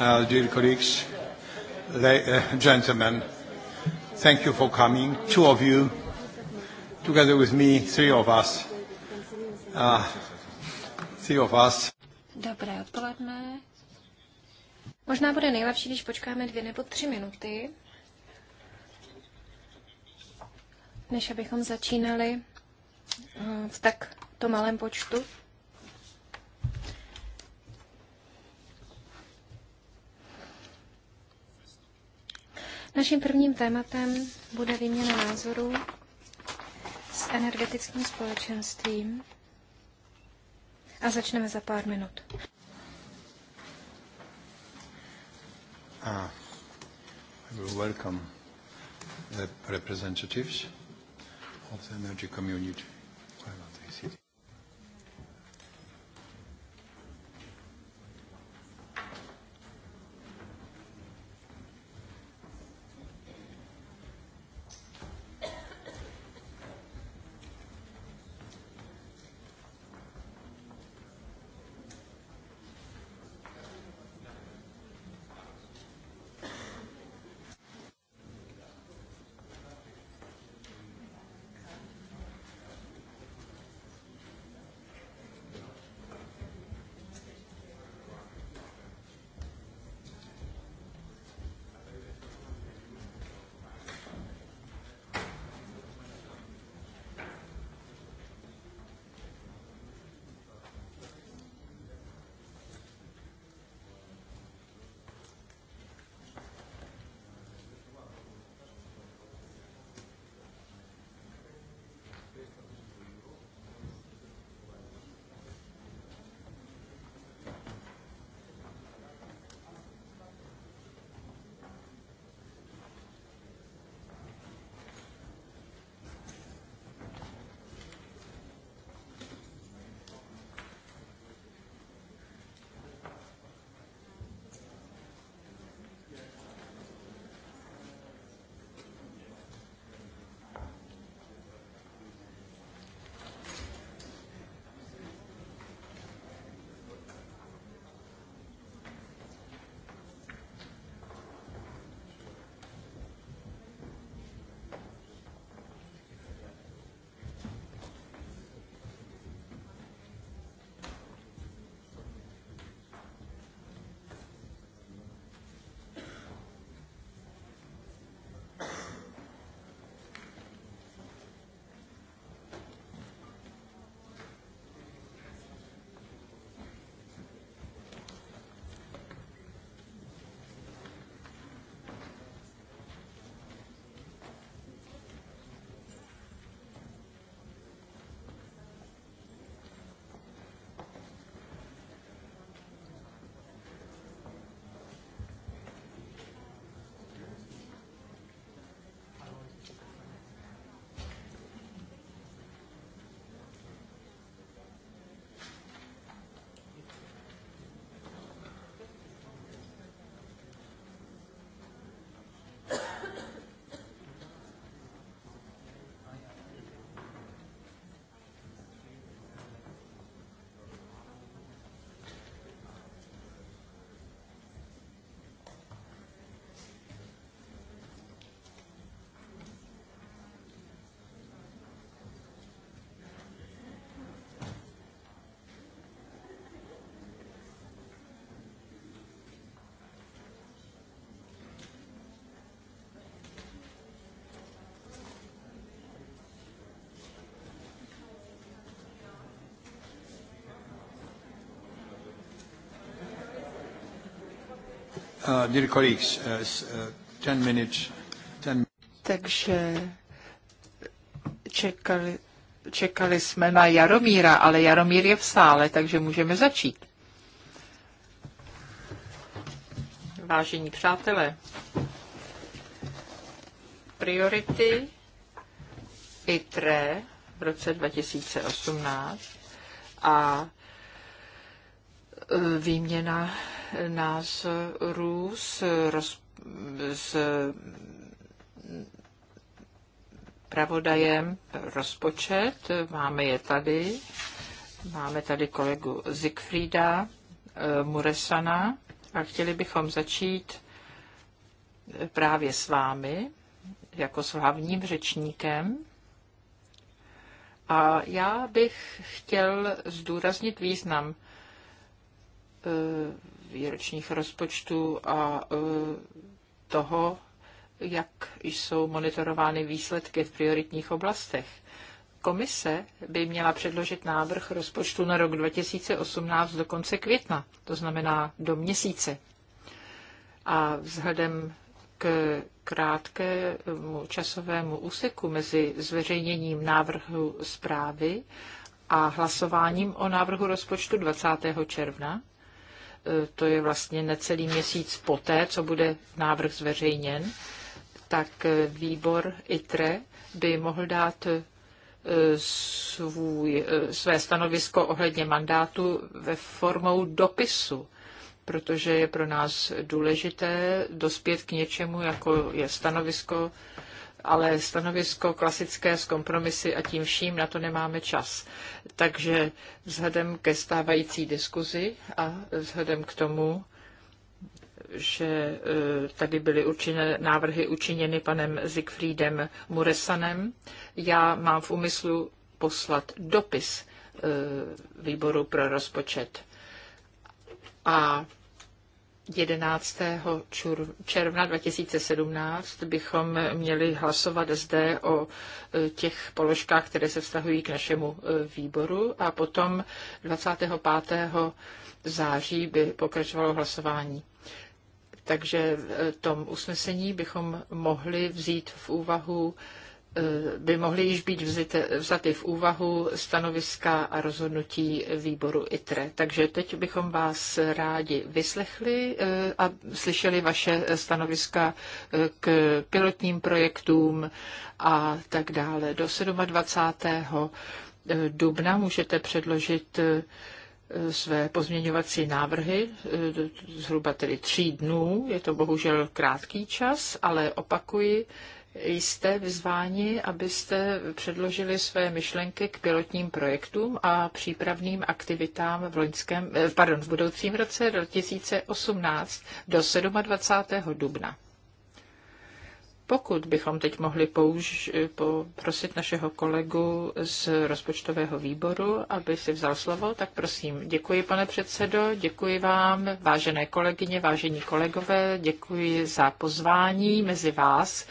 Uh, dear colleagues, uh, gentlemen, thank you for coming, two of you, together with me, three of us. Uh, three of us. Dobré odpoledne. Možná bude nejlepší, když počkáme dvě nebo tři minuty, než abychom začínali uh, v tak to malém počtu. Naším prvním tématem bude výměna názorů s energetickým společenstvím a začneme za pár minut. Ah, I will welcome the representatives of the energy community. Uh, dear colleagues, uh, uh, ten minutes, ten... Takže čekali, čekali jsme na Jaromíra, ale Jaromír je v sále, takže můžeme začít. Vážení přátelé, priority ITRE v roce 2018 a e, výměna názorů z, roz, z pravodajem rozpočet. Máme je tady. Máme tady kolegu Zigfrida eh, Muresana a chtěli bychom začít eh, právě s vámi, jako s hlavním řečníkem. A já bych chtěl zdůraznit význam eh, výročních rozpočtů a e, toho, jak jsou monitorovány výsledky v prioritních oblastech. Komise by měla předložit návrh rozpočtu na rok 2018 do konce května, to znamená do měsíce. A vzhledem k krátkému časovému úseku mezi zveřejněním návrhu zprávy a hlasováním o návrhu rozpočtu 20. června to je vlastně necelý měsíc poté, co bude návrh zveřejněn, tak výbor ITRE by mohl dát e, svůj, e, své stanovisko ohledně mandátu ve formou dopisu, protože je pro nás důležité dospět k něčemu, jako je stanovisko ale stanovisko klasické s kompromisy a tím vším na to nemáme čas. Takže vzhledem ke stávající diskuzi a vzhledem k tomu, že eh, tady byly určené návrhy učiněny panem Siegfriedem Muresanem. Já mám v úmyslu poslat dopis eh, výboru pro rozpočet. A 11. června 2017 bychom měli hlasovat zde o e, těch položkách, které se vztahují k našemu e, výboru a potom 25. září by pokračovalo hlasování. Takže v e, tom usnesení bychom mohli vzít v úvahu Eh, by mohly již být vzite, vzaty v úvahu stanoviska a rozhodnutí výboru ITRE. Takže teď bychom vás rádi vyslechli eh, a slyšeli vaše stanoviska eh, k pilotním projektům a tak dále. Do 27. dubna můžete předložit své pozměňovací návrhy, zhruba tedy tří dnů, je to bohužel krátký čas, ale opakuji, jste vyzváni, abyste předložili své myšlenky k pilotním projektům a přípravným aktivitám v, loňském, eh, pardon, v budoucím roce 2018 do 27. dubna. Pokud bychom teď mohli použ, poprosit našeho kolegu z rozpočtového výboru, aby si vzal slovo, tak prosím. Děkuji, pane předsedo, děkuji vám, vážené kolegyně, vážení kolegové, děkuji za pozvání mezi vás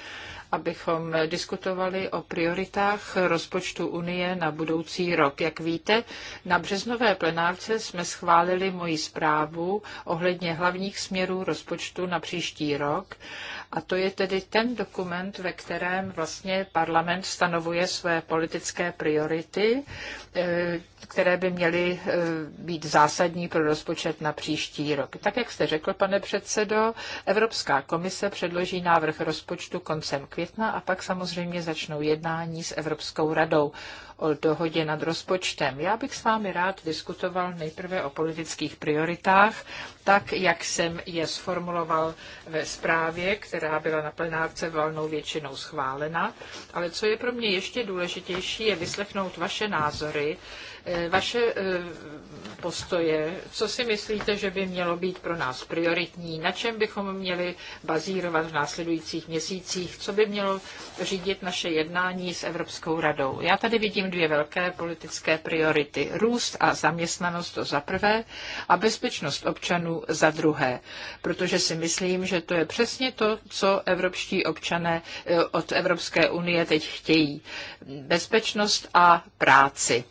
abychom diskutovali o prioritách rozpočtu Unie na budoucí rok. Jak víte, na březnové plenárce jsme schválili moji zprávu ohledně hlavních směrů rozpočtu na příští rok a to je tedy ten dokument, ve kterém vlastně parlament stanovuje své politické priority, eh, které by měly eh, být zásadní pro rozpočet na příští rok. Tak, jak jste řekl, pane předsedo, Evropská komise předloží návrh rozpočtu koncem května a pak samozřejmě začnou jednání s Evropskou radou o dohodě nad rozpočtem. Já bych s vámi rád diskutoval nejprve o politických prioritách, tak jak jsem je sformuloval ve zprávě, která byla na plenárce valnou většinou schválena. Ale co je pro mě ještě důležitější, je vyslechnout vaše názory, eh, vaše eh, postoje. Co si myslíte, že by mělo být pro nás prioritní? Na čem bychom měli bazírovat v následujících měsících? Co by mělo řídit naše jednání s Evropskou radou? Já tady vidím dvě velké politické priority. Růst a zaměstnanost to za prvé a bezpečnost občanů za druhé. Protože si myslím, že to je přesně to, co evropští občané eh, od Evropské unie teď chtějí. Bezpečnost a práci.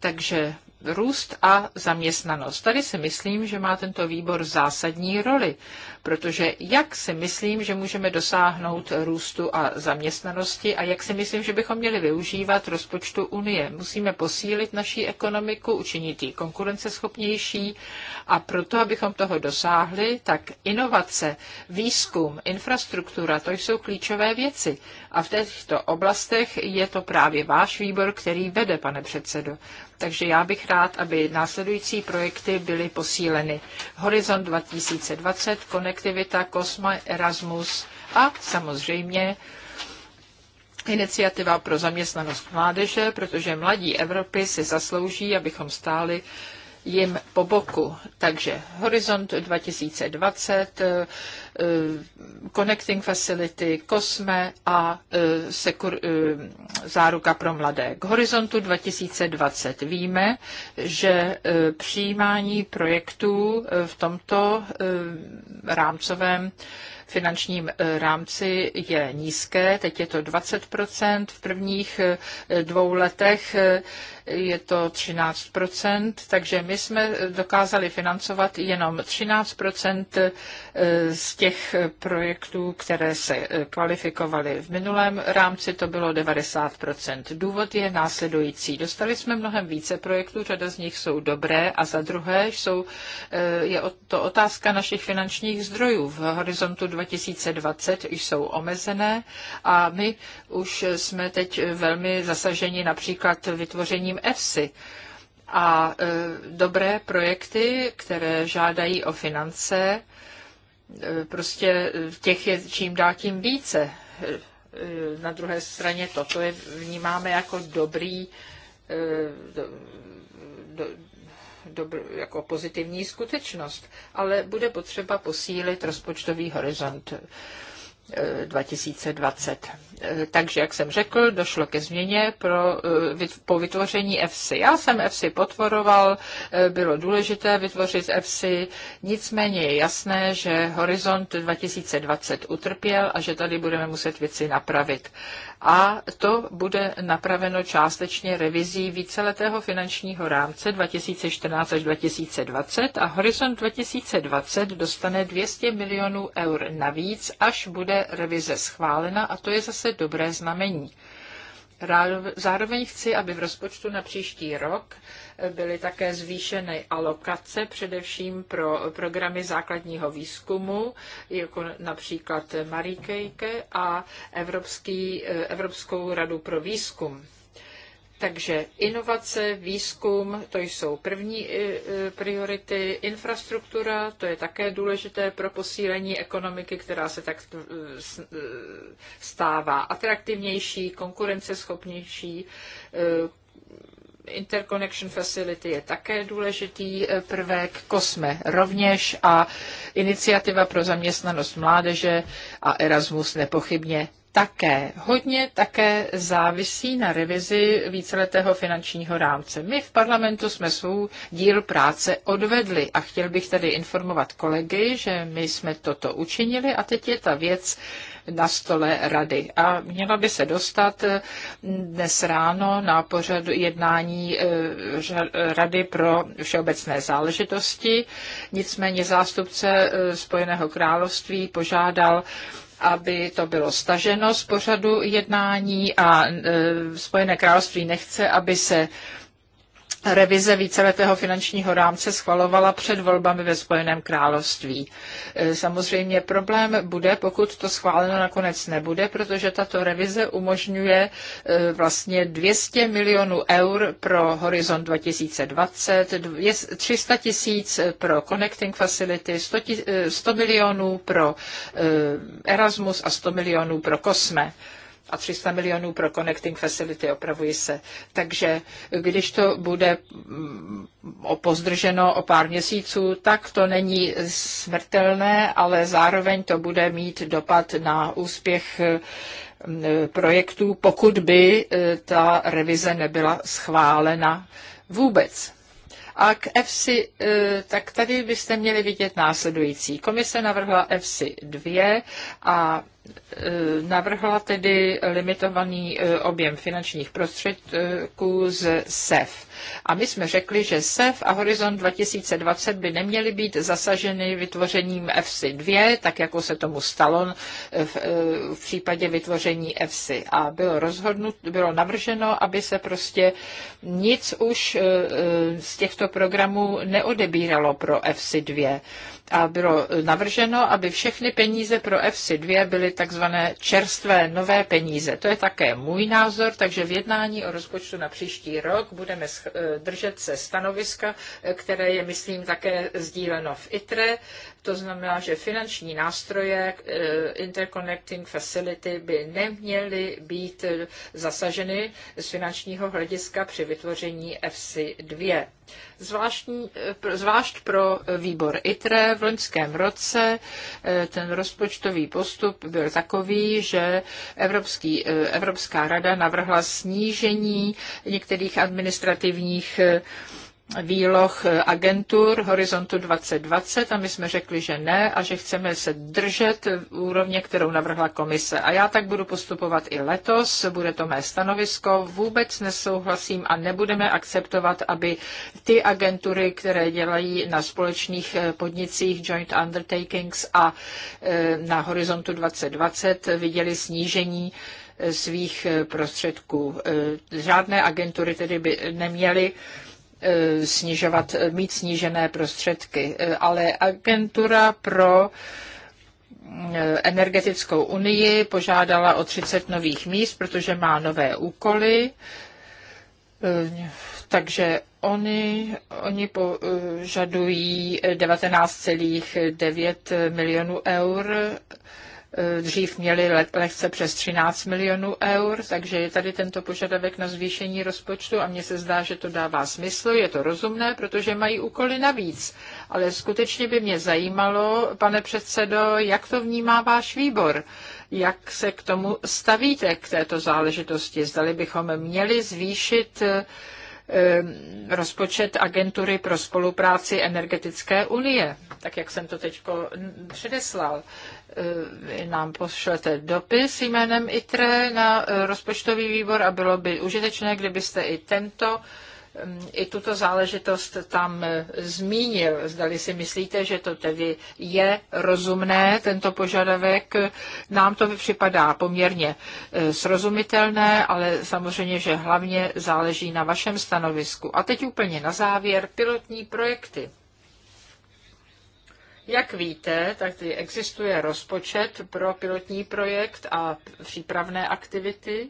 Takže růst a zaměstnanost. Tady si myslím, že má tento výbor zásadní roli protože jak si myslím, že můžeme dosáhnout růstu a zaměstnanosti a jak si myslím, že bychom měli využívat rozpočtu Unie. Musíme posílit naší ekonomiku, učinit ji konkurenceschopnější a proto, abychom toho dosáhli, tak inovace, výzkum, infrastruktura, to jsou klíčové věci. A v těchto oblastech je to právě váš výbor, který vede, pane předsedo. Takže já bych rád, aby následující projekty byly posíleny. Horizont 2020, Connect konektivita, Kosma, Erasmus a samozřejmě iniciativa pro zaměstnanost mládeže, protože mladí Evropy si zaslouží, abychom stáli jim po boku. Takže Horizont 2020, Eh, connecting Facility, COSME a eh, sekur, eh, záruka pro mladé. K horizontu 2020 víme, že přijímání projektů v tomto rámcovém finančním eh, rámci je nízké, teď je to 20 v prvních eh, dvou letech eh, je to 13 takže my jsme dokázali financovat jenom 13 z těch projektů, které se kvalifikovaly v minulém rámci, to bylo 90 Důvod je následující. Dostali jsme mnohem více projektů, řada z nich jsou dobré a za druhé jsou, je to otázka našich finančních zdrojů. V horizontu 20 2020 jsou omezené a my už jsme teď velmi zasaženi například vytvořením EFSI a e, dobré projekty, které žádají o finance, e, prostě těch je čím dál tím více. E, na druhé straně toto je, vnímáme jako dobrý, do, do, dobr, jako pozitivní skutečnost, ale bude potřeba posílit rozpočtový horizont 2020. Eh, eh, takže, jak jsem řekl, došlo ke změně pro, eh, po vytvoření EFSI. Já jsem EFSI potvoroval, bylo důležité vytvořit EFSI, nicméně je jasné, že horizont 2020 utrpěl a že tady budeme muset věci napravit a to bude napraveno částečně revizí víceletého finančního rámce 2014 až 2020 a Horizont 2020 dostane 200 milionů eur navíc, až bude revize schválena a to je zase dobré znamení. Zároveň chci, aby v rozpočtu na příští rok byly také zvýšeny alokace, především pro programy základního výzkumu, jako například Marie Curie a Evropský, eh, Evropskou radu pro výzkum. Takže inovace, výzkum, to jsou první eh, eh, priority, infrastruktura, to je také důležité pro posílení ekonomiky, která se tak eh, stává atraktivnější, konkurenceschopnější, Interconnection Facility je také důležitý prvek, Kosme rovněž a iniciativa pro zaměstnanost mládeže a Erasmus nepochybně také, hodně také závisí na revizi víceletého finančního rámce. My v parlamentu jsme svou díl práce odvedli a chtěl bych tady informovat kolegy, že my jsme toto učinili a teď je ta věc na stole rady. A měla by se dostat eh, dnes ráno na pořad jednání eh, Rady pro všeobecné záležitosti. Nicméně zástupce eh, Spojeného království požádal aby to bylo staženo z pořadu jednání a e, Spojené království nechce, aby se revize víceletého finančního rámce schvalovala před volbami ve Spojeném království. E, samozřejmě problém bude, pokud to schváleno nakonec nebude, protože tato revize umožňuje e, vlastně 200 milionů eur pro Horizon 2020, 300 tisíc pro Connecting Facility, 100, 100 e, milionů pro Erasmus a 100 milionů pro Kosme a 300 milionů pro Connecting Facility, opravuji se. Takže když to bude mm, pozdrženo o pár měsíců, tak to není smrtelné, ale zároveň to bude mít dopad na úspěch mm, projektů, pokud by e, ta revize nebyla schválena vůbec. A k EFSI, tak tady byste měli vidět následující. Komise navrhla EFSI 2 a Eh, navrhla tedy limitovaný eh, objem finančních prostředků z SEF. A my jsme řekli, že SEF a Horizon 2020 by neměly být zasaženy vytvořením fc 2, tak jako se tomu stalo e, v, e, v případě vytvoření FC. A bylo, rozhodnut, bylo navrženo, aby se prostě nic už e, z těchto programů neodebíralo pro fc 2 a bylo navrženo, aby všechny peníze pro FC2 byly takzvané čerstvé nové peníze. To je také můj názor, takže v jednání o rozpočtu na příští rok budeme Eh, držet se stanoviska, eh, které je, myslím, také sdíleno v ITRE to znamená, že finanční nástroje eh, Interconnecting Facility by neměly být eh, zasaženy z finančního hlediska při vytvoření fc 2. Zvláštní, eh, zvlášť pro výbor ITRE v loňském roce ten rozpočtový postup byl takový, že Evropský, Evropská rada navrhla snížení některých administrativních výloh eh, agentur Horizontu 2020 a my jsme řekli, že ne a že chceme se držet úrovně, kterou navrhla komise. A já tak budu postupovat i letos, bude to mé stanovisko, vůbec nesouhlasím a nebudeme akceptovat, aby ty agentury, které dělají na společných eh, podnicích Joint Undertakings a eh, na Horizontu 2020, viděli snížení svých prostředků. Žádné agentury tedy by neměly Eh, snižovat, mít snížené prostředky. Eh, ale agentura pro eh, energetickou unii požádala o 30 nových míst, protože má nové úkoly. Takže oni, oni požadují 19,9 milionů eur Eh, dřív měli lehce přes 13 milionů eur, takže je tady tento požadavek na zvýšení rozpočtu a mně se zdá, že to dává smysl, je to rozumné, protože mají úkoly navíc. Ale skutečně by mě zajímalo, pane předsedo, jak to vnímá váš výbor jak se k tomu stavíte, k této záležitosti. Zdali bychom měli zvýšit eh, rozpočet agentury pro spolupráci energetické unie, tak jak jsem to teď předeslal vy nám pošlete dopis jménem ITRE na eh, rozpočtový výbor a bylo by užitečné, kdybyste i tento mm, i tuto záležitost tam eh, zmínil. Zdali si myslíte, že to tedy je rozumné, tento požadavek. Nám to připadá poměrně eh, srozumitelné, ale samozřejmě, že hlavně záleží na vašem stanovisku. A teď úplně na závěr pilotní projekty. Jak víte, tak tady existuje rozpočet pro pilotní projekt a přípravné aktivity.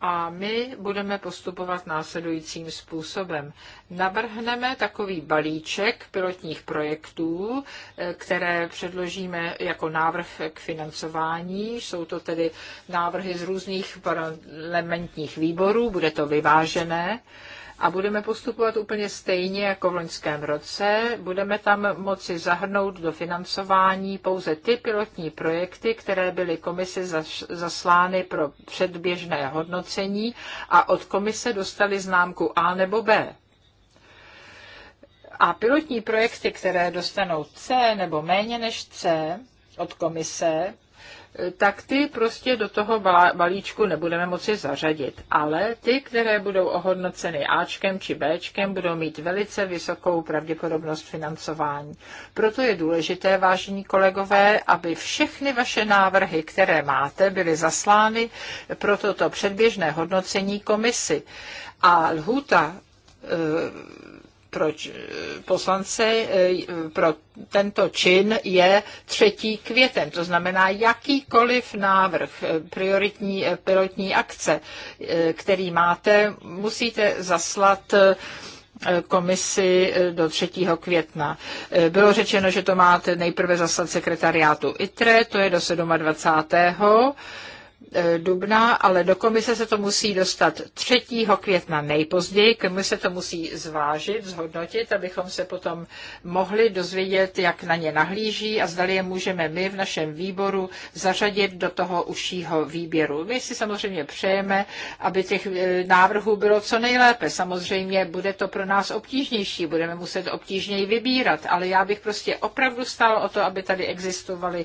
A my budeme postupovat následujícím způsobem. Navrhneme takový balíček pilotních projektů, eh, které předložíme jako návrh k financování. Jsou to tedy návrhy z různých parlamentních výborů, bude to vyvážené a budeme postupovat úplně stejně jako v loňském roce. Budeme tam moci zahrnout do financování pouze ty pilotní projekty, které byly komisi zaslány pro předběžné hodnocení a od komise dostali známku A nebo B. A pilotní projekty, které dostanou C nebo méně než C od komise, tak ty prostě do toho balíčku nebudeme moci zařadit. Ale ty, které budou ohodnoceny Ačkem či Bčkem, budou mít velice vysokou pravděpodobnost financování. Proto je důležité, vážení kolegové, aby všechny vaše návrhy, které máte, byly zaslány pro toto předběžné hodnocení komisy. A lhůta eh, proč eh, poslance eh, pro tento čin je 3. květen. To znamená, jakýkoliv návrh eh, prioritní pilotní akce, který máte, musíte zaslat komisi do 3. května. Bylo řečeno, že to máte nejprve zaslat sekretariátu ITRE, to je do 27. Eh, dubna, ale do komise se to musí dostat 3. května nejpozději. Komise to musí zvážit, zhodnotit, abychom se potom mohli dozvědět, jak na ně nahlíží a zdali je můžeme my v našem výboru zařadit do toho užšího výběru. My si samozřejmě přejeme, aby těch eh, návrhů bylo co nejlépe. Samozřejmě bude to pro nás obtížnější, budeme muset obtížněji vybírat, ale já bych prostě opravdu stál o to, aby tady existovaly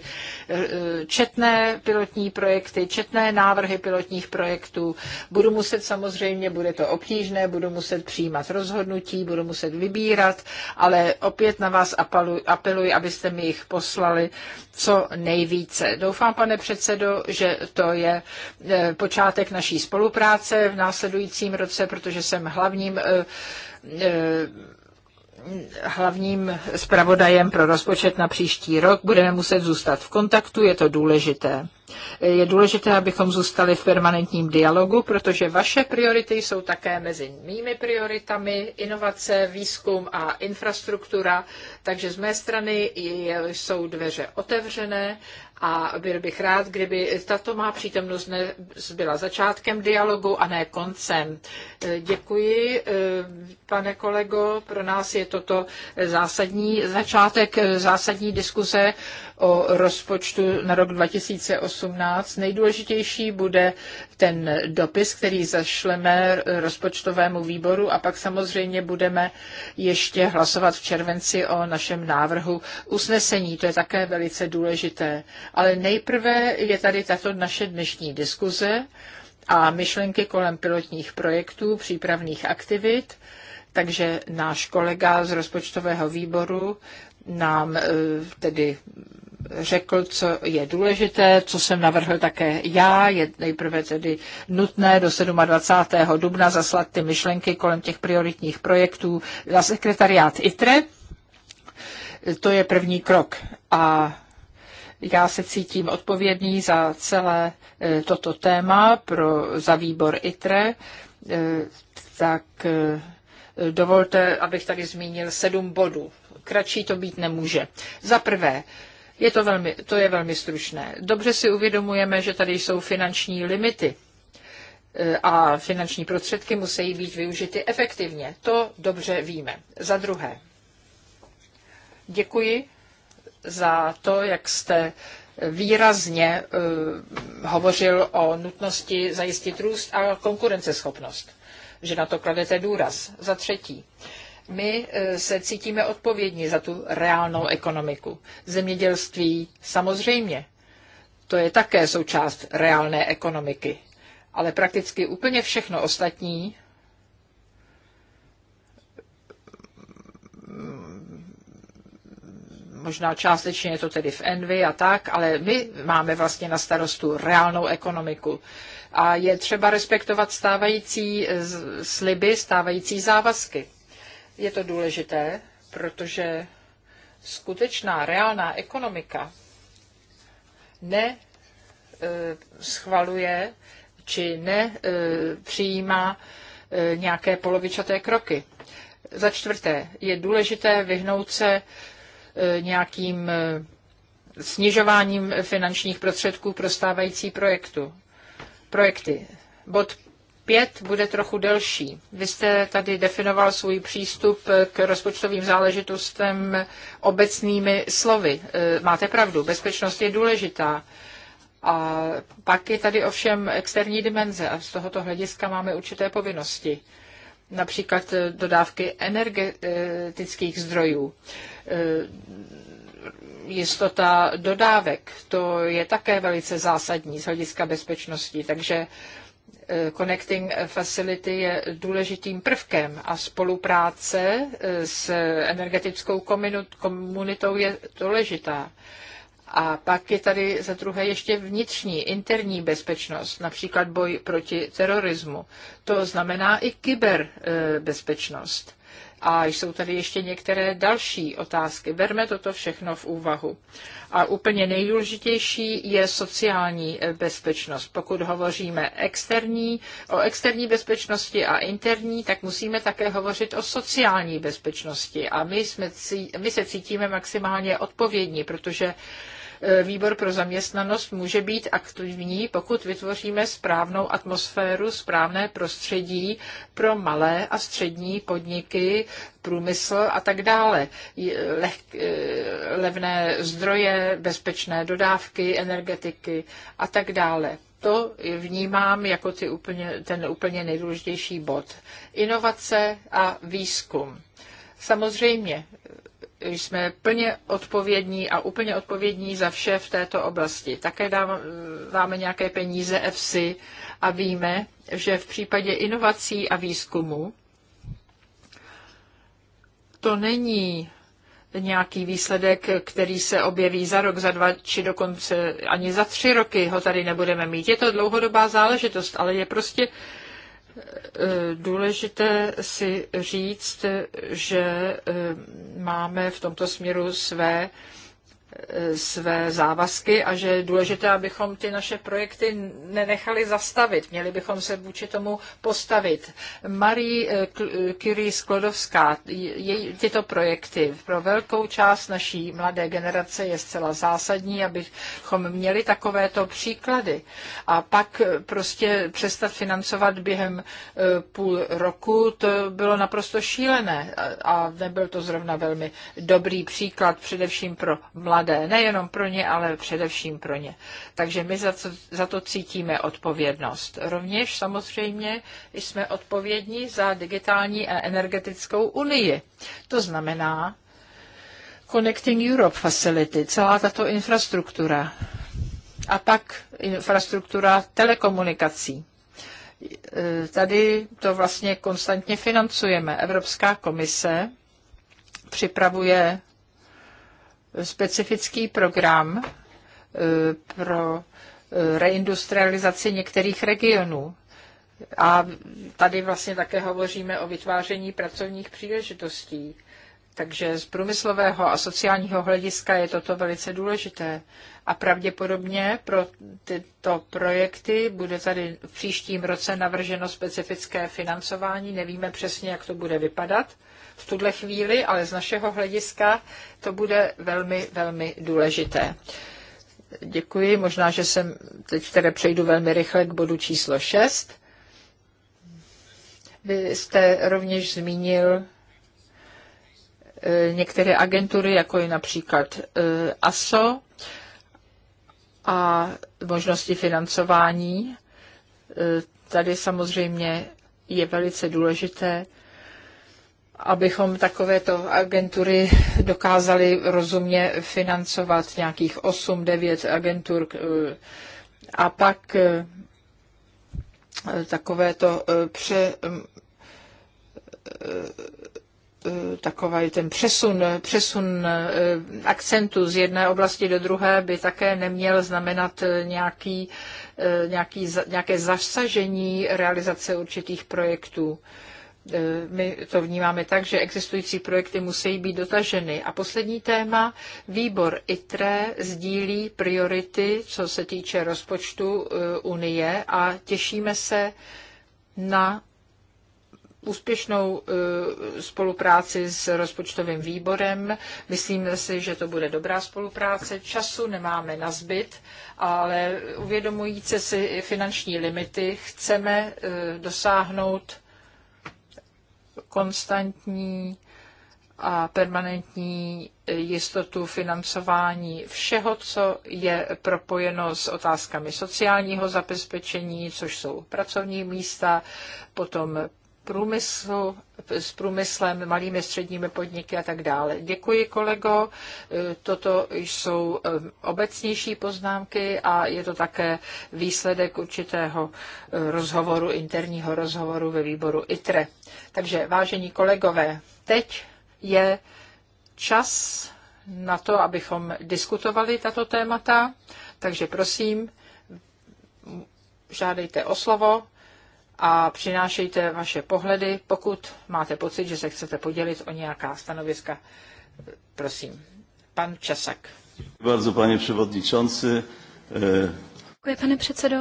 eh, četné pilotní projekty, četné špatné návrhy pilotních projektů. Budu muset samozřejmě, bude to obtížné, budu muset přijímat rozhodnutí, budu muset vybírat, ale opět na vás apeluji, apeluji abyste mi jich poslali co nejvíce. Doufám, pane předsedo, že to je e, počátek naší spolupráce v následujícím roce, protože jsem hlavním e, e, hlavním zpravodajem pro rozpočet na příští rok. Budeme muset zůstat v kontaktu, je to důležité. Je důležité, abychom zůstali v permanentním dialogu, protože vaše priority jsou také mezi mými prioritami, inovace, výzkum a infrastruktura, takže z mé strany jsou dveře otevřené a byl bych rád, kdyby tato má přítomnost byla začátkem dialogu a ne koncem. Děkuji, eh, pane kolego, pro nás je toto zásadní začátek, eh, zásadní diskuze o rozpočtu na rok 2018. Nejdůležitější bude ten dopis, který zašleme rozpočtovému výboru a pak samozřejmě budeme ještě hlasovat v červenci o našem návrhu usnesení. To je také velice důležité. Ale nejprve je tady tato naše dnešní diskuze a myšlenky kolem pilotních projektů, přípravných aktivit. Takže náš kolega z rozpočtového výboru nám eh, tedy řekl, co je důležité, co jsem navrhl také já. Je nejprve tedy nutné do 27. dubna zaslat ty myšlenky kolem těch prioritních projektů na sekretariát ITRE. To je první krok. A já se cítím odpovědný za celé e, toto téma pro, za výbor ITRE, e, tak e, dovolte, abych tady zmínil sedm bodů. Kratší to být nemůže. Za prvé, je to, velmi, to je velmi stručné. Dobře si uvědomujeme, že tady jsou finanční limity eh, a finanční prostředky musí být využity efektivně. To dobře víme. Za druhé, děkuji za to, jak jste výrazně eh, hovořil o nutnosti zajistit růst a konkurenceschopnost, že na to kladete důraz. Za třetí, my eh, se cítíme odpovědní za tu reálnou ekonomiku. Zemědělství samozřejmě, to je také součást reálné ekonomiky, ale prakticky úplně všechno ostatní možná částečně je to tedy v Envy a tak, ale my máme vlastně na starostu reálnou ekonomiku. A je třeba respektovat stávající eh, sliby, stávající závazky. Je to důležité, protože skutečná, reálná ekonomika ne e, schvaluje či ne e, přijímá e, nějaké polovičaté kroky. Za čtvrté, je důležité vyhnout se nějakým snižováním finančních prostředků pro stávající projektu. projekty. Bod Pět bude trochu delší. Vy jste tady definoval svůj přístup k rozpočtovým záležitostem obecnými slovy. E, máte pravdu, bezpečnost je důležitá. A pak je tady ovšem externí dimenze a z tohoto hlediska máme určité povinnosti. Například dodávky energetických zdrojů, e, jistota dodávek, to je také velice zásadní z hlediska bezpečnosti. Takže Eh, connecting Facility je důležitým prvkem a spolupráce eh, s energetickou komunitou je důležitá. A pak je tady za druhé ještě vnitřní, interní bezpečnost, například boj proti terorismu. To znamená i kyberbezpečnost. A jsou tady ještě některé další otázky. Berme toto všechno v úvahu. A úplně nejdůležitější je sociální eh, bezpečnost. Pokud hovoříme externí, o externí bezpečnosti a interní, tak musíme také hovořit o sociální bezpečnosti. A my, jsme, my se cítíme maximálně odpovědní, protože E, výbor pro zaměstnanost může být aktivní, pokud vytvoříme správnou atmosféru, správné prostředí pro malé a střední podniky, průmysl a tak dále. Leh, e, levné zdroje, bezpečné dodávky, energetiky a tak dále to vnímám jako ty úplně, ten úplně nejdůležitější bod. Inovace a výzkum. Samozřejmě jsme plně odpovědní a úplně odpovědní za vše v této oblasti. Také dáváme nějaké peníze EFSI a víme, že v případě inovací a výzkumu to není nějaký výsledek, který se objeví za rok, za dva, či dokonce ani za tři roky ho tady nebudeme mít. Je to dlouhodobá záležitost, ale je prostě uh, Eh, důležité si říct, že eh, máme v tomto směru své své závazky a že je důležité, abychom ty naše projekty nenechali zastavit. Měli bychom se vůči tomu postavit. Marie eh, eh, Curie Sklodovská, jej, tyto projekty pro velkou část naší mladé generace je zcela zásadní, abychom měli takovéto příklady. A pak eh, prostě přestat financovat během půl roku, to bylo naprosto šílené a nebyl to zrovna velmi dobrý příklad, především pro mladé mladé, nejenom pro ně, ale především pro ně. Takže my za, to, za to cítíme odpovědnost. Rovněž samozřejmě jsme odpovědní za digitální a energetickou unii. To znamená Connecting Europe Facility, celá tato infrastruktura. A pak infrastruktura telekomunikací tady to vlastně konstantně financujeme. Evropská komise připravuje specifický program eh, pro eh, reindustrializaci některých regionů. A tady vlastně také hovoříme o vytváření pracovních příležitostí. Takže z průmyslového a sociálního hlediska je toto velice důležité. A pravděpodobně pro tyto projekty bude tady v příštím roce navrženo specifické financování. Nevíme přesně, jak to bude vypadat v tuhle chvíli, ale z našeho hlediska to bude velmi, velmi důležité. Děkuji. Možná, že jsem teď tedy přejdu velmi rychle k bodu číslo 6. Vy jste rovněž zmínil eh, některé agentury, jako je například eh, ASO a možnosti financování. Eh, tady samozřejmě je velice důležité abychom takovéto agentury dokázali rozumně financovat nějakých 8-9 agentur eh, a pak eh, takovéto eh, pře mm, takový ten přesun, přesun akcentu z jedné oblasti do druhé by také neměl znamenat nějaký, nějaký, nějaké zasažení realizace určitých projektů. E, my to vnímáme tak, že existující projekty musí být dotaženy. A poslední téma, výbor ITRE sdílí priority, co se týče rozpočtu e, Unie a těšíme se na úspěšnou e, spolupráci s rozpočtovým výborem. Myslím si, že to bude dobrá spolupráce. Času nemáme na zbyt, ale uvědomující si finanční limity chceme dosáhnout konstantní a permanentní jistotu financování všeho, co je propojeno s otázkami sociálního zabezpečení, což jsou pracovní místa, potom průmysl s průmyslem, malými středními podniky a tak dále. Děkuji, kolego. E, Toto jsou e, obecnější poznámky a je to také výsledek určitého e, rozhovoru, interního rozhovoru ve výboru ITRE. Takže, vážení kolegové, teď je čas na to, abychom diskutovali tato témata, takže prosím, žádejte o slovo a přinášejte vaše pohledy, pokud máte pocit, že se chcete podělit o nějaká stanoviska. Prosím, pan Časak. Bardzo, pane předsedající. Děkuji, pane předsedo.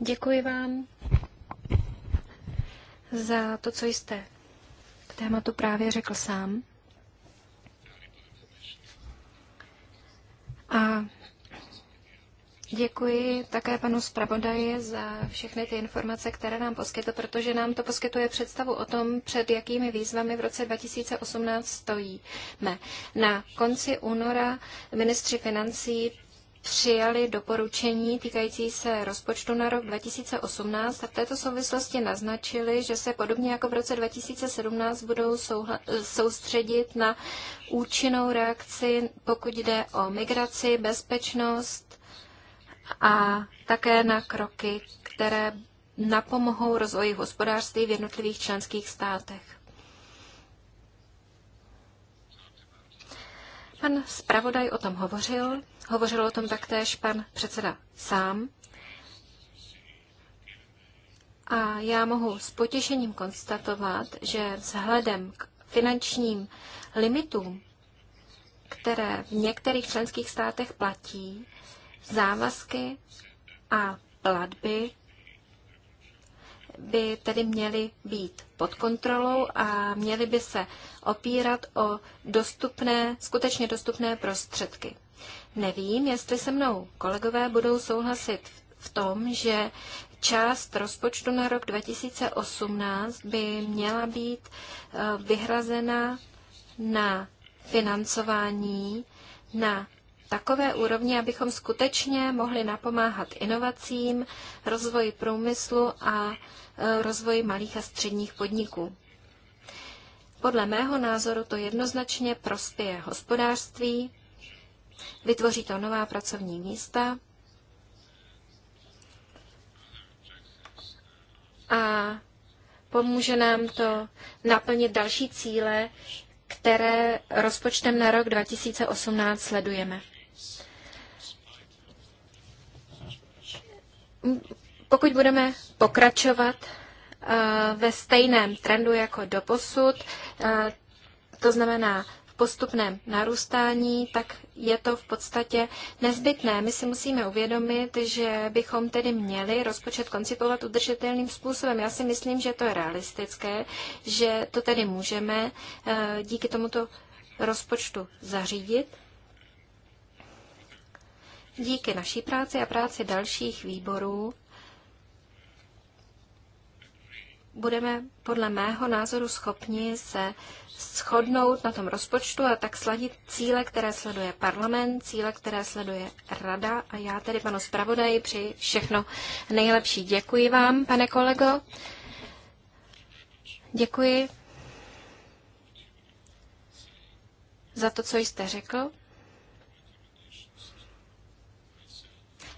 Děkuji vám za to, co jste k tématu právě řekl sám. A Děkuji také panu zpravodaji za všechny ty informace, které nám poskytl, protože nám to poskytuje představu o tom, před jakými výzvami v roce 2018 stojíme. Na konci února ministři financí přijali doporučení týkající se rozpočtu na rok 2018 a v této souvislosti naznačili, že se podobně jako v roce 2017 budou soustředit na účinnou reakci, pokud jde o migraci, bezpečnost, a také na kroky, které napomohou rozvoji hospodářství v jednotlivých členských státech. Pan zpravodaj o tom hovořil, hovořil o tom taktéž pan předseda sám. A já mohu s potěšením konstatovat, že vzhledem k finančním limitům, které v některých členských státech platí, Závazky a platby by tedy měly být pod kontrolou a měly by se opírat o dostupné, skutečně dostupné prostředky. Nevím, jestli se mnou kolegové budou souhlasit v tom, že část rozpočtu na rok 2018 by měla být eh, vyhrazena na financování, na takové úrovni, abychom skutečně mohli napomáhat inovacím, rozvoji průmyslu a e, rozvoji malých a středních podniků. Podle mého názoru to jednoznačně prospěje hospodářství, vytvoří to nová pracovní místa a pomůže nám to naplnit další cíle, které rozpočtem na rok 2018 sledujeme. pokud budeme pokračovat eh, ve stejném trendu jako do posud, eh, to znamená v postupném narůstání, tak je to v podstatě nezbytné. My si musíme uvědomit, že bychom tedy měli rozpočet koncipovat udržitelným způsobem. Já si myslím, že to je realistické, že to tedy můžeme eh, díky tomuto rozpočtu zařídit díky naší práci a práci dalších výborů budeme podle mého názoru schopni se shodnout na tom rozpočtu a tak sladit cíle, které sleduje parlament, cíle, které sleduje rada a já tedy panu zpravodaji při všechno nejlepší. Děkuji vám, pane kolego. Děkuji za to, co jste řekl.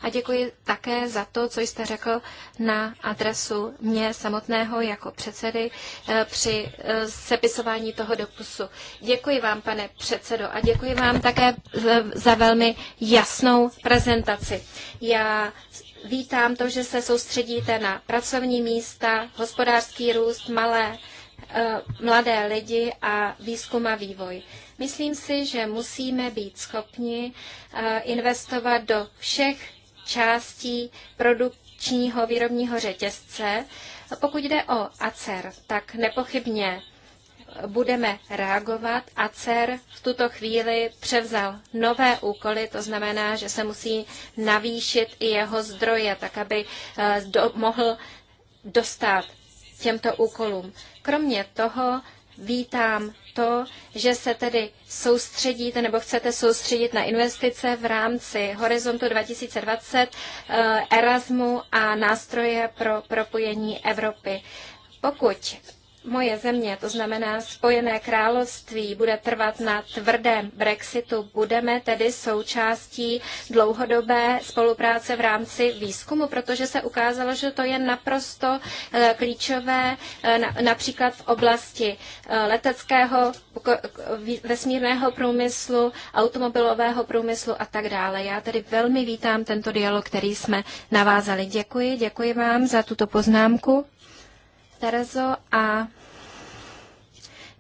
a děkuji také za to, co jste řekl na adresu mě samotného jako předsedy eh, při eh, sepisování toho dopusu. Děkuji vám, pane předsedo, a děkuji vám také eh, za velmi jasnou prezentaci. Já vítám to, že se soustředíte na pracovní místa, hospodářský růst, malé mladé lidi a výzkum a vývoj. Myslím si, že musíme být schopni investovat do všech částí produkčního výrobního řetězce. Pokud jde o ACER, tak nepochybně budeme reagovat. ACER v tuto chvíli převzal nové úkoly, to znamená, že se musí navýšit i jeho zdroje, tak aby eh, do, mohl dostat těmto úkolům. Kromě toho vítám to, že se tedy soustředíte nebo chcete soustředit na investice v rámci Horizontu 2020, eh, Erasmu a nástroje pro propojení Evropy. Pokud moje země, to znamená Spojené království, bude trvat na tvrdém Brexitu, budeme tedy součástí dlouhodobé spolupráce v rámci výzkumu, protože se ukázalo, že to je naprosto eh, klíčové eh, například v oblasti eh, leteckého vesmírného průmyslu, automobilového průmyslu a tak dále. Já tedy velmi vítám tento dialog, který jsme navázali. Děkuji, děkuji vám za tuto poznámku. Terezo a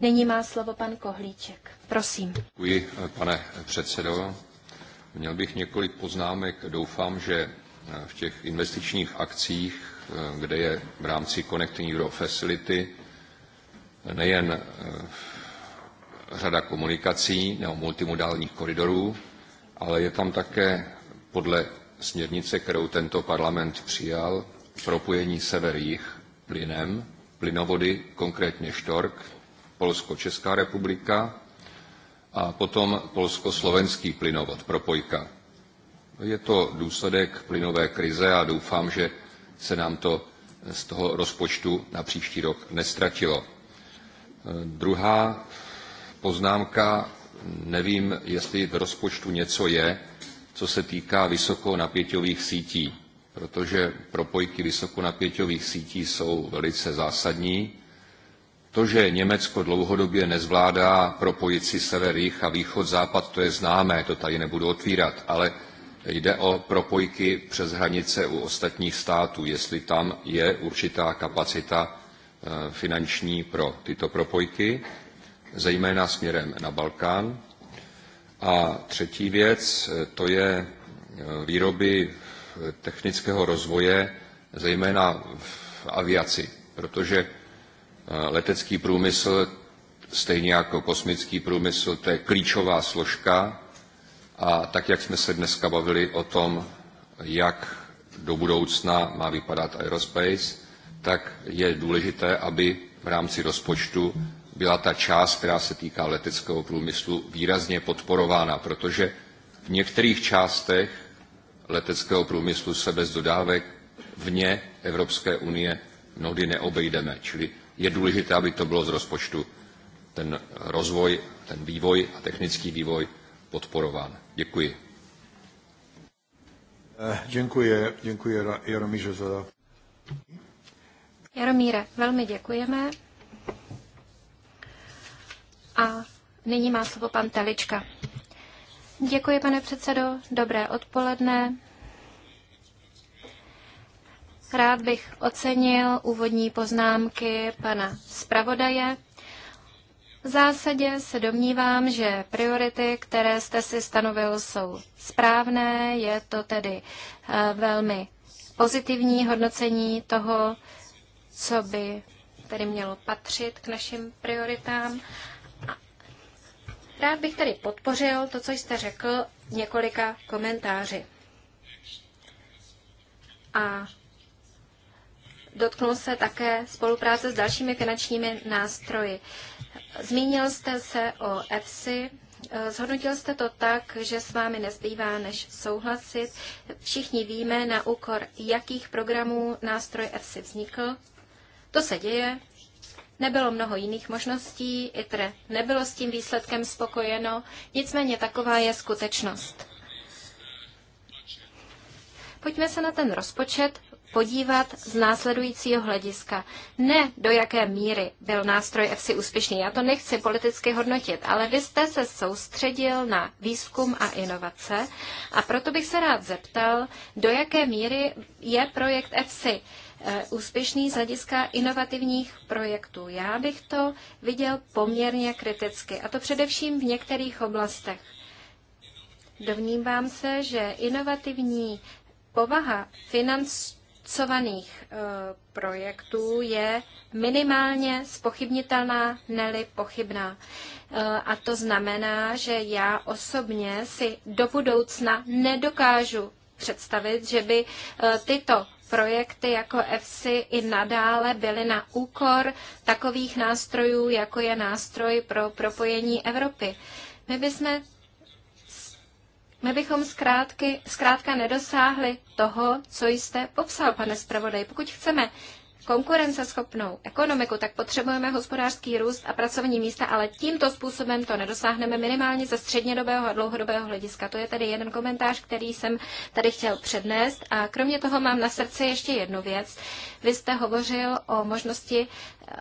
nyní má slovo pan Kohlíček. Prosím. Děkuji, pane předsedo. Měl bych několik poznámek. Doufám, že v těch investičních akcích, kde je v rámci Connecting Euro Facility nejen řada komunikací nebo multimodálních koridorů, ale je tam také podle směrnice, kterou tento parlament přijal, propojení sever-jih plynem plynovody, konkrétně Štork, Polsko-Česká republika a potom polsko-slovenský plynovod Propojka. Je to důsledek plynové krize a doufám, že se nám to z toho rozpočtu na příští rok nestratilo. Druhá poznámka, nevím, jestli v rozpočtu něco je, co se týká vysokonapěťových sítí protože propojky vysokonapěťových sítí jsou velice zásadní. To, že Německo dlouhodobě nezvládá propojit si sever, jich a východ, západ, to je známé, to tady nebudu otvírat, ale jde o propojky přes hranice u ostatních států, jestli tam je určitá kapacita eh, finanční pro tyto propojky, zejména směrem na Balkán. A třetí věc, eh, to je eh, výroby technického rozvoje, zejména v aviaci, protože eh, letecký průmysl, stejně jako kosmický průmysl, to je klíčová složka a tak, jak jsme se dneska bavili o tom, jak do budoucna má vypadat aerospace, tak je důležité, aby v rámci rozpočtu byla ta část, která se týká leteckého průmyslu, výrazně podporována, protože v některých částech leteckého průmyslu se bez dodávek vně Evropské unie mnohdy neobejdeme. Čili je důležité, aby to bylo z rozpočtu ten rozvoj, ten vývoj a technický vývoj podporován. Děkuji. Eh, děkuji, děkuji Jaromíře za... Jaromíre, velmi děkujeme. A nyní má slovo pan Telička. Děkuji, pane předsedo. Dobré odpoledne. Rád bych ocenil úvodní poznámky pana zpravodaje. V zásadě se domnívám, že priority, které jste si stanovil, jsou správné. Je to tedy eh, velmi pozitivní hodnocení toho, co by tedy mělo patřit k našim prioritám. Rád bych tedy podpořil to, co jste řekl, několika komentáři. A dotknul se také spolupráce s dalšími finančními nástroji. Zmínil jste se o EFSI, Zhodnotil jste to tak, že s vámi nezbývá než souhlasit. Všichni víme, na úkor jakých programů nástroj EFSI vznikl. To se děje, Nebylo mnoho jiných možností, ITRE nebylo s tím výsledkem spokojeno, nicméně taková je skutečnost. Pojďme se na ten rozpočet podívat z následujícího hlediska. Ne do jaké míry byl nástroj EFSI úspěšný, já to nechci politicky hodnotit, ale vy jste se soustředil na výzkum a inovace a proto bych se rád zeptal, do jaké míry je projekt EFSI Eh, úspěšný z hlediska inovativních projektů. Já bych to viděl poměrně kriticky, a to především v některých oblastech. Dovnívám se, že inovativní povaha financovaných eh, projektů je minimálně spochybnitelná, neli pochybná. Eh, a to znamená, že já osobně si do budoucna nedokážu představit, že by tyto projekty jako EFSI i nadále byly na úkor takových nástrojů, jako je nástroj pro propojení Evropy. My bychom my bychom zkrátky, zkrátka nedosáhli toho, co jste popsal, pane zpravodaj. Pokud chceme konkurenceschopnou ekonomiku, tak potřebujeme hospodářský růst a pracovní místa, ale tímto způsobem to nedosáhneme minimálně ze střednědobého a dlouhodobého hlediska. To je tady jeden komentář, který jsem tady chtěl přednést. A kromě toho mám na srdci ještě jednu věc. Vy jste hovořil o možnosti eh,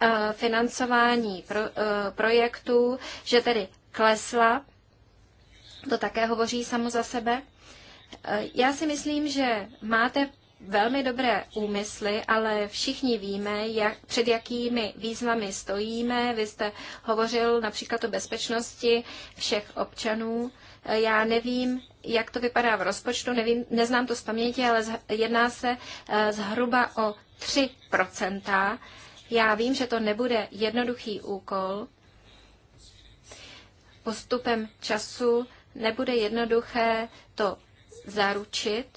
eh, financování pro, eh, projektů, že tedy klesla. To také hovoří samo za sebe. Já si myslím, že máte velmi dobré úmysly, ale všichni víme, jak, před jakými výzvami stojíme. Vy jste hovořil například o bezpečnosti všech občanů. Já nevím, jak to vypadá v rozpočtu, nevím, neznám to z paměti, ale jedná se eh, zhruba o 3 Já vím, že to nebude jednoduchý úkol. Postupem času nebude jednoduché to zaručit,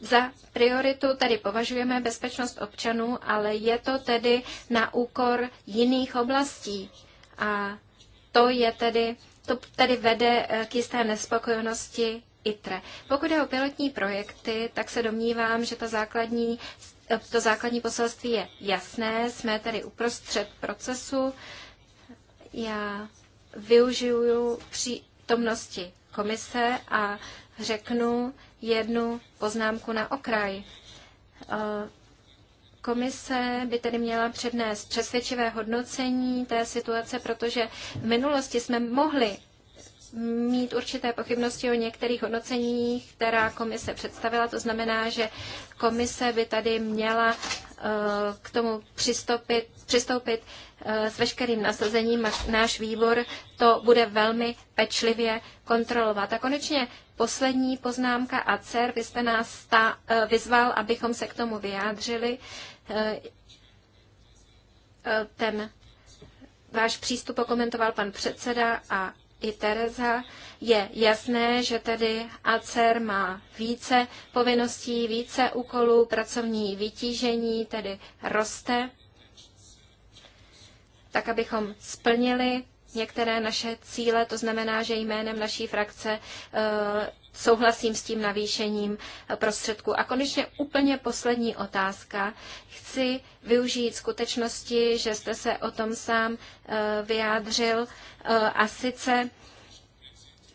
Za prioritu tady považujeme bezpečnost občanů, ale je to tedy na úkor jiných oblastí. A to je tedy, to tedy vede eh, k jisté nespokojenosti ITRE. Pokud je o pilotní projekty, tak se domnívám, že ta základní, eh, to základní poselství je jasné. Jsme tady uprostřed procesu. Já využiju přítomnosti komise a řeknu, jednu poznámku na okraj. Eh, komise by tedy měla přednést přesvědčivé hodnocení té situace, protože v minulosti jsme mohli mít určité pochybnosti o některých hodnoceních, která komise představila. To znamená, že komise by tady měla eh, k tomu přistoupit, přistoupit eh, s veškerým nasazením. Náš výbor to bude velmi pečlivě kontrolovat. A konečně poslední poznámka a dcer, vy jste nás ta, eh, vyzval, abychom se k tomu vyjádřili. Eh, eh, ten váš přístup okomentoval pan předseda a i Tereza, je jasné, že tedy ACER má více povinností, více úkolů, pracovní vytížení tedy roste, tak abychom splnili některé naše cíle, to znamená, že jménem naší frakce eh, souhlasím s tím navýšením eh, prostředků. A konečně úplně poslední otázka. Chci využít skutečnosti, že jste se o tom sám eh, vyjádřil a sice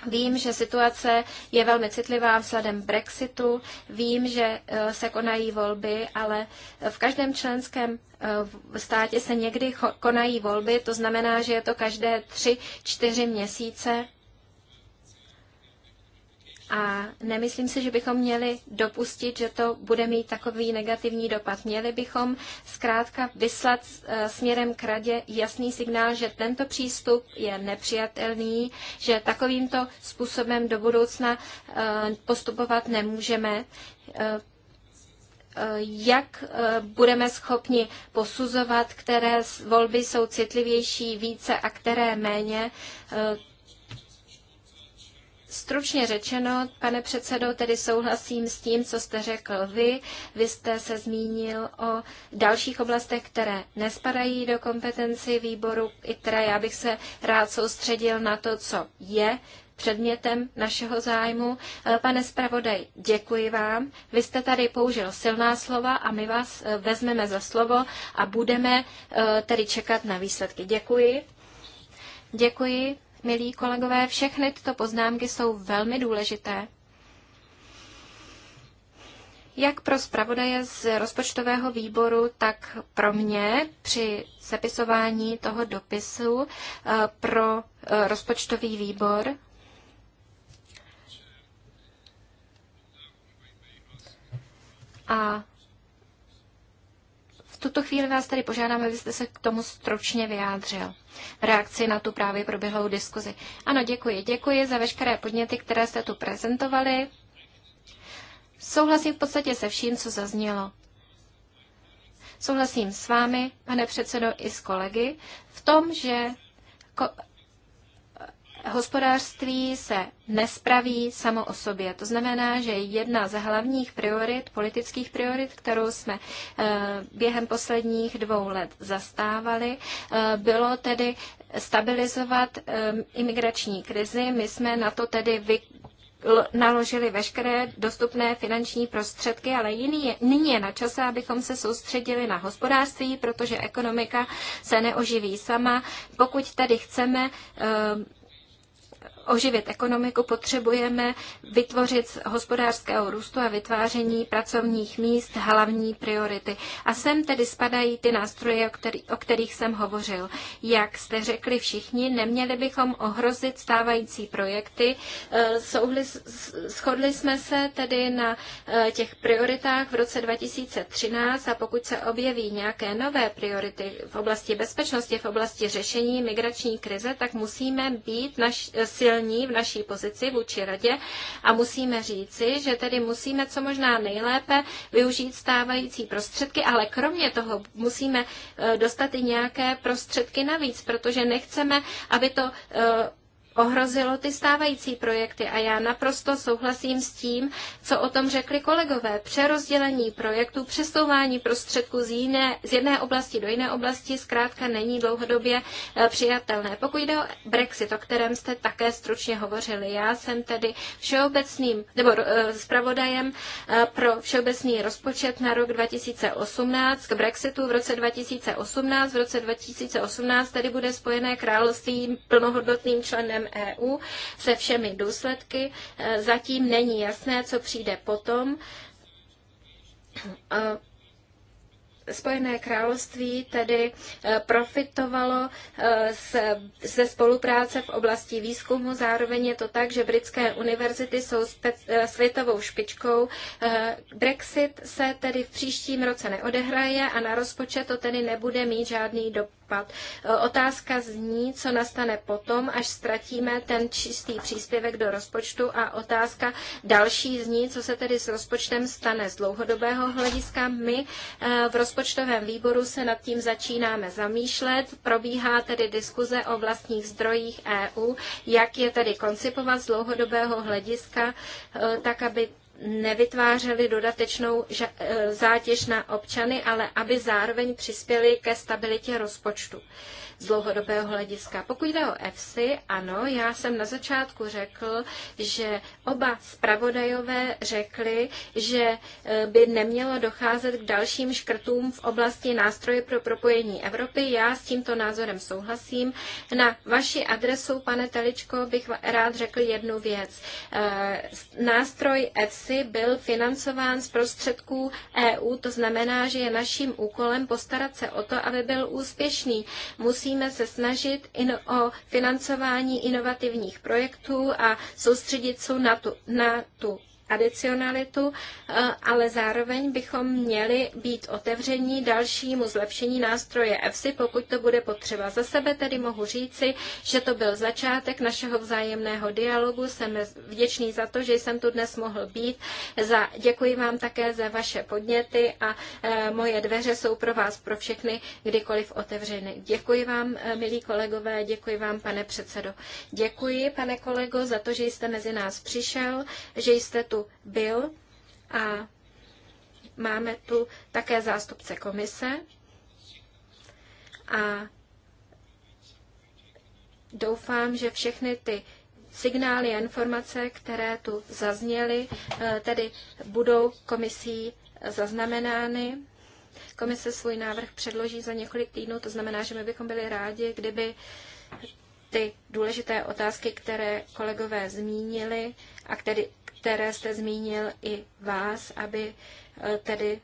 Vím, že situace je velmi citlivá vzhledem Brexitu, vím, že eh, se konají volby, ale v každém členském eh, státě se někdy konají volby, to znamená, že je to každé tři, čtyři měsíce. A nemyslím si, že bychom měli dopustit, že to bude mít takový negativní dopad. Měli bychom zkrátka vyslat eh, směrem k radě jasný signál, že tento přístup je nepřijatelný, že takovýmto způsobem do budoucna eh, postupovat nemůžeme. Eh, jak budeme schopni posuzovat, které volby jsou citlivější více a které méně, Stručně řečeno, pane předsedo, tedy souhlasím s tím, co jste řekl vy. Vy jste se zmínil o dalších oblastech, které nespadají do kompetenci výboru ITRA. Já bych se rád soustředil na to, co je předmětem našeho zájmu. Eh, pane zpravodaj, děkuji vám. Vy jste tady použil silná slova a my vás eh, vezmeme za slovo a budeme eh, tedy čekat na výsledky. Děkuji. Děkuji milí kolegové, všechny tyto poznámky jsou velmi důležité. Jak pro zpravodaje z rozpočtového výboru, tak pro mě při zapisování toho dopisu eh, pro eh, rozpočtový výbor A tuto chvíli vás tady požádám, abyste se k tomu stručně vyjádřil v reakci na tu právě proběhlou diskuzi. Ano, děkuji. Děkuji za veškeré podněty, které jste tu prezentovali. Souhlasím v podstatě se vším, co zaznělo. Souhlasím s vámi, pane předsedo, i s kolegy v tom, že hospodářství se nespraví samo o sobě. To znamená, že jedna z hlavních priorit, politických priorit, kterou jsme eh, během posledních dvou let zastávali, eh, bylo tedy stabilizovat eh, imigrační krizi. My jsme na to tedy vy naložili veškeré dostupné finanční prostředky, ale jiný je, nyní je na čase, abychom se soustředili na hospodářství, protože ekonomika se neoživí sama. Pokud tedy chceme uh, oživit ekonomiku, potřebujeme vytvořit z hospodářského růstu a vytváření pracovních míst hlavní priority. A sem tedy spadají ty nástroje, o, který, o kterých jsem hovořil. Jak jste řekli všichni, neměli bychom ohrozit stávající projekty. E, souhli, shodli jsme se tedy na e, těch prioritách v roce 2013 a pokud se objeví nějaké nové priority v oblasti bezpečnosti, v oblasti řešení migrační krize, tak musíme být naš, e, silní silní v naší pozici vůči radě a musíme říci, že tedy musíme co možná nejlépe využít stávající prostředky, ale kromě toho musíme eh, dostat i nějaké prostředky navíc, protože nechceme, aby to eh, ohrozilo ty stávající projekty. A já naprosto souhlasím s tím, co o tom řekli kolegové. Přerozdělení projektů, přesouvání prostředků z, jiné, z jedné oblasti do jiné oblasti zkrátka není dlouhodobě eh, přijatelné. Pokud jde o Brexit, o kterém jste také stručně hovořili, já jsem tedy všeobecným, nebo eh, zpravodajem eh, pro všeobecný rozpočet na rok 2018 k Brexitu v roce 2018. V roce 2018 tedy bude Spojené království plnohodnotným členem EU se všemi důsledky. Eh, zatím není jasné, co přijde potom. Eh, Spojené království tedy eh, profitovalo ze spolupráce v oblasti výzkumu. Zároveň je to tak, že britské univerzity jsou světovou špičkou. Brexit se tedy v příštím roce neodehraje a na rozpočet to tedy nebude mít žádný dopad odpad. E, otázka zní, co nastane potom, až ztratíme ten čistý příspěvek do rozpočtu a otázka další zní, co se tedy s rozpočtem stane z dlouhodobého hlediska. My e, v rozpočtovém výboru se nad tím začínáme zamýšlet. Probíhá tedy diskuze o vlastních zdrojích EU, jak je tedy koncipovat z dlouhodobého hlediska, e, tak aby nevytvářely dodatečnou eh, zátěž na občany, ale aby zároveň přispěly ke stabilitě rozpočtu z dlouhodobého hlediska. Pokud jde o EFSI, ano, já jsem na začátku řekl, že oba zpravodajové řekli, že e, by nemělo docházet k dalším škrtům v oblasti nástroje pro propojení Evropy. Já s tímto názorem souhlasím. Na vaši adresu, pane Teličko, bych rád řekl jednu věc. E, nástroj EFSI byl financován z prostředků EU, to znamená, že je naším úkolem postarat se o to, aby byl úspěšný. Musí musíme se snažit o financování inovativních projektů a soustředit se na tu, na tu adicionalitu, eh, ale zároveň bychom měli být otevření dalšímu zlepšení nástroje EFSI, pokud to bude potřeba. Za sebe tedy mohu říci, že to byl začátek našeho vzájemného dialogu. Jsem vděčný za to, že jsem tu dnes mohl být. Za, děkuji vám také za vaše podněty a eh, moje dveře jsou pro vás pro všechny kdykoliv otevřeny. Děkuji vám, eh, milí kolegové, děkuji vám, pane předsedo. Děkuji, pane kolego, za to, že jste mezi nás přišel, že jste tu byl a máme tu také zástupce komise a doufám, že všechny ty signály a informace, které tu zazněly, eh, tedy budou komisí zaznamenány. Komise svůj návrh předloží za několik týdnů, to znamená, že my bychom byli rádi, kdyby ty důležité otázky, které kolegové zmínili a který, které jste zmínil i vás, aby eh, tedy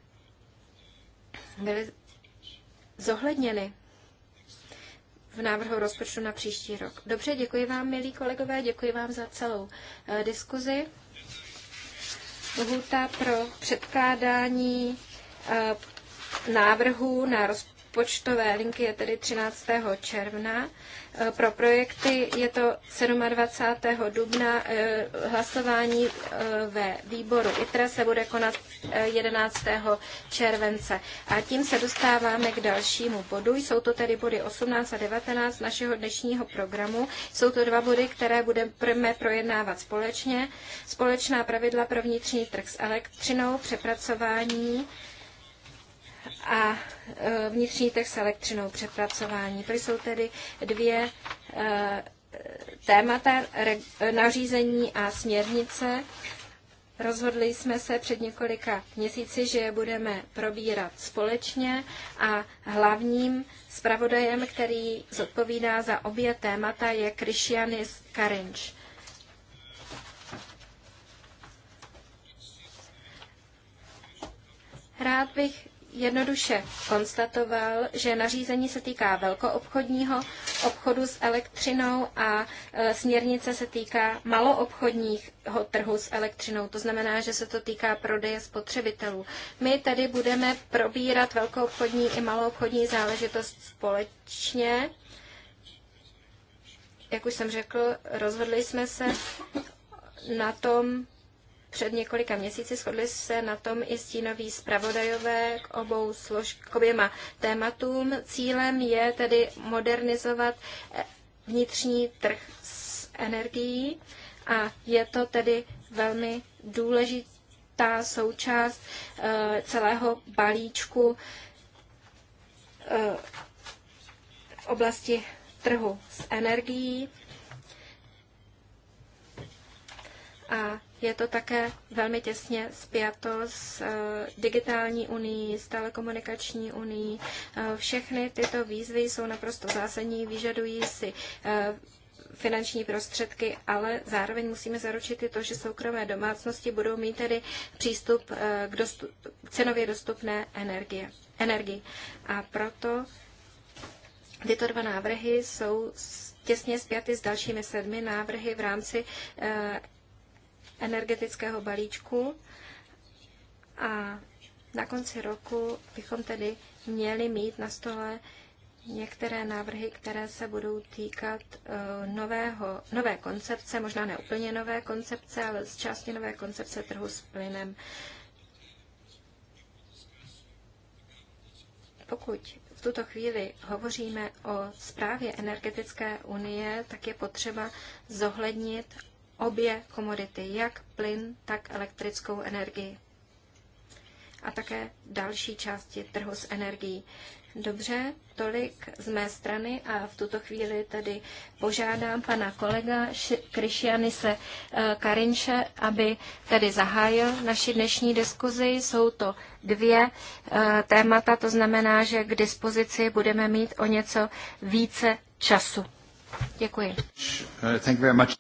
byly zohledněny v návrhu rozpočtu na příští rok. Dobře, děkuji vám, milí kolegové, děkuji vám za celou eh, diskuzi. Lhůta pro předkládání eh, návrhu na rozpočtu rozpočtové linky je tedy 13. června. E, pro projekty je to 27. dubna. E, hlasování e, ve výboru ITRA se bude konat 11. července. A tím se dostáváme k dalšímu bodu. Jsou to tedy body 18 a 19 našeho dnešního programu. Jsou to dva body, které budeme projednávat společně. Společná pravidla pro vnitřní trh s elektřinou, přepracování a e, vnitřní text s elektřinou přepracování. To jsou tedy dvě e, témata nařízení a směrnice. Rozhodli jsme se před několika měsíci, že je budeme probírat společně a hlavním zpravodajem, který zodpovídá za obě témata, je Krišianis Karinč. Rád bych jednoduše konstatoval, že nařízení se týká velkoobchodního obchodu s elektřinou a e, směrnice se týká maloobchodního trhu s elektřinou. To znamená, že se to týká prodeje spotřebitelů. My tedy budeme probírat velkoobchodní i maloobchodní záležitost společně. Jak už jsem řekl, rozhodli jsme se na tom, před několika měsíci. Shodli se na tom i stínoví zpravodajové k, obou slož, k oběma tématům. Cílem je tedy modernizovat eh, vnitřní trh s energií a je to tedy velmi důležitá součást eh, celého balíčku eh, v oblasti trhu s energií. A je to také velmi těsně spjato s eh, digitální unii, s telekomunikační unii. Eh, všechny tyto výzvy jsou naprosto zásadní, vyžadují si eh, finanční prostředky, ale zároveň musíme zaručit i to, že soukromé domácnosti budou mít tedy přístup k, dostup, k cenově dostupné energie, energii. A proto tyto dva návrhy jsou těsně zpěty s dalšími sedmi návrhy v rámci energetického balíčku a na konci roku bychom tedy měli mít na stole některé návrhy, které se budou týkat eh, nového, nové koncepce, možná ne úplně nové koncepce, ale z části nové koncepce trhu s plynem. Pokud v tuto chvíli hovoříme o zprávě energetické unie, tak je potřeba zohlednit obě komodity, jak plyn, tak elektrickou energii. A také další části trhu s energií. Dobře, tolik z mé strany a v tuto chvíli tedy požádám pana kolega Krišianise eh, Karinše, aby tedy zahájil naši dnešní diskuzi. Jsou to dvě eh, témata, to znamená, že k dispozici budeme mít o něco více času. Děkuji. Eh, thank you very much.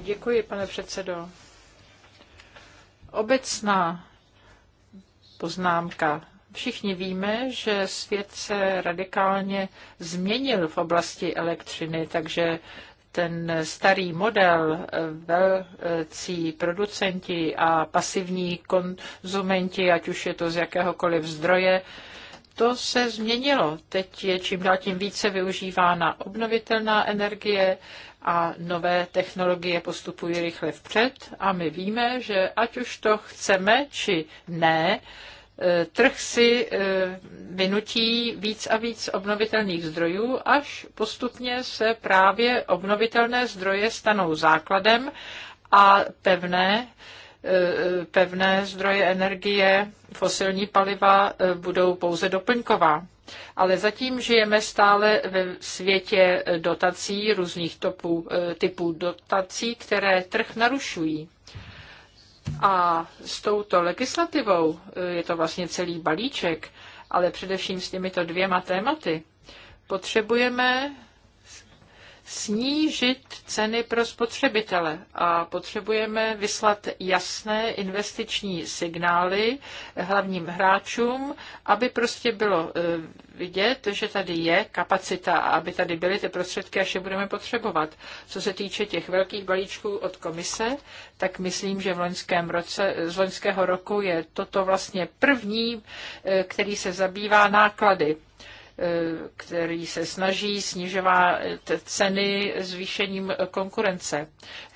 Děkuji, pane předsedo. Obecná poznámka. Všichni víme, že svět se radikálně změnil v oblasti elektřiny, takže ten starý model velcí producenti a pasivní konzumenti, ať už je to z jakéhokoliv zdroje, to se změnilo. Teď je čím dál tím více využívána obnovitelná energie a nové technologie postupují rychle vpřed a my víme, že ať už to chceme či ne, e, trh si e, vynutí víc a víc obnovitelných zdrojů, až postupně se právě obnovitelné zdroje stanou základem a pevné Eh, pevné zdroje energie, fosilní paliva eh, budou pouze doplňková. Ale zatím žijeme stále ve světě dotací, různých topů, eh, typů dotací, které trh narušují. A s touto legislativou, je to vlastně celý balíček, ale především s těmito dvěma tématy, potřebujeme snížit ceny pro spotřebitele a potřebujeme vyslat jasné investiční signály hlavním hráčům, aby prostě bylo e, vidět, že tady je kapacita a aby tady byly ty prostředky, až je budeme potřebovat. Co se týče těch velkých balíčků od komise, tak myslím, že v loňském roce, z loňského roku je toto vlastně první, e, který se zabývá náklady Eh, který se snaží snižovat ceny zvýšením konkurence.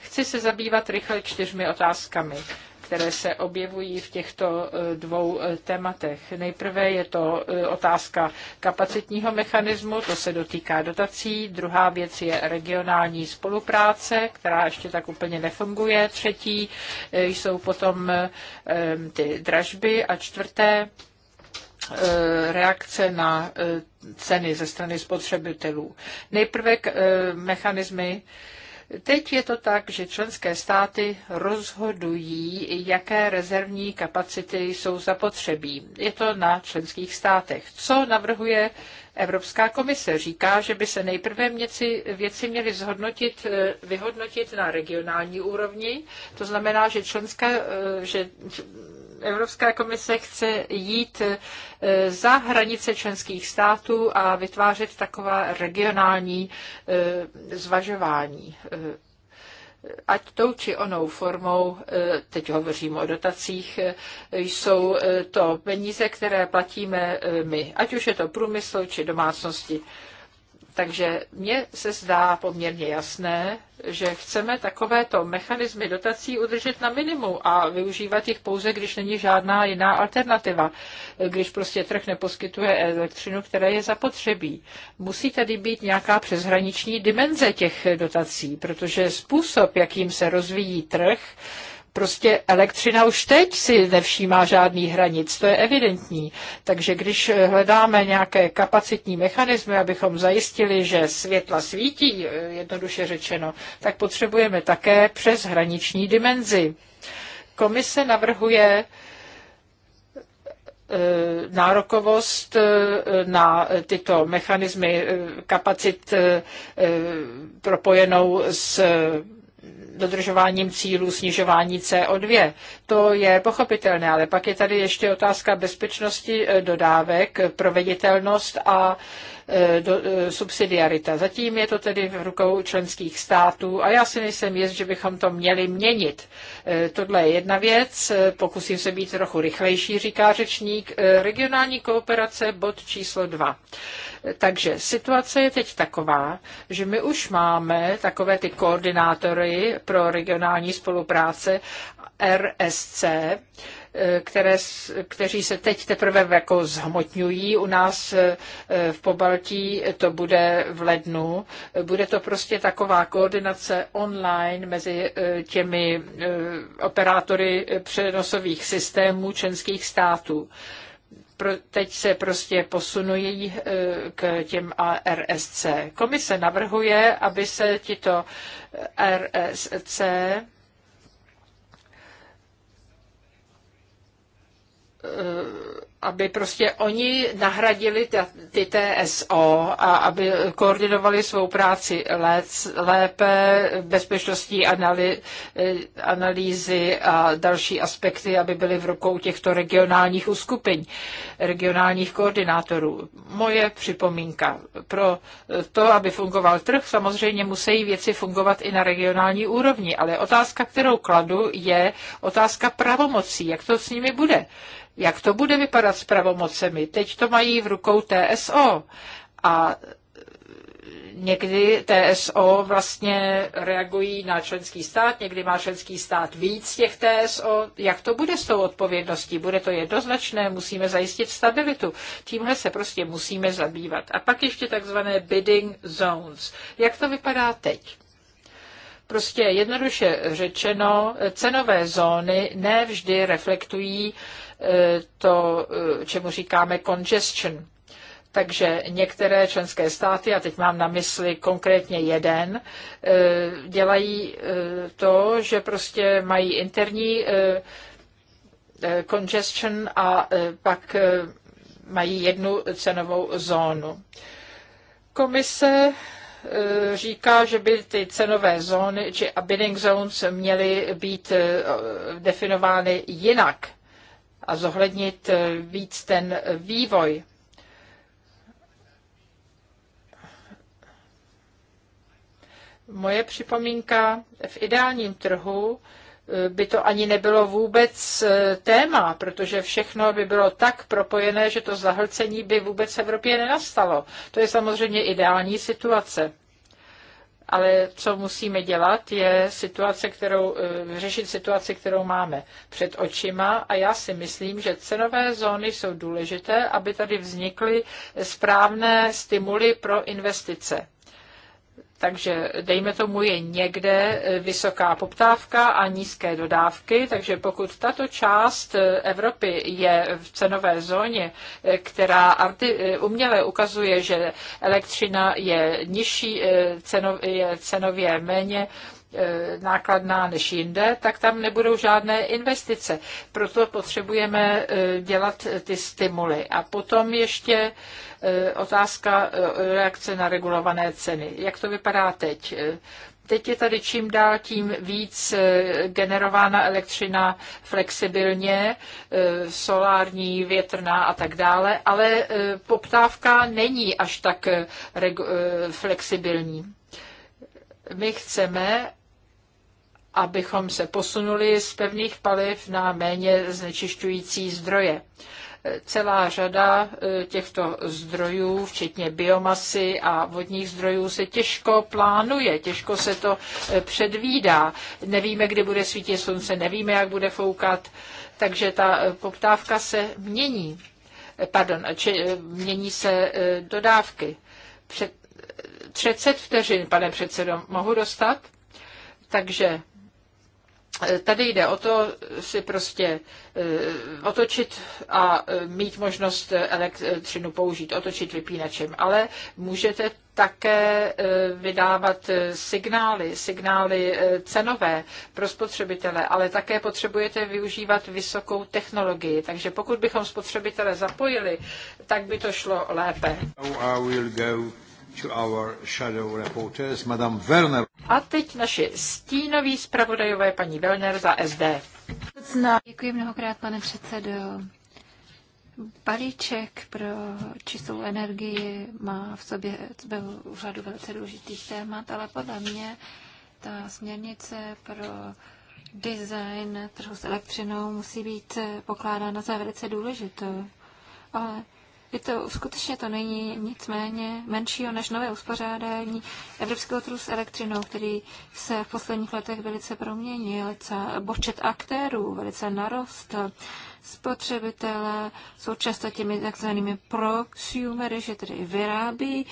Chci se zabývat rychle čtyřmi otázkami které se objevují v těchto eh, dvou eh, tématech. Nejprve je to otázka kapacitního mechanismu, to se dotýká dotací. Druhá věc je regionální spolupráce, která ještě tak úplně nefunguje. Třetí jsou potom ty dražby a čtvrté Eh, reakce na eh, ceny ze strany spotřebitelů. Nejprve k eh, mechanismy Teď je to tak, že členské státy rozhodují, jaké rezervní kapacity jsou zapotřebí. Je to na členských státech. Co navrhuje Evropská komise? Říká, že by se nejprve měci, věci měly zhodnotit, vyhodnotit na regionální úrovni. To znamená, že, členské, že Evropská komise chce jít e, za hranice členských států a vytvářet taková regionální e, zvažování e, ať tou či onou formou, teď hovořím o dotacích, jsou to peníze, které platíme my, ať už je to průmysl či domácnosti. Takže mně se zdá poměrně jasné, že chceme takovéto mechanismy dotací udržet na minimum a využívat jich pouze, když není žádná jiná alternativa, když prostě trh neposkytuje elektřinu, které je zapotřebí. Musí tady být nějaká přeshraniční dimenze těch dotací, protože způsob, jakým se rozvíjí trh, Prostě elektřina už teď si nevšímá žádných hranic, to je evidentní. Takže když hledáme nějaké kapacitní mechanismy, abychom zajistili, že světla svítí, jednoduše řečeno, tak potřebujeme také přes hraniční dimenzi. Komise navrhuje e, nárokovost e, na tyto mechanismy e, kapacit propojenou s dodržováním cílů snižování CO2. To je pochopitelné, ale pak je tady ještě otázka bezpečnosti eh, dodávek, proveditelnost a Eh, do, eh, subsidiarita. Zatím je to tedy v rukou členských států a já si nejsem jist, že bychom to měli měnit. Eh, tohle je jedna věc, pokusím se být trochu rychlejší, říká řečník. Regionální kooperace, bod číslo dva. Takže situace je teď taková, že my už máme takové ty koordinátory pro regionální spolupráce RSC, Eh, které, kteří se teď teprve jako zhmotňují. U nás eh, v Pobaltí to bude v lednu. Bude to prostě taková koordinace online mezi eh, těmi operátory přenosových systémů členských států pro, teď se prostě posunují k těm ARSC. Komise navrhuje, aby se tito RSC Eh, aby prostě oni nahradili ty TSO a aby koordinovali svou práci lépe, bezpečnostní eh, analýzy a další aspekty, aby byly v rukou těchto regionálních uskupení, regionálních koordinátorů. Moje připomínka. Pro to, aby fungoval trh, samozřejmě musí věci fungovat i na regionální úrovni, ale otázka, kterou kladu, je otázka pravomocí, jak to s nimi bude. Jak to bude vypadat s pravomocemi? Teď to mají v rukou TSO a e, někdy TSO vlastně reagují na členský stát, někdy má členský stát víc těch TSO. Jak to bude s tou odpovědností? Bude to jednoznačné? Musíme zajistit stabilitu. Tímhle se prostě musíme zabývat. A pak ještě takzvané bidding zones. Jak to vypadá teď? Prostě jednoduše řečeno, cenové zóny nevždy reflektují uh, E, to, e, čemu říkáme congestion. Takže některé členské státy, a teď mám na mysli konkrétně jeden, e, dělají to, že prostě mají interní congestion a pak mají jednu cenovou zónu. Komise říká, že by ty cenové zóny či bidding zones měly být definovány jinak a zohlednit eh, víc ten vývoj. Moje připomínka v ideálním trhu eh, by to ani nebylo vůbec eh, téma, protože všechno by bylo tak propojené, že to zahlcení by vůbec v Evropě nenastalo. To je samozřejmě ideální situace ale co musíme dělat, je situace, kterou, eh, řešit situaci, kterou máme před očima a já si myslím, že cenové zóny jsou důležité, aby tady vznikly správné stimuly pro investice. Takže dejme tomu je někde eh, vysoká poptávka a nízké dodávky, takže pokud tato část eh, Evropy je v cenové zóně, eh, která uměle ukazuje, že elektřina je nižší, je cenově méně E, nákladná než jinde, tak tam nebudou žádné investice. Proto potřebujeme e, dělat ty stimuly. A potom ještě e, otázka reakce na regulované ceny. Jak to vypadá teď? Teď je tady čím dál tím víc generována elektřina flexibilně, solární, větrná a tak dále, ale poptávka není až tak flexibilní. My chceme, abychom se posunuli z pevných paliv na méně znečišťující zdroje. Celá řada e, těchto zdrojů, včetně biomasy a vodních zdrojů, se těžko plánuje, těžko se to e, předvídá. Nevíme, kdy bude svítit slunce, nevíme, jak bude foukat, takže ta e, poptávka se mění. Pardon, či, mění se dodávky. Před 30 vteřin, pane předsedo, mohu dostat? Takže Eh, tady jde o to si prostě eh, otočit a eh, mít možnost elektřinu použít, otočit vypínačem, ale můžete také vydávat signály, signály cenové pro spotřebitele, ale také potřebujete využívat vysokou technologii. Takže pokud bychom spotřebitele zapojili, tak by to šlo lépe. A teď naše stínový zpravodajové paní Werner za SD. Děkuji mnohokrát, pane předsedo. Balíček pro čistou energii má v sobě byl řadu velice důležitých témat, ale podle mě ta směrnice pro design trhu s elektřinou musí být pokládána za velice důležitou. Ale je to, skutečně to není nic méně menšího než nové uspořádání Evropského trhu s elektřinou, který se v posledních letech velice proměnil. Bočet aktérů velice narostl spotřebitelé jsou často těmi takzvanými prosumery, že tedy vyrábí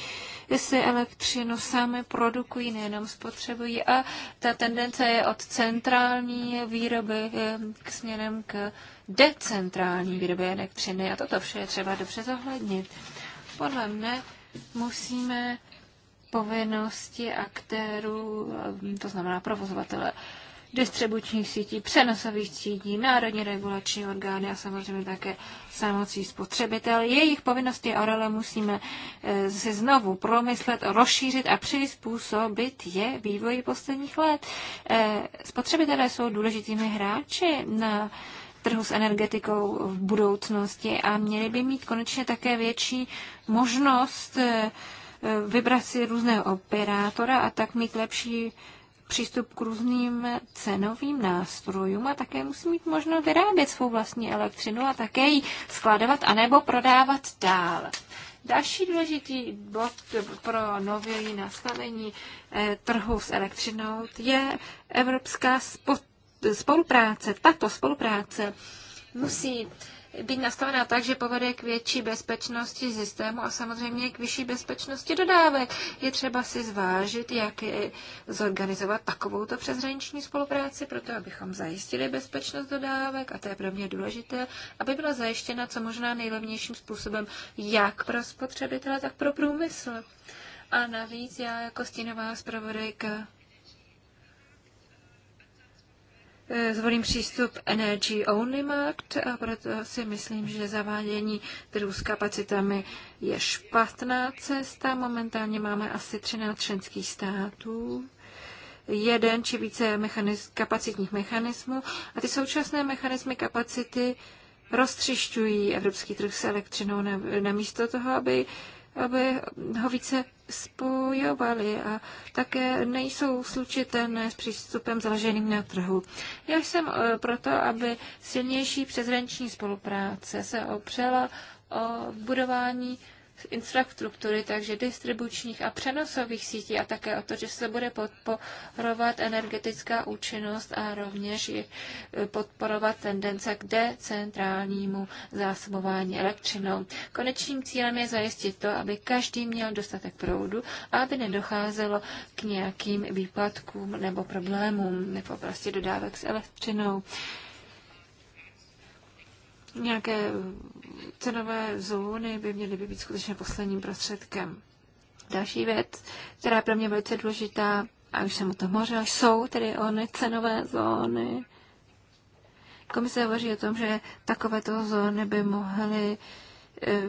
si elektřinu, sami produkují, nejenom spotřebují a ta tendence je od centrální výroby eh, k směrem k decentrální výroby elektřiny a toto vše je třeba dobře zohlednit. Podle mne musíme povinnosti aktérů, eh, to znamená provozovatele distribučních sítí, přenosových sítí, národní regulační orgány a samozřejmě také samocí spotřebitel. Jejich povinnosti a role musíme eh, si znovu promyslet, rozšířit a přizpůsobit je vývoji posledních let. Eh, spotřebitelé jsou důležitými hráči na trhu s energetikou v budoucnosti a měli by mít konečně také větší možnost eh, vybrat si různého operátora a tak mít lepší přístup k různým cenovým nástrojům a také musí mít možnost vyrábět svou vlastní elektřinu a také ji skladovat anebo prodávat dál. Další důležitý bod pro nové nastavení eh, trhu s elektřinou je evropská spolupráce. Tato spolupráce musí být nastavená tak, že povede k větší bezpečnosti systému a samozřejmě k vyšší bezpečnosti dodávek. Je třeba si zvážit, jak zorganizovat takovouto přeshraniční spolupráci, proto abychom zajistili bezpečnost dodávek a to je pro mě důležité, aby byla zajištěna co možná nejlevnějším způsobem jak pro spotřebitele, tak pro průmysl. A navíc já jako stínová zpravodajka Eh, zvolím přístup Energy Only Market a proto si myslím, že zavádění trhu s kapacitami je špatná cesta. Momentálně máme asi 13 členských států jeden či více mechaniz- kapacitních mechanismů a ty současné mechanismy kapacity roztřišťují evropský trh s elektřinou na, na místo toho, aby aby ho více spojovali a také nejsou slučitelné s přístupem založeným na trhu. Já jsem eh, proto, aby silnější přezranční spolupráce se opřela o budování infrastruktury, takže distribučních a přenosových sítí a také o to, že se bude podporovat energetická účinnost a rovněž e, podporovat tendence k decentrálnímu zásobování elektřinou. Konečným cílem je zajistit to, aby každý měl dostatek proudu a aby nedocházelo k nějakým výpadkům nebo problémům v oblasti dodávek s elektřinou nějaké cenové zóny by měly by být skutečně posledním prostředkem. Další věc, která je pro mě velice důležitá, a už jsem o tom hovořila, jsou tedy ony cenové zóny. Komise hovoří o tom, že takovéto zóny by mohly Eh,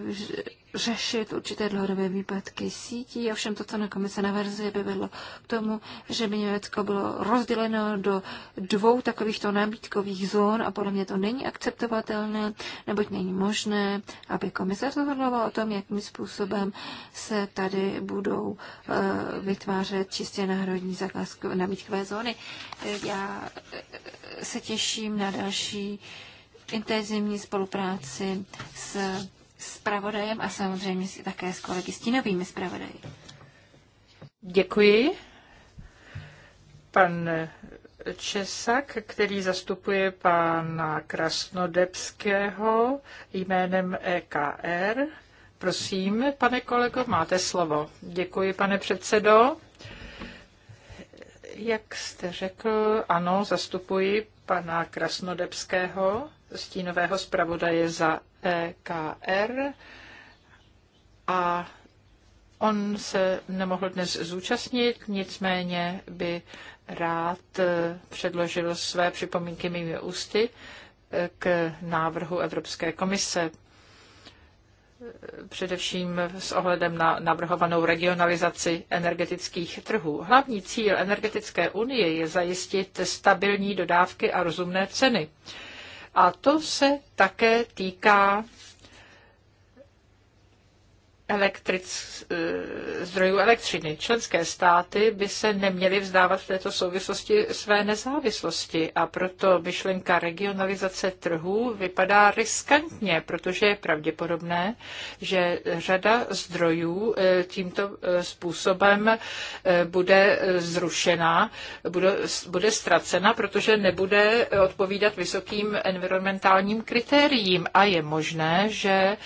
řešit určité dlouhodobé výpadky sítí. Ovšem to, co na komise navrzuje, by vedlo k tomu, že by Německo bylo rozděleno do dvou takovýchto nabídkových zón a podle mě to není akceptovatelné, neboť není možné, aby komise rozhodla o tom, jakým způsobem se tady budou eh, vytvářet čistě národní zakázkové nabídkové zóny. Eh, já se těším na další intenzivní spolupráci s zpravodajem a samozřejmě si také s kolegy stínovými zpravodaji. Děkuji. Pan Česak, který zastupuje pána Krasnodebského jménem EKR. Prosím, pane kolego, máte slovo. Děkuji, pane předsedo. Jak jste řekl, ano, zastupuji pana Krasnodebského stínového zpravodaje za EKR a on se nemohl dnes zúčastnit, nicméně by rád eh, předložil své připomínky mými ústy eh, k návrhu Evropské komise především s ohledem na navrhovanou regionalizaci energetických trhů. Hlavní cíl energetické unie je zajistit stabilní dodávky a rozumné ceny. A to se také týká elektric, zdrojů elektřiny. Členské státy by se neměly vzdávat v této souvislosti své nezávislosti a proto myšlenka regionalizace trhů vypadá riskantně, protože je pravděpodobné, že řada zdrojů eh, tímto eh, způsobem eh, bude zrušena, bude, bude ztracena, protože nebude odpovídat vysokým environmentálním kritériím a je možné, že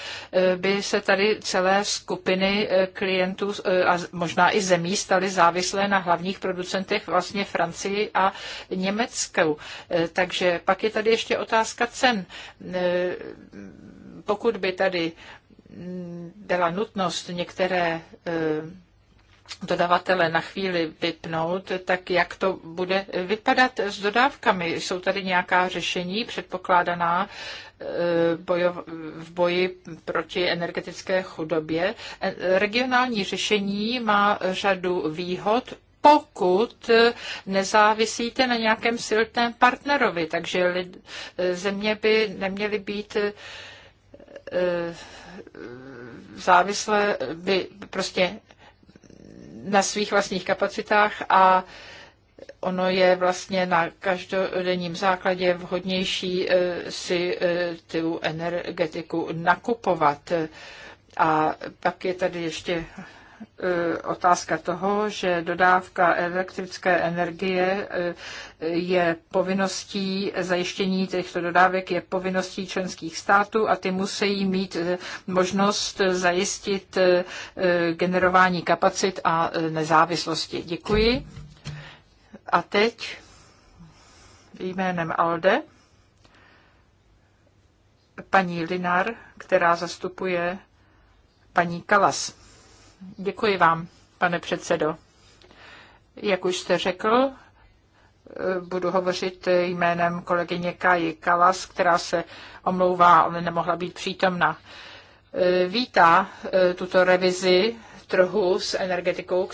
by se tady celé skupiny eh, klientů eh, a možná i zemí staly závislé na hlavních producentech vlastně Francii a Německu. Eh, takže pak je tady ještě otázka cen. Pokud by tady mm, byla nutnost některé dodavatele na chvíli vypnout, tak jak to bude vypadat s dodávkami? Jsou tady nějaká řešení předpokládaná Eh, v boji proti energetické chudobě. Eh, regionální řešení má řadu výhod, pokud nezávisíte na nějakém silném partnerovi. Takže lid, země by neměly být eh, závislé by prostě na svých vlastních kapacitách a ono je vlastně na každodenním základě vhodnější eh, si eh, tu energetiku nakupovat. A pak je tady ještě eh, otázka toho, že dodávka elektrické energie je povinností, zajištění těchto dodávek je povinností členských států a ty musí mít možnost zajistit generování kapacit a nezávislosti. Děkuji. A teď jménem Alde paní Linar, která zastupuje paní Kalas. Děkuji vám, pane předsedo. Jak už jste řekl, budu hovořit jménem kolegyně Kaji Kalas, která se omlouvá, ale nemohla být přítomna. Vítá tuto revizi trhu s energetikou,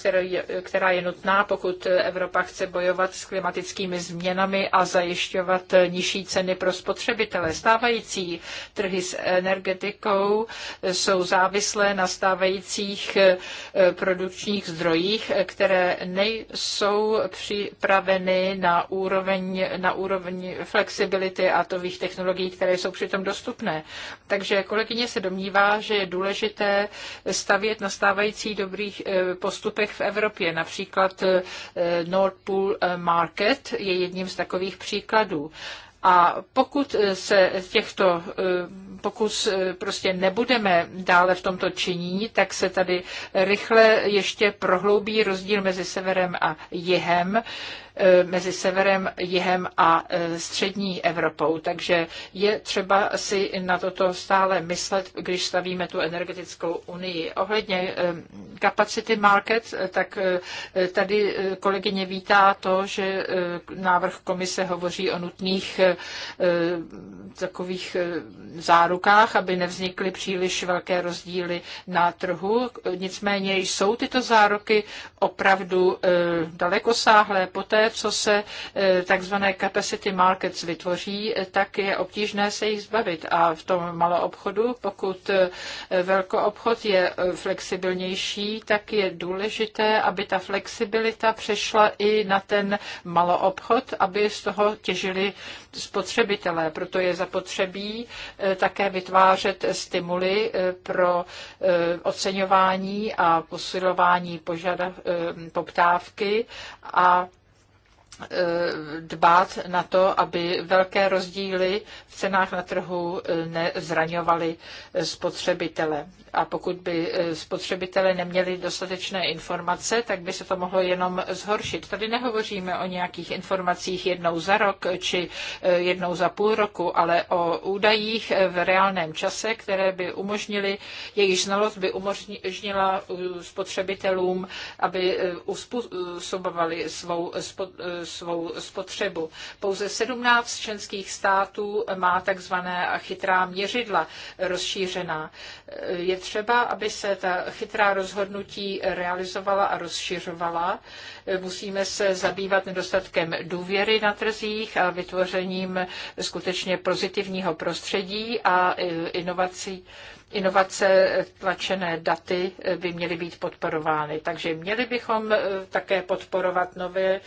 která je nutná, pokud Evropa chce bojovat s klimatickými změnami a zajišťovat nižší ceny pro spotřebitele. Stávající trhy s energetikou jsou závislé na stávajících eh, produkčních zdrojích, které nejsou připraveny na úroveň, na úroveň flexibility a technologií, které jsou přitom dostupné. Takže kolegyně se domnívá, že je důležité stavět na stávající dalších dobrých eh, postupech v Evropě. Například eh, Nord Pool eh, Market je jedním z takových příkladů. A pokud se těchto pokud eh, prostě nebudeme dále v tomto činí, tak se tady rychle ještě prohloubí rozdíl mezi severem a jihem eh, mezi severem, jihem a eh, střední Evropou. Takže je třeba si na toto stále myslet, když stavíme tu energetickou unii. Ohledně kapacity market, tak tady kolegyně vítá to, že návrh komise hovoří o nutných takových zá zárukách, aby nevznikly příliš velké rozdíly na trhu. Nicméně jsou tyto zároky opravdu eh, dalekosáhlé. Poté, co se eh, takzvané capacity markets vytvoří, eh, tak je obtížné se jich zbavit. A v tom maloobchodu, pokud velkoobchod je flexibilnější, tak je důležité, aby ta flexibilita přešla i na ten maloobchod, aby z toho těžili spotřebitelé. Proto je zapotřebí tak také vytvářet stimuly eh, pro eh, oceňování a posilování požada, eh, poptávky a dbát na to, aby velké rozdíly v cenách na trhu eh, nezraňovaly eh, spotřebitele. A pokud by eh, spotřebitele neměli dostatečné informace, tak by se to mohlo jenom zhoršit. Tady nehovoříme o nějakých informacích jednou za rok či jednou za půl roku, ale o údajích v reálném čase, které by umožnily, jejich znalost by umožnila spotřebitelům, aby uspůsobovali svou svou spotřebu. Pouze 17 členských států má takzvané chytrá měřidla rozšířená. Je třeba, aby se ta chytrá rozhodnutí realizovala a rozšiřovala. Musíme se zabývat nedostatkem důvěry na trzích a vytvořením skutečně pozitivního prostředí a inovací inovace tlačené daty by měly být podporovány. Takže měli bychom eh, také podporovat nové eh,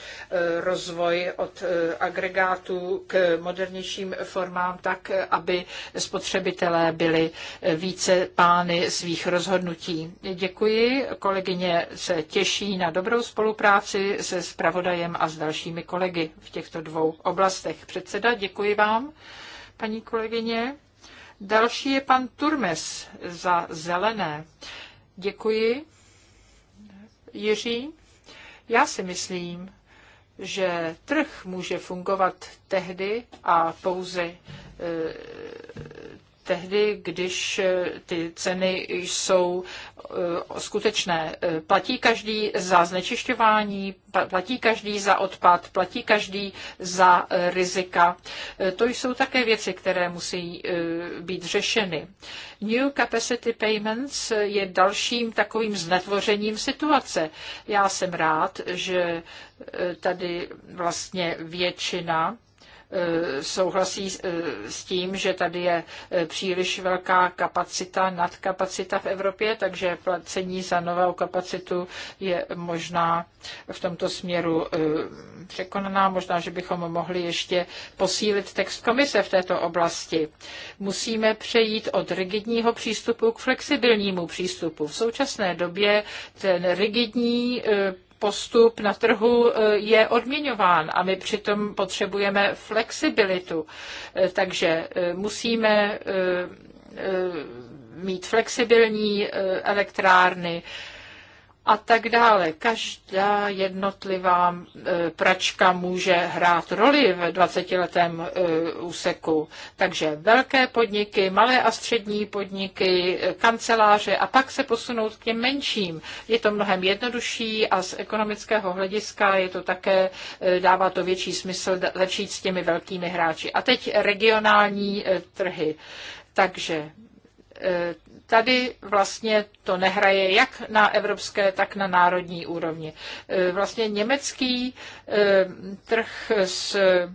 rozvoj od eh, agregátů k modernějším formám tak, aby spotřebitelé byli více pány svých rozhodnutí. Děkuji. Kolegyně se těší na dobrou spolupráci se spravodajem a s dalšími kolegy v těchto dvou oblastech. Předseda, děkuji vám, paní kolegyně. Další je pan Turmes za zelené. Děkuji. Jiří, já si myslím, že trh může fungovat tehdy a pouze eh, tehdy, když eh, ty ceny jsou eh, skutečné. Eh, platí každý za znečišťování, platí každý za odpad, platí každý za rizika. To jsou také věci, které musí být řešeny. New Capacity Payments je dalším takovým znetvořením situace. Já jsem rád, že tady vlastně většina Eh, souhlasí eh, s tím, že tady je eh, příliš velká kapacita, nadkapacita v Evropě, takže placení za novou kapacitu je možná v tomto směru překonaná. Možná, že bychom mohli ještě posílit text komise v této oblasti. Musíme přejít od rigidního přístupu k flexibilnímu přístupu. V současné době ten rigidní postup na trhu eh, je odměňován a my přitom potřebujeme flexibilitu. Eh, takže eh, musíme mít flexibilní elektrárny, a tak dále. Každá jednotlivá e, pračka může hrát roli v 20-letém e, úseku. Takže velké podniky, malé a střední podniky, e, kanceláře a pak se posunout k těm menším. Je to mnohem jednodušší a z ekonomického hlediska je to také, dává to větší smysl začít s těmi velkými hráči. A teď regionální trhy. Takže tady vlastně to nehraje jak na evropské, tak na národní úrovni. E, vlastně německý e, trh s e,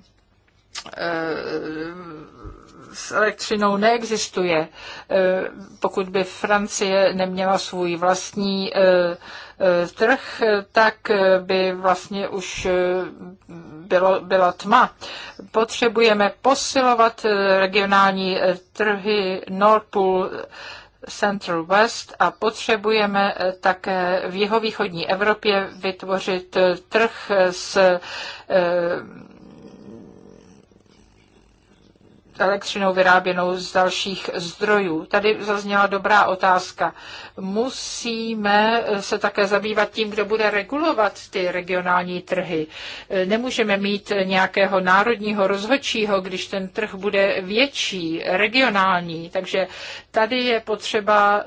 s elektřinou neexistuje. Pokud by Francie neměla svůj vlastní trh, tak by vlastně už bylo, byla tma. Potřebujeme posilovat regionální trhy Nord Pool, Central West a potřebujeme eh, také v jihovýchodní Evropě vytvořit eh, trh s eh, elektřinou vyráběnou z dalších zdrojů. Tady zazněla dobrá otázka. Musíme se také zabývat tím, kdo bude regulovat ty regionální trhy. Nemůžeme mít nějakého národního rozhodčího, když ten trh bude větší, regionální. Takže tady je potřeba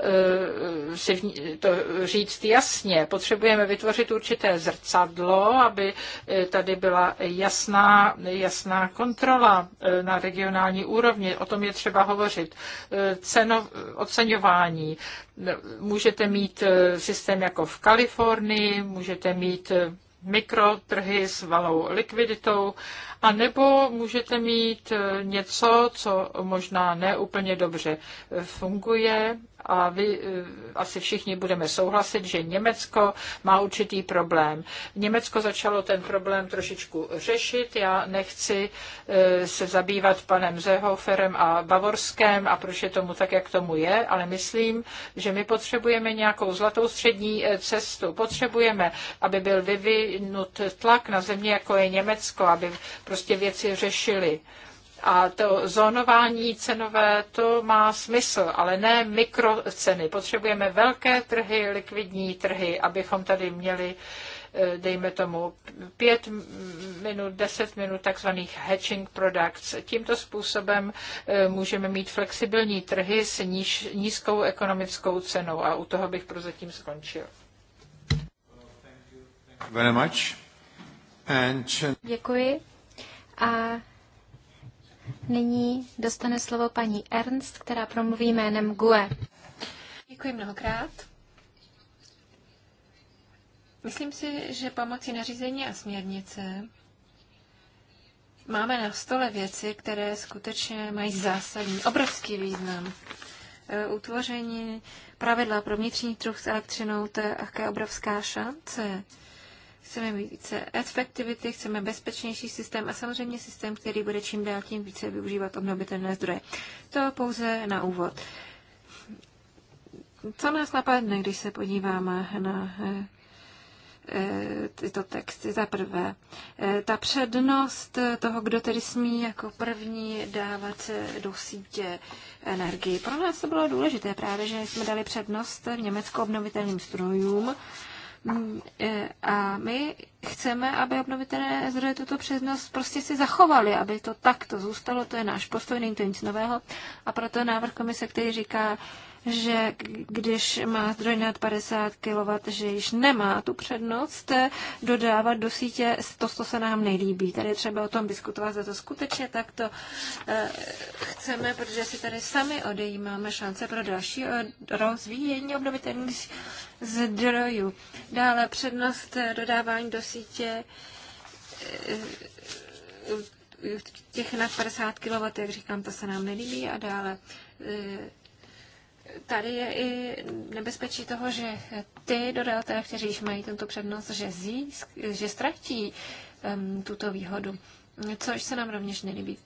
eh, si to říct jasně. Potřebujeme vytvořit určité zrcadlo, aby eh, tady byla jasná, jasná kontrola eh, na regionální sociální úrovni, o tom je třeba hovořit. E, ceno, oceňování. Můžete mít e, systém jako v Kalifornii, můžete mít e, mikrotrhy s valou likviditou, a nebo můžete mít něco, co možná neúplně dobře funguje, a vy eh, asi všichni budeme souhlasit, že Německo má určitý problém. Německo začalo ten problém trošičku řešit. Já nechci eh, se zabývat panem Zehoferem a Bavorském a proč je tomu tak, jak tomu je, ale myslím, že my potřebujeme nějakou zlatou střední eh, cestu. Potřebujeme, aby byl vyvinut tlak na země, jako je Německo, aby prostě věci řešili a to zónování cenové, to má smysl, ale ne mikroceny. Potřebujeme velké trhy, likvidní trhy, abychom tady měli eh, dejme tomu pět minut, deset minut takzvaných hedging products. Tímto způsobem eh, můžeme mít flexibilní trhy s níž, nízkou ekonomickou cenou a u toho bych prozatím skončil. Děkuji. A Nyní dostane slovo paní Ernst, která promluví jménem GUE. Děkuji mnohokrát. Myslím si, že pomocí nařízení a směrnice máme na stole věci, které skutečně mají zásadní, obrovský význam. E, utvoření pravidla pro vnitřní trh s elektřinou, to je také obrovská šance chceme více efektivity, chceme bezpečnější systém a samozřejmě systém, který bude čím dál tím více využívat obnovitelné zdroje. To pouze na úvod. Co nás napadne, když se podíváme na eh, eh, tyto texty. Za prvé, eh, ta přednost toho, kdo tedy smí jako první dávat do sítě energii. Pro nás to bylo důležité právě, že jsme dali přednost v Německu obnovitelným strojům a my chceme, aby obnovitelné zdroje tuto přednost prostě si zachovali, aby to takto zůstalo, to je náš postoj, není to nic nového. A proto návrh komise, který říká, že když má zdroj nad 50 kW, že již nemá tu přednost dodávat do sítě to, co se nám nelíbí. Tady třeba o tom diskutovat, za to skutečně takto eh, chceme, protože si tady sami odejímáme šance pro další eh, rozvíjení obnovitelných zdrojů. Dále přednost eh, dodávání do sítě těch nad 50 kW, jak říkám, to se nám nelíbí a dále tady je i nebezpečí toho, že ty dodatelé, kteří již mají tento přednost, že, získ, že ztratí um, tuto výhodu, což se nám rovněž nelíbí.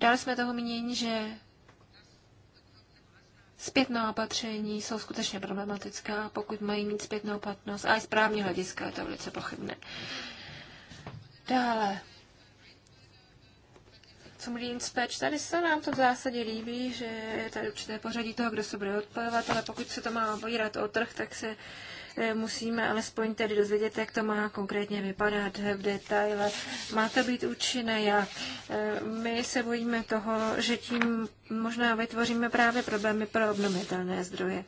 Dále jsme toho mínění, že zpětná opatření jsou skutečně problematická, pokud mají mít zpětnou platnost, a i z právního hlediska je to velice pochybné. Dále, co Mlín Speč. Tady se nám to v zásadě líbí, že je tady určité pořadí toho, kdo se bude odpojovat, ale pokud se to má obírat o trh, tak se eh, musíme alespoň tedy dozvědět, jak to má konkrétně vypadat v detaile. Má to být účinné, jak? Eh, my se bojíme toho, že tím možná vytvoříme právě problémy pro obnovitelné zdroje.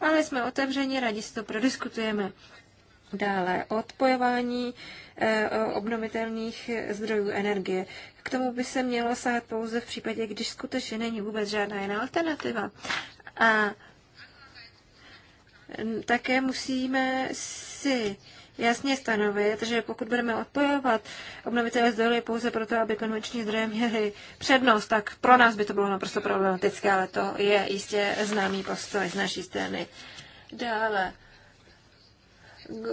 Ale jsme otevřeni, rádi si to prodiskutujeme. Dále odpojování Eh, obnovitelných zdrojů energie. K tomu by se mělo sahat pouze v případě, když skutečně není vůbec žádná jiná alternativa. A také musíme si jasně stanovit, že pokud budeme odpojovat obnovitelné zdroje pouze proto, aby konvenční zdroje měly přednost, tak pro nás by to bylo naprosto problematické, ale to je jistě známý postoj z naší strany. Dále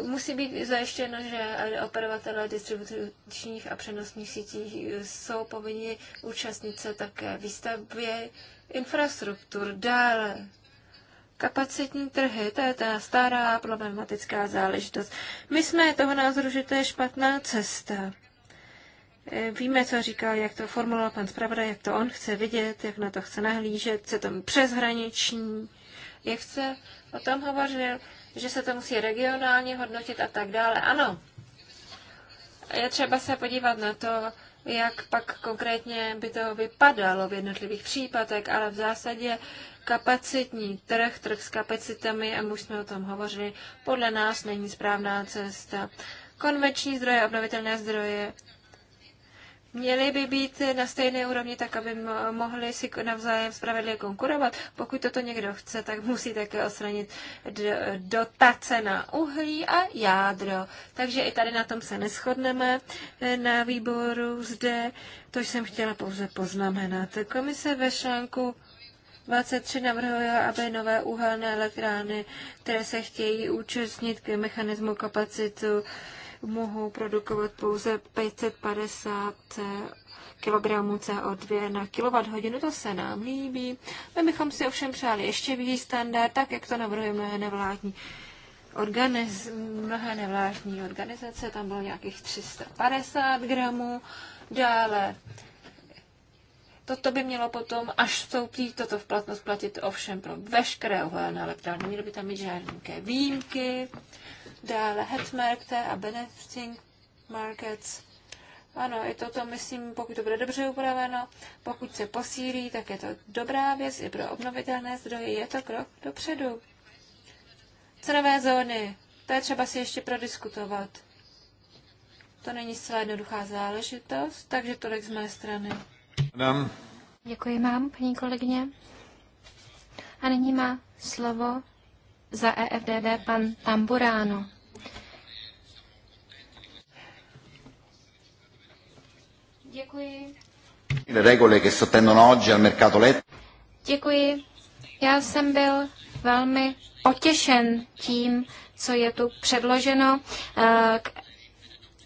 Musí být zajištěno, že operovatelé distribučních a přenosních sítí jsou povinni účastnit se také výstavbě infrastruktur dále. Kapacitní trhy, to je ta stará problematická záležitost. My jsme toho názoru, že to je špatná cesta. Víme, co říkal, jak to formuloval pan zpravodaj, jak to on chce vidět, jak na to chce nahlížet, co to přeshraniční, jak chce o tom hovořil že se to musí regionálně hodnotit a tak dále. Ano, je třeba se podívat na to, jak pak konkrétně by to vypadalo v jednotlivých případech, ale v zásadě kapacitní trh, trh s kapacitami, a už jsme o tom hovořili, podle nás není správná cesta. Konvenční zdroje, obnovitelné zdroje, měly by být na stejné úrovni, tak aby mohli si navzájem spravedlivě konkurovat. Pokud toto někdo chce, tak musí také odstranit dotace na uhlí a jádro. Takže i tady na tom se neschodneme eh, na výboru zde. To jsem chtěla pouze poznamenat. Komise ve článku 23 navrhuje, aby nové uhelné elektrárny, které se chtějí účastnit k mechanismu kapacitu, mohou produkovat pouze 550 kg CO2 na kWh. To se nám líbí. My bychom si ovšem přáli ještě vyšší standard, tak jak to navrhuje mnohé nevládní organiz, mnohé nevládní organizace, tam bylo nějakých 350 gramů. Dále Toto by mělo potom, až vstoupí toto v platnost, platit ovšem pro veškeré uhelné elektrárny. Měly by tam mít žádné výjimky dále Hetmarkte a Benefiting Markets. Ano, i toto, myslím, pokud to bude dobře upraveno, pokud se posílí, tak je to dobrá věc i pro obnovitelné zdroje. Je to krok dopředu. Cenové zóny, to je třeba si ještě prodiskutovat. To není zcela jednoduchá záležitost, takže tolik z mé strany. Adam. Děkuji vám, paní kolegyně. A nyní má slovo za EFDD pan Tamburáno. Děkuji. Děkuji. Já jsem byl velmi potěšen tím, co je tu předloženo eh, k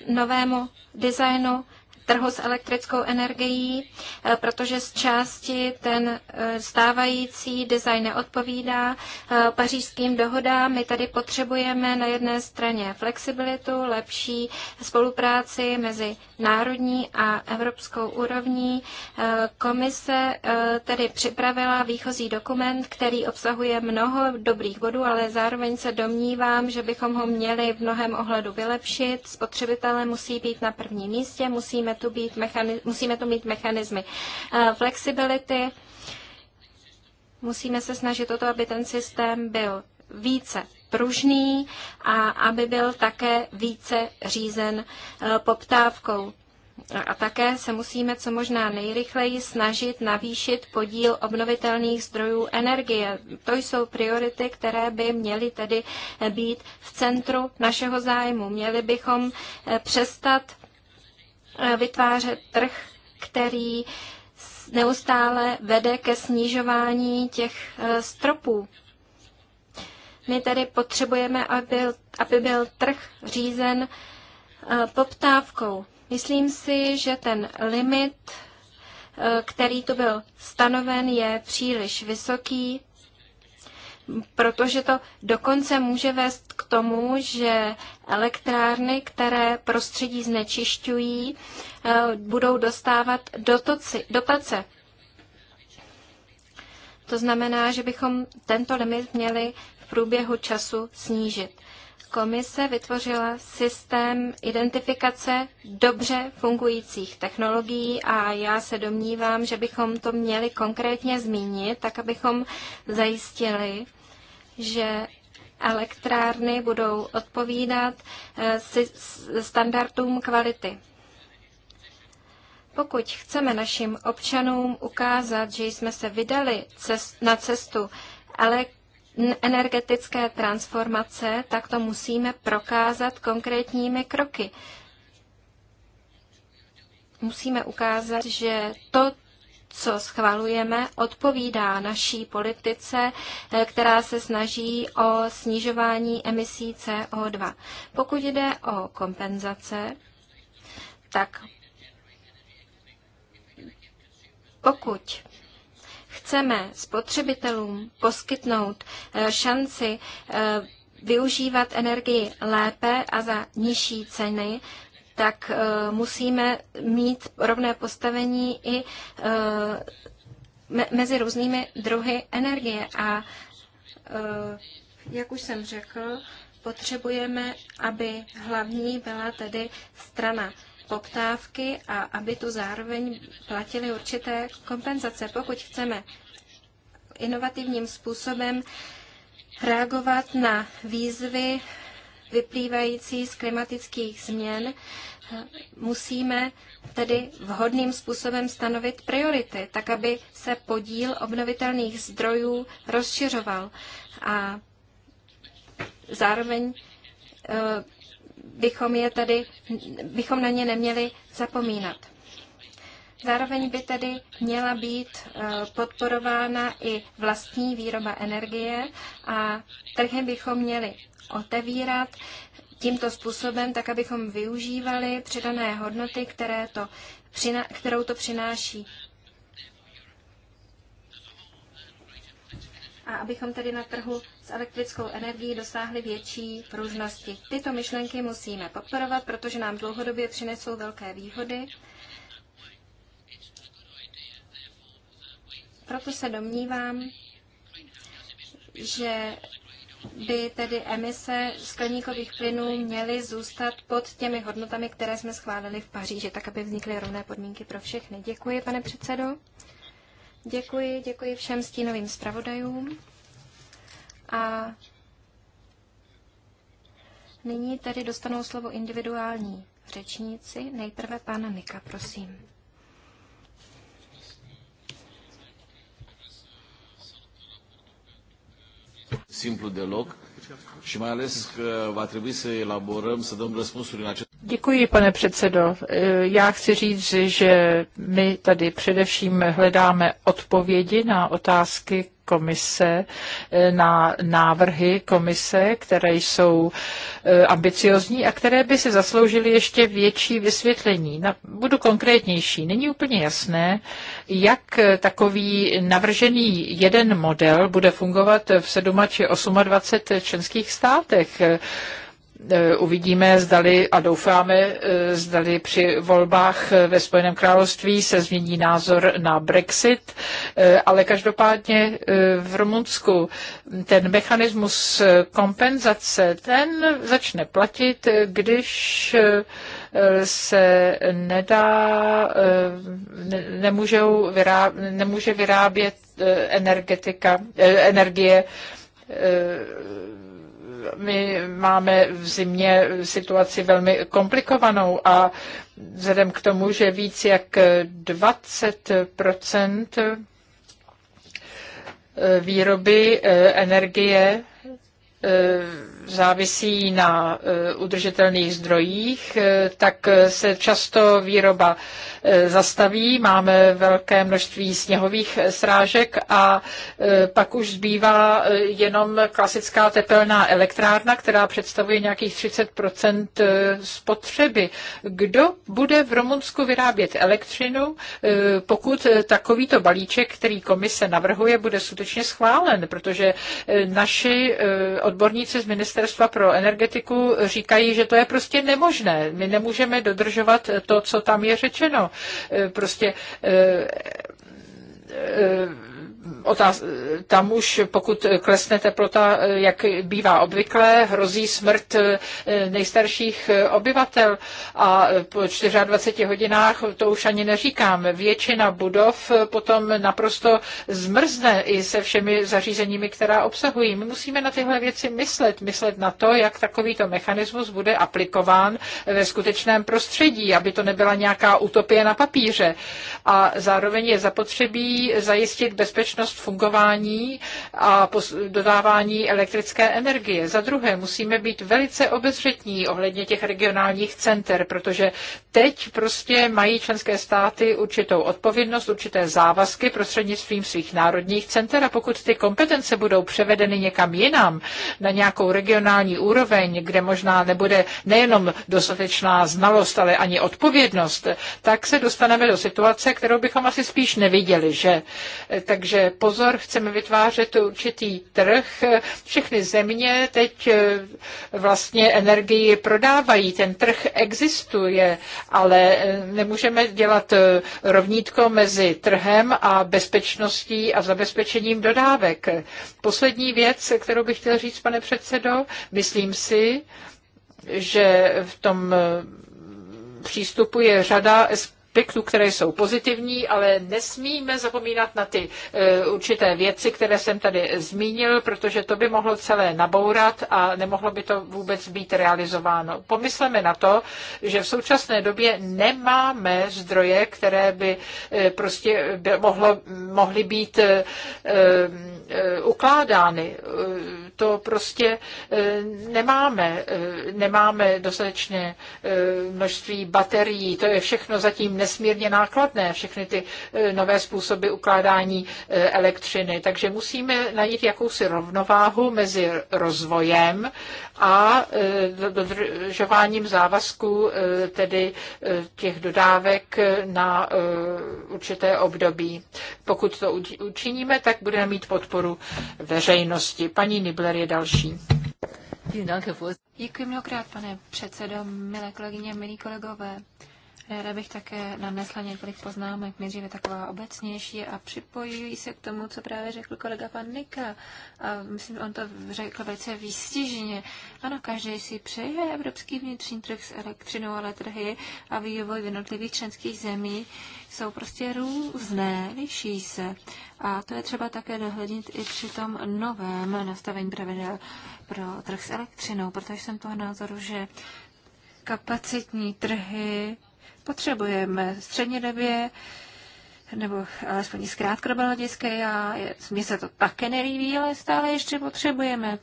novému designu trhu s elektrickou energií, eh, protože z části ten eh, stávající design neodpovídá eh, pařížským dohodám. My tady potřebujeme na jedné straně flexibilitu, lepší spolupráci mezi národní a evropskou úrovní. Komise tedy připravila výchozí dokument, který obsahuje mnoho dobrých bodů, ale zároveň se domnívám, že bychom ho měli v mnohem ohledu vylepšit. Spotřebitelé musí být na prvním místě, musíme to, být mechaniz- musíme tu mít mechanizmy eh, flexibility, musíme se snažit o to, aby ten systém byl více pružný a aby byl také více řízen eh, poptávkou. A také se musíme co možná nejrychleji snažit navýšit podíl obnovitelných zdrojů energie. To jsou priority, které by měly tedy být v centru našeho zájmu. Měli bychom eh, přestat Eh, vytvářet trh, který neustále vede ke snižování těch eh, stropů. My tedy potřebujeme, aby byl, aby byl trh řízen eh, poptávkou. Myslím si, že ten limit, který tu byl stanoven, je příliš vysoký protože to dokonce může vést k tomu, že elektrárny, které prostředí znečišťují, eh, budou dostávat dotoci, dotace. To znamená, že bychom tento limit měli v průběhu času snížit komise vytvořila systém identifikace dobře fungujících technologií a já se domnívám, že bychom to měli konkrétně zmínit, tak abychom zajistili, že elektrárny budou odpovídat eh, standardům kvality. Pokud chceme našim občanům ukázat, že jsme se vydali na cestu elektrárny, energetické transformace, tak to musíme prokázat konkrétními kroky. Musíme ukázat, že to, co schvalujeme, odpovídá naší politice, eh, která se snaží o snižování emisí CO2. Pokud jde o kompenzace, tak pokud chceme spotřebitelům poskytnout eh, šanci eh, využívat energii lépe a za nižší ceny, tak eh, musíme mít rovné postavení i mezi různými druhy energie. A jak už jsem řekl, potřebujeme, aby hlavní byla tedy strana poptávky a aby tu zároveň platili určité kompenzace. Pokud chceme inovativním způsobem reagovat na výzvy vyplývající z klimatických změn, musíme tedy vhodným způsobem stanovit priority, tak aby se podíl obnovitelných zdrojů rozšiřoval a zároveň eh, bychom, je tedy, bychom na ně neměli zapomínat. Zároveň by tedy měla být eh, podporována i vlastní výroba energie a trhy bychom měli otevírat tímto způsobem, tak abychom využívali přidané hodnoty, které to, kterou to přináší a abychom tedy na trhu s elektrickou energií dosáhli větší pružnosti. Tyto myšlenky musíme podporovat, protože nám dlouhodobě přinesou velké výhody. Proto se domnívám, že by tedy emise skleníkových plynů měly zůstat pod těmi hodnotami, které jsme schválili v Paříži, tak aby vznikly rovné podmínky pro všechny. Děkuji, pane předsedo. Děkuji, děkuji všem stínovým zpravodajům. A nyní tedy dostanou slovo individuální řečníci. Nejprve pan Nika, prosím. Simplu deloc și mai ales că va trebui să elaborăm, să dăm răspunsuri în acest Děkuji, pane předsedo. Já chci říct, že my tady především hledáme odpovědi na otázky komise, na návrhy komise, které jsou eh, ambiciozní a které by si zasloužily ještě větší vysvětlení. Budu konkrétnější. Není úplně jasné, jak takový navržený jeden model bude fungovat v 7 či 28 členských státech E, uvidíme, zdali a doufáme, e, zdali při volbách e, ve Spojeném království se změní názor na Brexit, ale každopádně v Rumunsku ten mechanismus kompenzace, ten začne platit, když se nedá, nemůžou vyrábět, nemůže vyrábět energetika, energie my máme v zimě situaci velmi komplikovanou a vzhledem k tomu, že víc jak 20 eh, výroby eh, energie eh, závisí na udržitelných zdrojích, tak se často výroba E, zastaví. Máme velké množství sněhových srážek a e, pak už zbývá e, jenom klasická tepelná elektrárna, která představuje nějakých 30 spotřeby. Kdo bude v Rumunsku vyrábět elektřinu, pokud takovýto balíček, který komise navrhuje, bude skutečně schválen, protože naši odborníci z Ministerstva pro energetiku říkají, že to je prostě nemožné. My nemůžeme dodržovat to, co tam je řečeno prostě eh, eh, otáz, tam už pokud klesne teplota, jak bývá obvykle, hrozí smrt e, nejstarších e, obyvatel a po 24 hodinách to už ani neříkám. Většina budov e, potom naprosto zmrzne i se všemi zařízeními, která obsahují. My musíme na tyhle věci myslet, myslet na to, jak takovýto mechanismus bude aplikován ve skutečném prostředí, aby to nebyla nějaká utopie na papíře. A zároveň je zapotřebí zajistit bezpečnost bezpečnost fungování a dodávání elektrické energie. Za druhé, musíme být velice obezřetní ohledně těch regionálních center, protože teď prostě mají členské státy určitou odpovědnost, určité závazky prostřednictvím svých národních center a pokud ty kompetence budou převedeny někam jinam, na nějakou regionální úroveň, kde možná nebude nejenom dostatečná znalost, ale ani odpovědnost, tak se dostaneme do situace, kterou bychom asi spíš neviděli, že? Takže pozor, chceme vytvářet určitý trh. Všechny země teď eh, vlastně energii prodávají, ten trh existuje, ale eh, nemůžeme dělat eh, rovnítko mezi trhem a bezpečností a zabezpečením dodávek. Poslední věc, kterou bych chtěl říct, pane předsedo, myslím si, že v tom přístupu je řada aspektů, které jsou pozitivní, ale nesmíme zapomínat na ty eh, určité věci, které jsem tady zmínil, protože to by mohlo celé nabourat a nemohlo by to vůbec být realizováno. Pomysleme na to, že v současné době nemáme zdroje, které by eh, prostě by mohlo, mohly být eh, ukládány to prostě eh, nemáme. Eh, nemáme dostatečně eh, množství baterií, to je všechno zatím nesmírně nákladné, všechny ty nové způsoby ukládání elektřiny. Takže musíme najít jakousi rovnováhu mezi rozvojem a e, dodržováním závazků e, tedy e, těch dodávek na určité období. Pokud to učiníme, tak budeme mít podporu veřejnosti. Paní Nibler je další. Děkuji mnohokrát, pane předsedo, milé kolegyně, milí kolegové. Ráda bych také nanesla několik poznámek, nejdříve taková obecnější a připojuji se k tomu, co právě řekl kolega pan Nika. A myslím, on to řekl velice výstižně. Ano, každý si přeje evropský vnitřní trh s elektřinou, ale trhy a vývoj v jednotlivých členských zemí jsou prostě různé, liší se. A to je třeba také dohlednit i při tom novém nastavení pravidel pro trh s elektřinou, protože jsem toho názoru, že kapacitní trhy potřebujeme střednědobě nebo alespoň z krátkodobého hlediska, já, mně se to také nelíbí, ale stále ještě potřebujeme.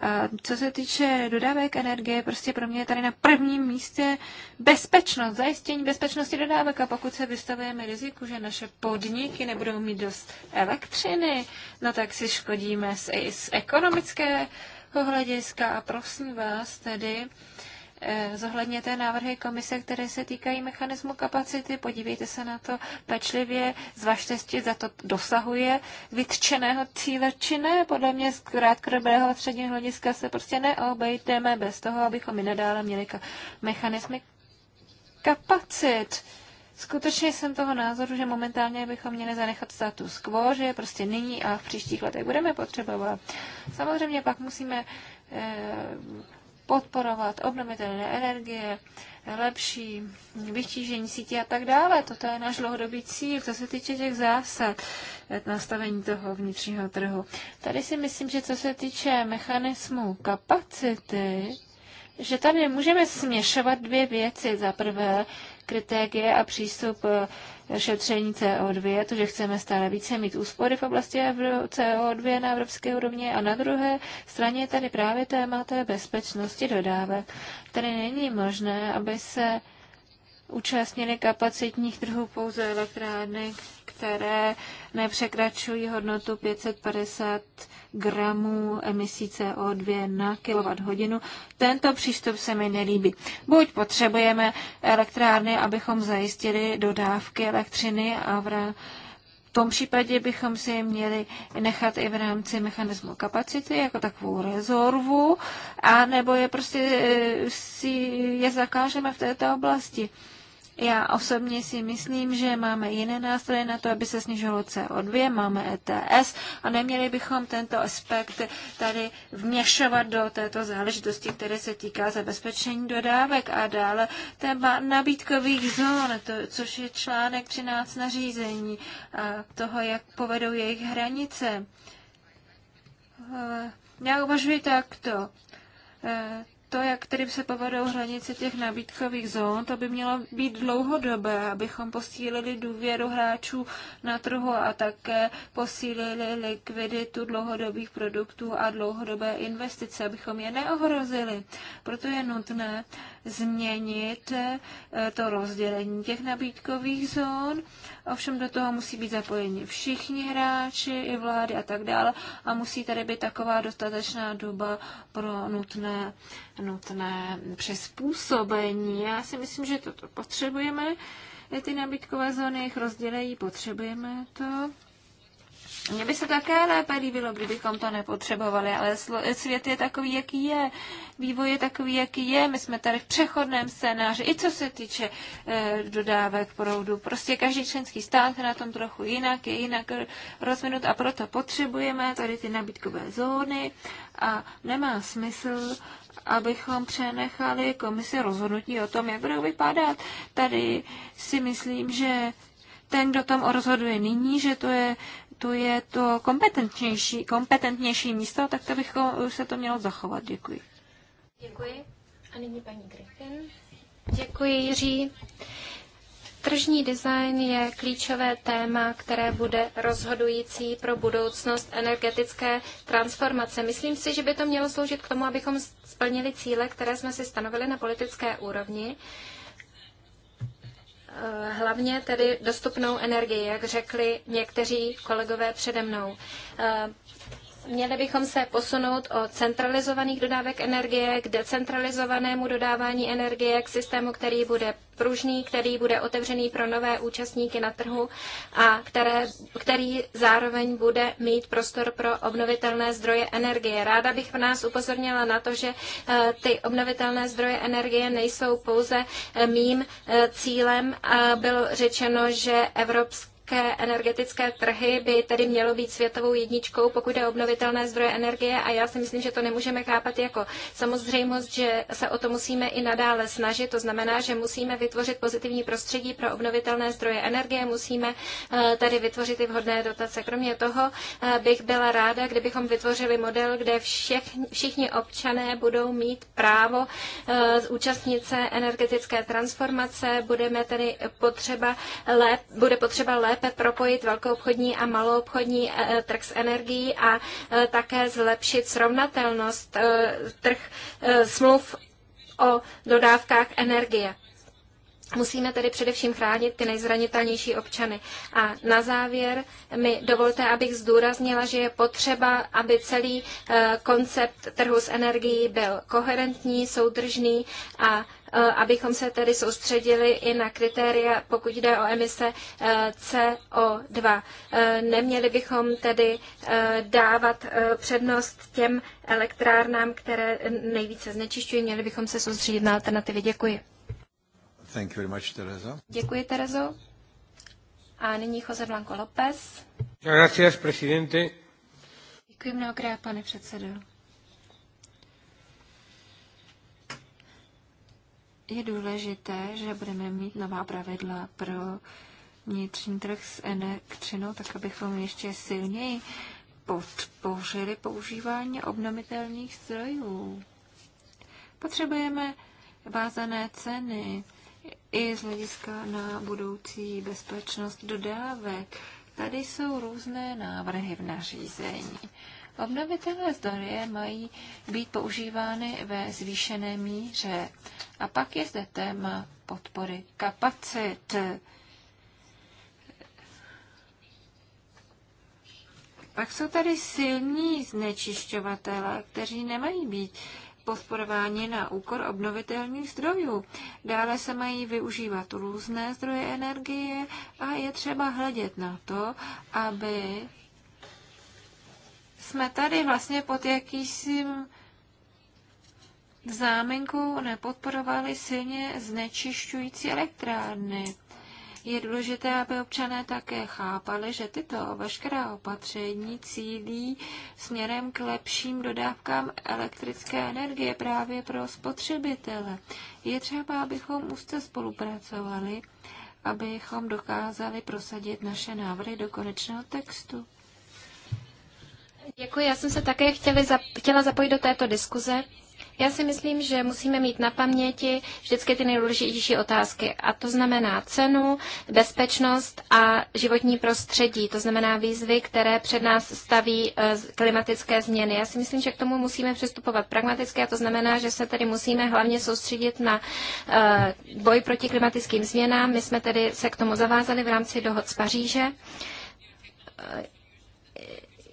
A co se týče dodávek energie, prostě pro mě je tady na prvním místě bezpečnost, zajištění bezpečnosti dodávek. A pokud se vystavujeme riziku, že naše podniky nebudou mít dost elektřiny, no tak si škodíme i z ekonomického hlediska. A prosím vás tedy, Eh, zohledněte návrhy komise, které se týkají mechanismu kapacity, podívejte se na to pečlivě, zvažte si, za to dosahuje vytčeného cíle či ne. Podle mě z krátkodobého a středního hlediska se prostě neobejdeme bez toho, abychom i nadále měli ka- mechanismy kapacit. Skutečně jsem toho názoru, že momentálně bychom měli zanechat status quo, že je prostě nyní a v příštích letech budeme potřebovat. Samozřejmě pak musíme eh, podporovat obnovitelné energie, lepší vytížení sítě a tak dále. Toto je náš dlouhodobý cíl, co se týče těch zásad nastavení toho vnitřního trhu. Tady si myslím, že co se týče mechanismu kapacity, že tady můžeme směšovat dvě věci. Za prvé kritérie a přístup šetření CO2, to, že chceme stále více mít úspory v oblasti CO2 na evropské úrovni a na druhé straně je tady právě téma té bezpečnosti dodávek. Tady není možné, aby se účastnili kapacitních trhů pouze elektrárny, které nepřekračují hodnotu 550 gramů emisí CO2 na kWh. Tento přístup se mi nelíbí. Buď potřebujeme elektrárny, abychom zajistili dodávky elektřiny a v tom případě bychom si je měli nechat i v rámci mechanismu kapacity jako takovou rezervu, a nebo je prostě eh, si je zakážeme v této oblasti. Já osobně si myslím, že máme jiné nástroje na to, aby se snižovalo CO2, máme ETS a neměli bychom tento aspekt tady vměšovat do této záležitosti, které se týká zabezpečení dodávek a dále téma nabídkových zón, to, což je článek 13 nařízení a toho, jak povedou jejich hranice. Eh, já uvažuji takto eh, to, jak tedy se povedou hranice těch nabídkových zón, to by mělo být dlouhodobé, abychom posílili důvěru hráčů na trhu a také posílili likviditu dlouhodobých produktů a dlouhodobé investice, abychom je neohrozili. Proto je nutné, změnit eh, to rozdělení těch nabídkových zón. Ovšem do toho musí být zapojeni všichni hráči, i vlády a tak dále. A musí tady být taková dostatečná doba pro nutné, nutné přizpůsobení. Já si myslím, že toto potřebujeme. Ty nabídkové zóny, jich rozdělejí, potřebujeme to. Mně by se také lépe líbilo, kdybychom to nepotřebovali, ale svět je takový, jaký je. Vývoj je takový, jaký je. My jsme tady v přechodném scénáři, i co se týče e, dodávek proudu. Prostě každý členský stát je na tom trochu jinak, je jinak eh, rozvinut a proto potřebujeme tady ty nabídkové zóny a nemá smysl, abychom přenechali komisi rozhodnutí o tom, jak budou vypadat. Tady si myslím, že ten, kdo tam rozhoduje nyní, že to je je to kompetentnější, kompetentnější místo, tak to bychom se to mělo zachovat. Děkuji. Děkuji. A nyní paní Griffin. Děkuji, Jiří. Tržní design je klíčové téma, které bude rozhodující pro budoucnost energetické transformace. Myslím si, že by to mělo sloužit k tomu, abychom splnili cíle, které jsme si stanovili na politické úrovni. Eh, hlavně tedy dostupnou energii, jak řekli někteří kolegové přede mnou. Eh, Měli bychom se posunout od centralizovaných dodávek energie k decentralizovanému dodávání energie, k systému, který bude pružný, který bude otevřený pro nové účastníky na trhu a které, který zároveň bude mít prostor pro obnovitelné zdroje energie. Ráda bych v nás upozornila na to, že eh, ty obnovitelné zdroje energie nejsou pouze eh, mým eh, cílem. Bylo řečeno, že Evropská evropské energetické trhy by tedy mělo být světovou jedničkou, pokud je obnovitelné zdroje energie a já si myslím, že to nemůžeme chápat jako samozřejmost, že se o to musíme i nadále snažit. To znamená, že musíme vytvořit pozitivní prostředí pro obnovitelné zdroje energie, musíme eh, tady vytvořit i vhodné dotace. Kromě toho eh, bych byla ráda, kdybychom vytvořili model, kde všech, všichni občané budou mít právo eh, zúčastnit se energetické transformace, budeme tedy potřeba lép, bude potřeba lépe lépe propojit velkoobchodní a maloobchodní e, e, trh s energií a e, také zlepšit srovnatelnost trh smluv o dodávkách energie. Musíme tedy především chránit ty nejzranitelnější občany. A na závěr mi dovolte, abych zdůraznila, že je potřeba, aby celý koncept trhu s energií byl koherentní, soudržný a Eh, abychom se tedy soustředili i na kritéria, pokud jde o emise eh, CO2. Eh, neměli bychom tedy dávat přednost těm elektrárnám, které nejvíce znečišťují. Měli bychom se soustředit na alternativy. Děkuji. Thank you very much, Terezo. Děkuji, Terezo. A nyní Jose Blanco López. Gracias, presidente. Děkuji mnohokrát, pane předsedo. je důležité, že budeme mít nová pravidla pro vnitřní trh s elektřinou, tak abychom ještě silněji podpořili používání obnovitelných zdrojů. Potřebujeme vázané ceny i z hlediska na budoucí bezpečnost dodávek. Tady jsou různé návrhy v nařízení. Obnovitelné zdroje mají být používány ve zvýšené míře. A pak je zde téma podpory kapacit. Pak jsou tady silní znečišťovatele, kteří nemají být podporováni na úkor obnovitelných zdrojů. Dále se mají využívat různé zdroje energie a je třeba hledět na to, aby jsme tady vlastně pod jakýsím záminkou nepodporovali silně znečišťující elektrárny. Je důležité, aby občané také chápali, že tyto veškerá opatření cílí směrem k lepším dodávkám elektrické energie právě pro spotřebitele. Je třeba, abychom úzce spolupracovali, abychom dokázali prosadit naše návrhy do konečného textu. Děkuji, já jsem se také chtěli, chtěla zapojit do této diskuze. Já si myslím, že musíme mít na paměti vždycky ty nejdůležitější otázky, a to znamená cenu, bezpečnost a životní prostředí, to znamená výzvy, které před nás staví eh, klimatické změny. Já si myslím, že k tomu musíme přistupovat pragmaticky, a to znamená, že se tedy musíme hlavně soustředit na eh, boj proti klimatickým změnám. My jsme tedy se k tomu zavázali v rámci dohod z Paříže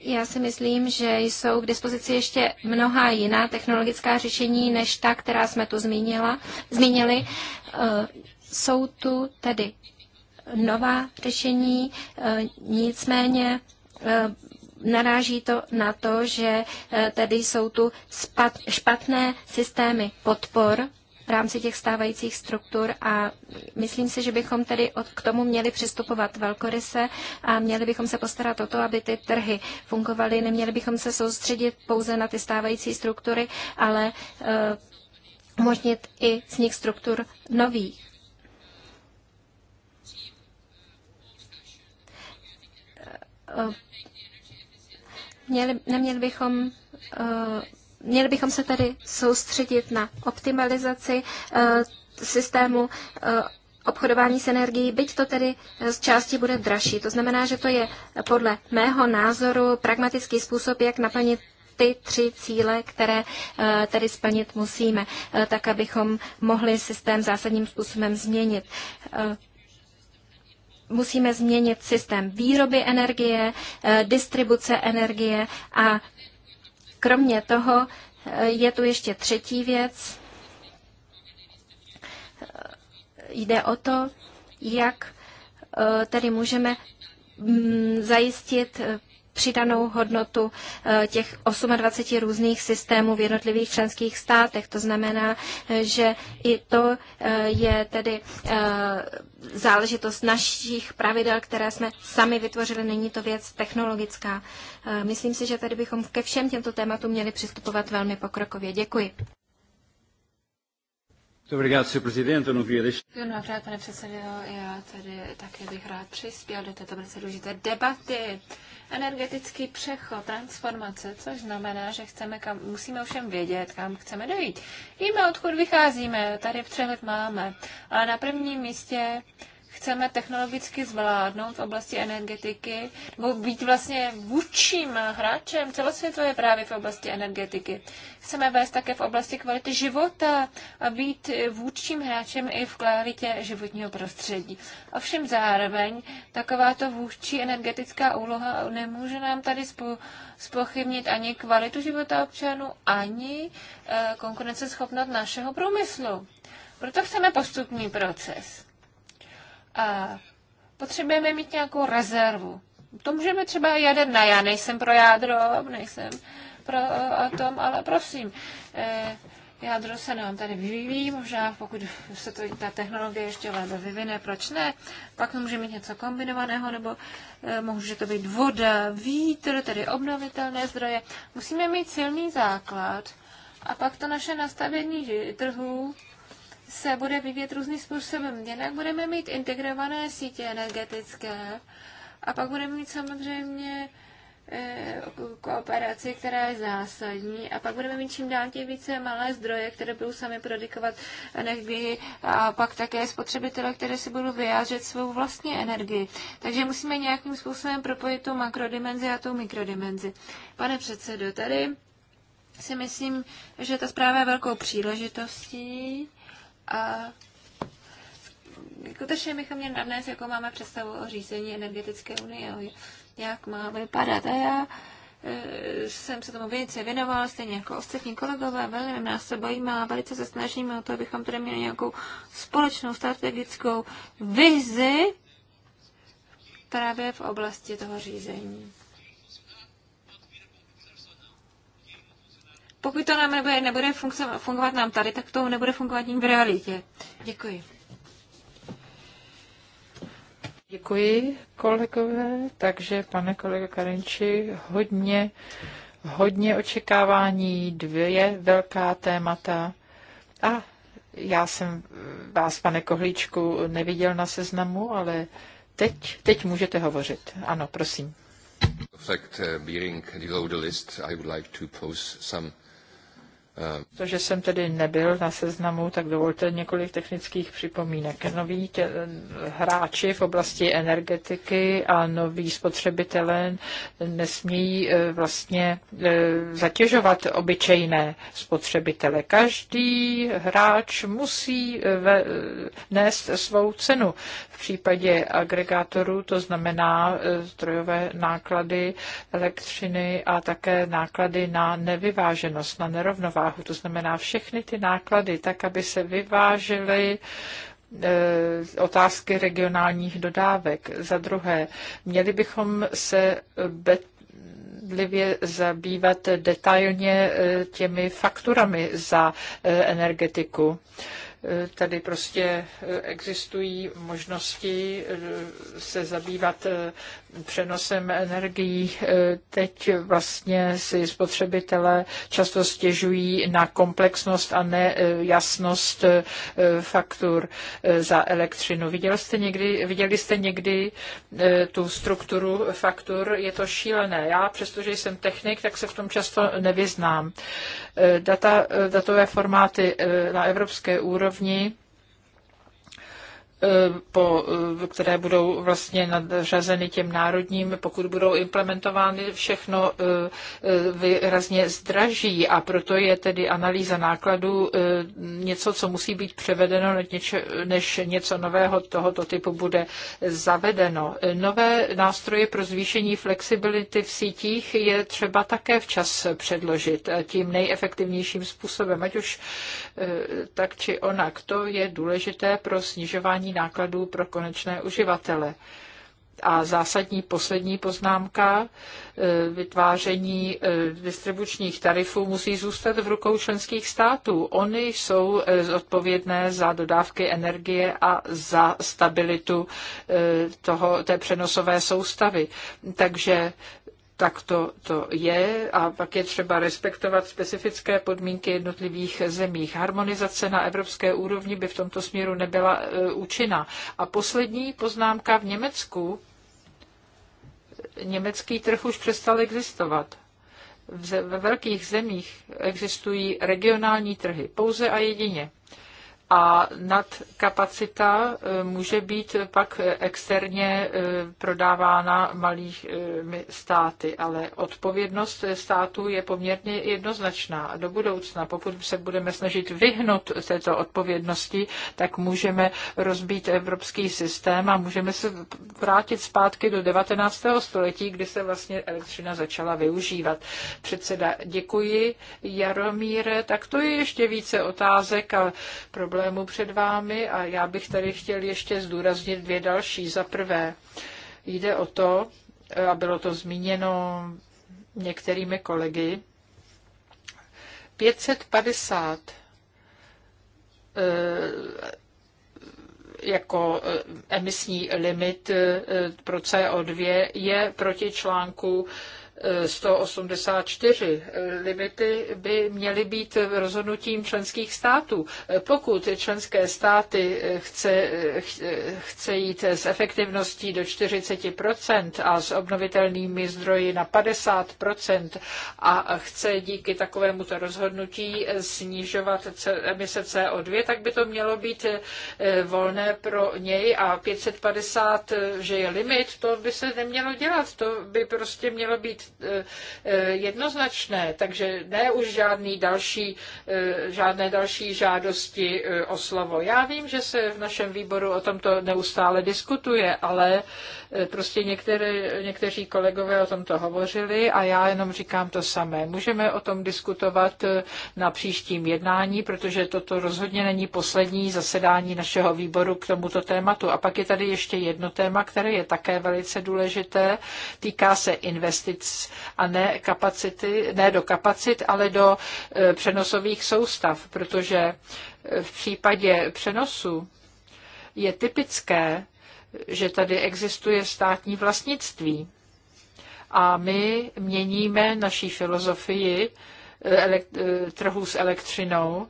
já si myslím, že jsou k dispozici ještě mnoha jiná technologická řešení než ta, která jsme tu zmínila, zmínili. Eh, jsou tu tedy nová řešení, eh, nicméně eh, naráží to na to, že tedy jsou tu špatné systémy podpor v rámci těch stávajících struktur a myslím si, že bychom tedy od, k tomu měli přistupovat velkoryse a měli bychom se postarat o to, aby ty trhy fungovaly. Neměli bychom se soustředit pouze na ty stávající struktury, ale eh, možnit i z nich struktur nových. Eh, měli, neměli bychom eh, Měli bychom se tedy soustředit na optimalizaci eh, systému eh, obchodování s energií, byť to tedy eh, z části bude dražší. To znamená, že to je podle mého názoru pragmatický způsob, jak naplnit ty tři cíle, které tedy splnit musíme, tak abychom mohli systém zásadním způsobem změnit. Musíme změnit systém výroby energie, distribuce energie a Kromě toho eh, je tu ještě třetí věc. Eh, jde o to, jak eh, tedy můžeme mm, zajistit přidanou hodnotu eh, těch 28 různých systémů v jednotlivých členských státech. To znamená, eh, že i to eh, je tedy záležitost našich pravidel, které jsme sami vytvořili, není to věc technologická. Myslím si, že tady bychom ke všem těmto tématům měli přistupovat velmi pokrokově. Děkuji. Mnohokrát, pane předsedo, já tady také bych rád přispěl do této velice důležité debaty. Energetický přechod, transformace, což znamená, že chceme kam, musíme ovšem vědět, kam chceme dojít. Víme, odkud vycházíme, tady přehled máme. Ale na prvním místě chceme technologicky zvládnout v oblasti energetiky, nebo být vlastně vůdčím hráčem celosvětově právě v oblasti energetiky. Chceme vést také v oblasti kvality života a být vůdčím hráčem i v kvalitě životního prostředí. Ovšem zároveň takováto vůdčí energetická úloha nemůže nám tady spo, spochybnit ani kvalitu života občanů, ani eh, konkurenceschopnost našeho průmyslu. Proto chceme postupný proces a potřebujeme mít nějakou rezervu. To můžeme třeba jeden na já nejsem pro jádro, nejsem pro eh, atom, ale prosím, eh, jádro se nám tady vyvíjí, možná pokud se to, ta technologie ještě lépe vyvine, proč ne, pak to může mít něco kombinovaného, nebo eh, může to být voda, vítr, tedy obnovitelné zdroje. Musíme mít silný základ a pak to naše nastavení trhů se bude vyvíjet různým způsobem. Jinak budeme mít integrované sítě energetické a pak budeme mít samozřejmě eh, kooperaci, která je zásadní. A pak budeme mít čím dál tím více malé zdroje, které budou sami produkovat energii a pak také spotřebitele, které si budou vyjádřit svou vlastní energii. Takže musíme nějakým způsobem propojit tu makrodimenzi a tu mikrodimenzi. Pane předsedo, tady si myslím, že ta zpráva je velkou příležitostí a skutečně bychom měli dnes, jako máme představu o řízení energetické unie, jak má vypadat. A já e, jsem se tomu věci věnovala. stejně jako ostatní kolegové, velmi nás se bojíme a velice se snažíme o to, abychom tady měli nějakou společnou strategickou vizi právě v oblasti toho řízení. Pokud to nám nebude, nebude fungovat nám tady, tak to nebude fungovat ním v realitě. Děkuji. Děkuji, kolegové. Takže, pane kolego Karinči, hodně, hodně očekávání, dvě velká témata. A já jsem vás, pane Kohlíčku, neviděl na seznamu, ale teď, teď můžete hovořit. Ano, prosím. Fact, uh, the list, I would like to pose some Protože jsem tedy nebyl na seznamu, tak dovolte několik technických připomínek. Noví tě, hráči v oblasti energetiky a noví spotřebitelé nesmějí e, vlastně e, zatěžovat obyčejné spotřebitele. Každý hráč musí e, ve, nést svou cenu. V případě agregátorů to znamená strojové náklady elektřiny a také náklady na nevyváženost, na nerovnováženost váhu, to znamená všechny ty náklady, tak aby se vyvážily e, otázky regionálních dodávek. Za druhé, měli bychom se bedlivě zabývat detailně e, těmi fakturami za e, energetiku tady prostě existují možnosti se zabývat přenosem energií. E, teď vlastně si spotřebitelé často stěžují na komplexnost a nejasnost e, e, faktur za elektřinu. Viděl jste někdy, viděli jste někdy tu strukturu faktur? Je to šílené. Já, přestože jsem technik, tak se v tom často nevyznám. Data, datové formáty na evropské úrovni Eh, po, eh, které budou vlastně nadřazeny těm národním, pokud budou implementovány, všechno eh, výrazně zdraží a proto je tedy analýza nákladů něco, co musí být převedeno, než něco nového tohoto typu bude zavedeno. Nové nástroje pro zvýšení flexibility v sítích je třeba také včas předložit tím nejefektivnějším způsobem, ať už tak či onak. To je důležité pro snižování snížení nákladů pro konečné uživatele. A zásadní poslední poznámka, e, vytváření e, distribučních tarifů musí zůstat v rukou členských států. Oni jsou e, odpovědné za dodávky energie a za stabilitu toho, té přenosové soustavy. Takže tak to, to je a pak je třeba respektovat specifické podmínky jednotlivých zemích. Harmonizace na evropské úrovni by v tomto směru nebyla e, účinná. A poslední poznámka v Německu. Německý trh už přestal existovat. Ve velkých zemích existují regionální trhy pouze a jedině a nadkapacita e, může být pak externě e, prodávána malých e, státy, ale odpovědnost států je poměrně jednoznačná. do budoucna, pokud se budeme snažit vyhnout této odpovědnosti, tak můžeme rozbít evropský systém a můžeme se vrátit zpátky do 19. století, kdy se vlastně elektřina začala využívat. Předseda, děkuji. Jaromíre, tak to je ještě více otázek a problémů problému před vámi a já bych tady chtěl ještě zdůraznit dvě další. Za prvé, jde o to, a bylo to zmíněno některými kolegy, 550 eh, jako eh, emisní limit eh, pro CO2 je proti článku 184 limity by měly být rozhodnutím členských států. Pokud členské státy chce, chce jít s efektivností do 40% a s obnovitelnými zdroji na 50% a chce díky takovému rozhodnutí snižovat emise CO2, tak by to mělo být eh, volné pro něj a 550, eh, že je limit, to by se nemělo dělat. To by prostě mělo být Eh, eh, jednoznačné, takže ne už žádný další, eh, žádné další žádosti o slovo. Já vím, že se v našem výboru o tomto neustále diskutuje, ale prostě některé, někteří kolegové o tomto hovořili a já jenom říkám to samé. Můžeme o tom diskutovat na příštím jednání, protože toto rozhodně není poslední zasedání našeho výboru k tomuto tématu. A pak je tady ještě jedno téma, které je také velice důležité. Týká se investic a ne, kapacity, ne do kapacit, ale do e, přenosových soustav, protože e, v případě přenosu je typické, že tady existuje státní vlastnictví. A my měníme naší filozofii e, trhu s elektřinou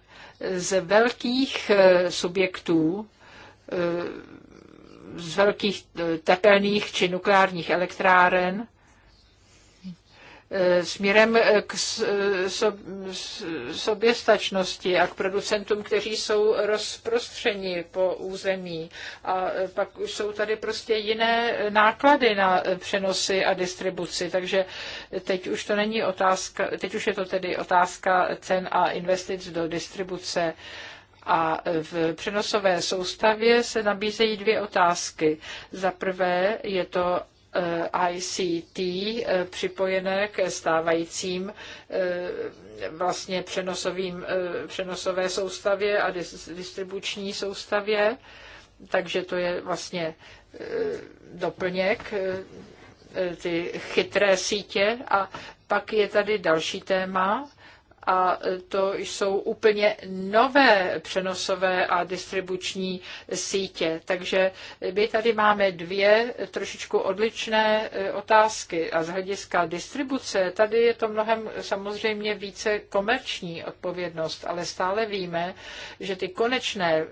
z velkých subjektů, z velkých tepelných či nukleárních elektráren Eh, směrem eh, k eh, soběstačnosti a k producentům, kteří jsou rozprostřeni po území. A pak už jsou tady prostě jiné náklady na přenosy a distribuci, takže teď už to není otázka, teď už je to tedy otázka cen a investic do distribuce. A v přenosové soustavě se nabízejí dvě otázky. Za prvé je to ICT eh, připojené k stávajícím eh, vlastně přenosovým, eh, přenosové soustavě a distribuční soustavě. Takže to je vlastně doplněk ty chytré sítě. A pak je tady další téma, a to jsou úplně nové přenosové a distribuční sítě. Takže my tady máme dvě trošičku odlišné e, otázky a z hlediska distribuce tady je to mnohem samozřejmě více komerční odpovědnost, ale stále víme, že ty konečné e,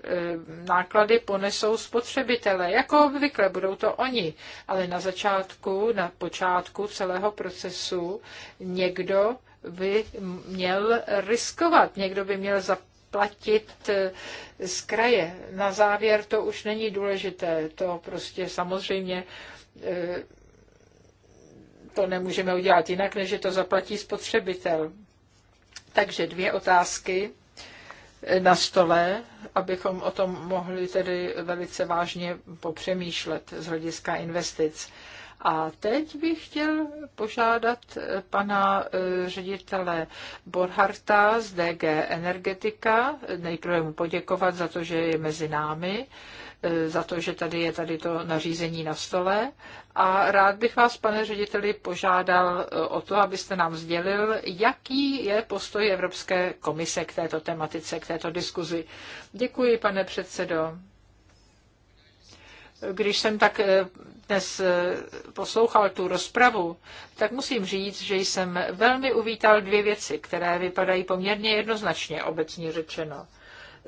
náklady ponesou spotřebitele. Jako obvykle budou to oni, ale na začátku, na počátku celého procesu někdo by měl riskovat, někdo by měl zaplatit eh, z kraje. Na závěr to už není důležité, to prostě samozřejmě eh, to nemůžeme udělat jinak, než že to zaplatí spotřebitel. Takže dvě otázky eh, na stole, abychom o tom mohli tedy velice vážně popřemýšlet z hlediska investic. A teď bych chtěl požádat eh, pana eh, ředitele Borharta z DG Energetika, nejprve mu poděkovat za to, že je mezi námi eh, za to, že tady je tady to nařízení na stole. A rád bych vás, pane řediteli, požádal o to, abyste nám sdělil, jaký je postoj Evropské komise k této tematice, k této diskuzi. Děkuji, pane předsedo. Když jsem tak eh, dnes eh, poslouchal tu rozpravu, tak musím říct, že jsem velmi uvítal dvě věci, které vypadají poměrně jednoznačně obecně řečeno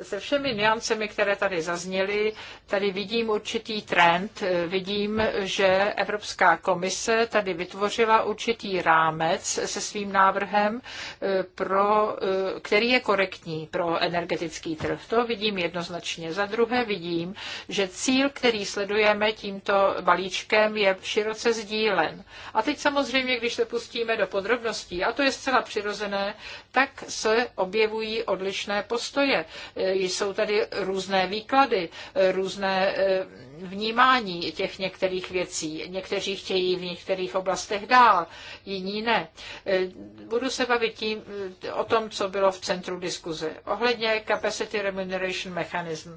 se všemi niancemi, které tady zazněly, tady vidím určitý trend. Vidím, že Evropská komise tady vytvořila určitý rámec se svým návrhem, eh, pro, eh, který je korektní pro energetický trh. To vidím jednoznačně. Za druhé vidím, že cíl, který sledujeme tímto balíčkem, je široce sdílen. A teď samozřejmě, když se pustíme do podrobností, a to je zcela přirozené, tak se objevují odlišné postoje jsou tady různé výklady, různé eh, vnímání těch některých věcí. Někteří chtějí v některých oblastech dál, jiní ne. Eh, budu se bavit tím, eh, o tom, co bylo v centru diskuze. Ohledně Capacity Remuneration Mechanism.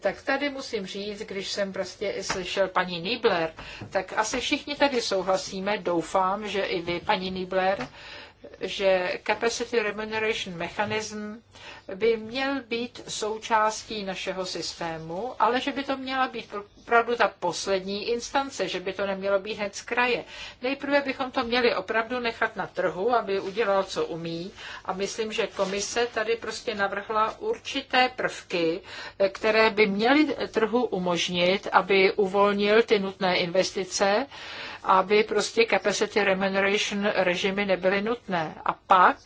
Tak tady musím říct, když jsem prostě slyšel paní Nibler, tak asi všichni tady souhlasíme, doufám, že i vy, paní Nibler, že capacity remuneration mechanism by měl být součástí našeho systému, ale že by to měla být opravdu ta poslední instance, že by to nemělo být hned z kraje. Nejprve bychom to měli opravdu nechat na trhu, aby udělal, co umí. A myslím, že komise tady prostě navrhla určité prvky, které by měly trhu umožnit, aby uvolnil ty nutné investice, aby prostě capacity remuneration režimy nebyly nutné možné. A pak,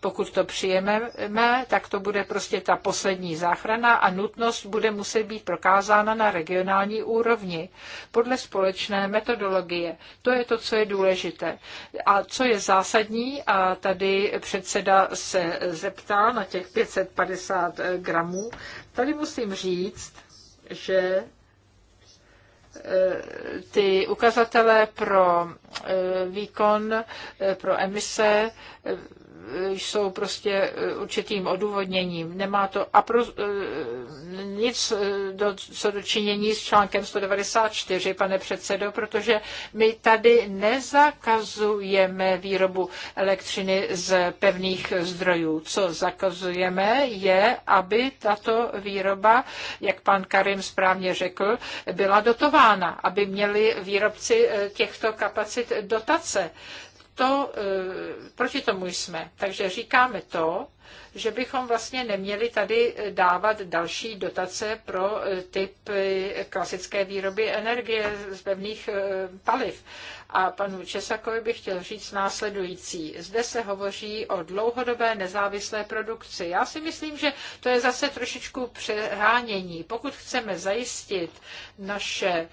pokud to přijmeme, tak to bude prostě ta poslední záchrana a nutnost bude muset být prokázána na regionální úrovni podle společné metodologie. To je to, co je důležité. A co je zásadní, a tady předseda se zeptal na těch 550 gramů, tady musím říct, že e, ty ukazatele pro Eh, výkon, eh, pro emise eh, jsou prostě určitým odůvodněním. Nemá to a pro, nic do, co dočinění s článkem 194, pane předsedo, protože my tady nezakazujeme výrobu elektřiny z pevných zdrojů. Co zakazujeme je, aby tato výroba, jak pan Karim správně řekl, byla dotována, aby měli výrobci těchto kapacit zrušit dotace. To, eh, proti tomu jsme. Takže říkáme to, že bychom vlastně neměli tady dávat další dotace pro eh, typ eh, klasické výroby energie z pevných paliv. A panu Česakovi bych chtěl říct následující. Zde se hovoří o dlouhodobé nezávislé produkci. Já si myslím, že to je zase trošičku přehánění. Pokud chceme zajistit naše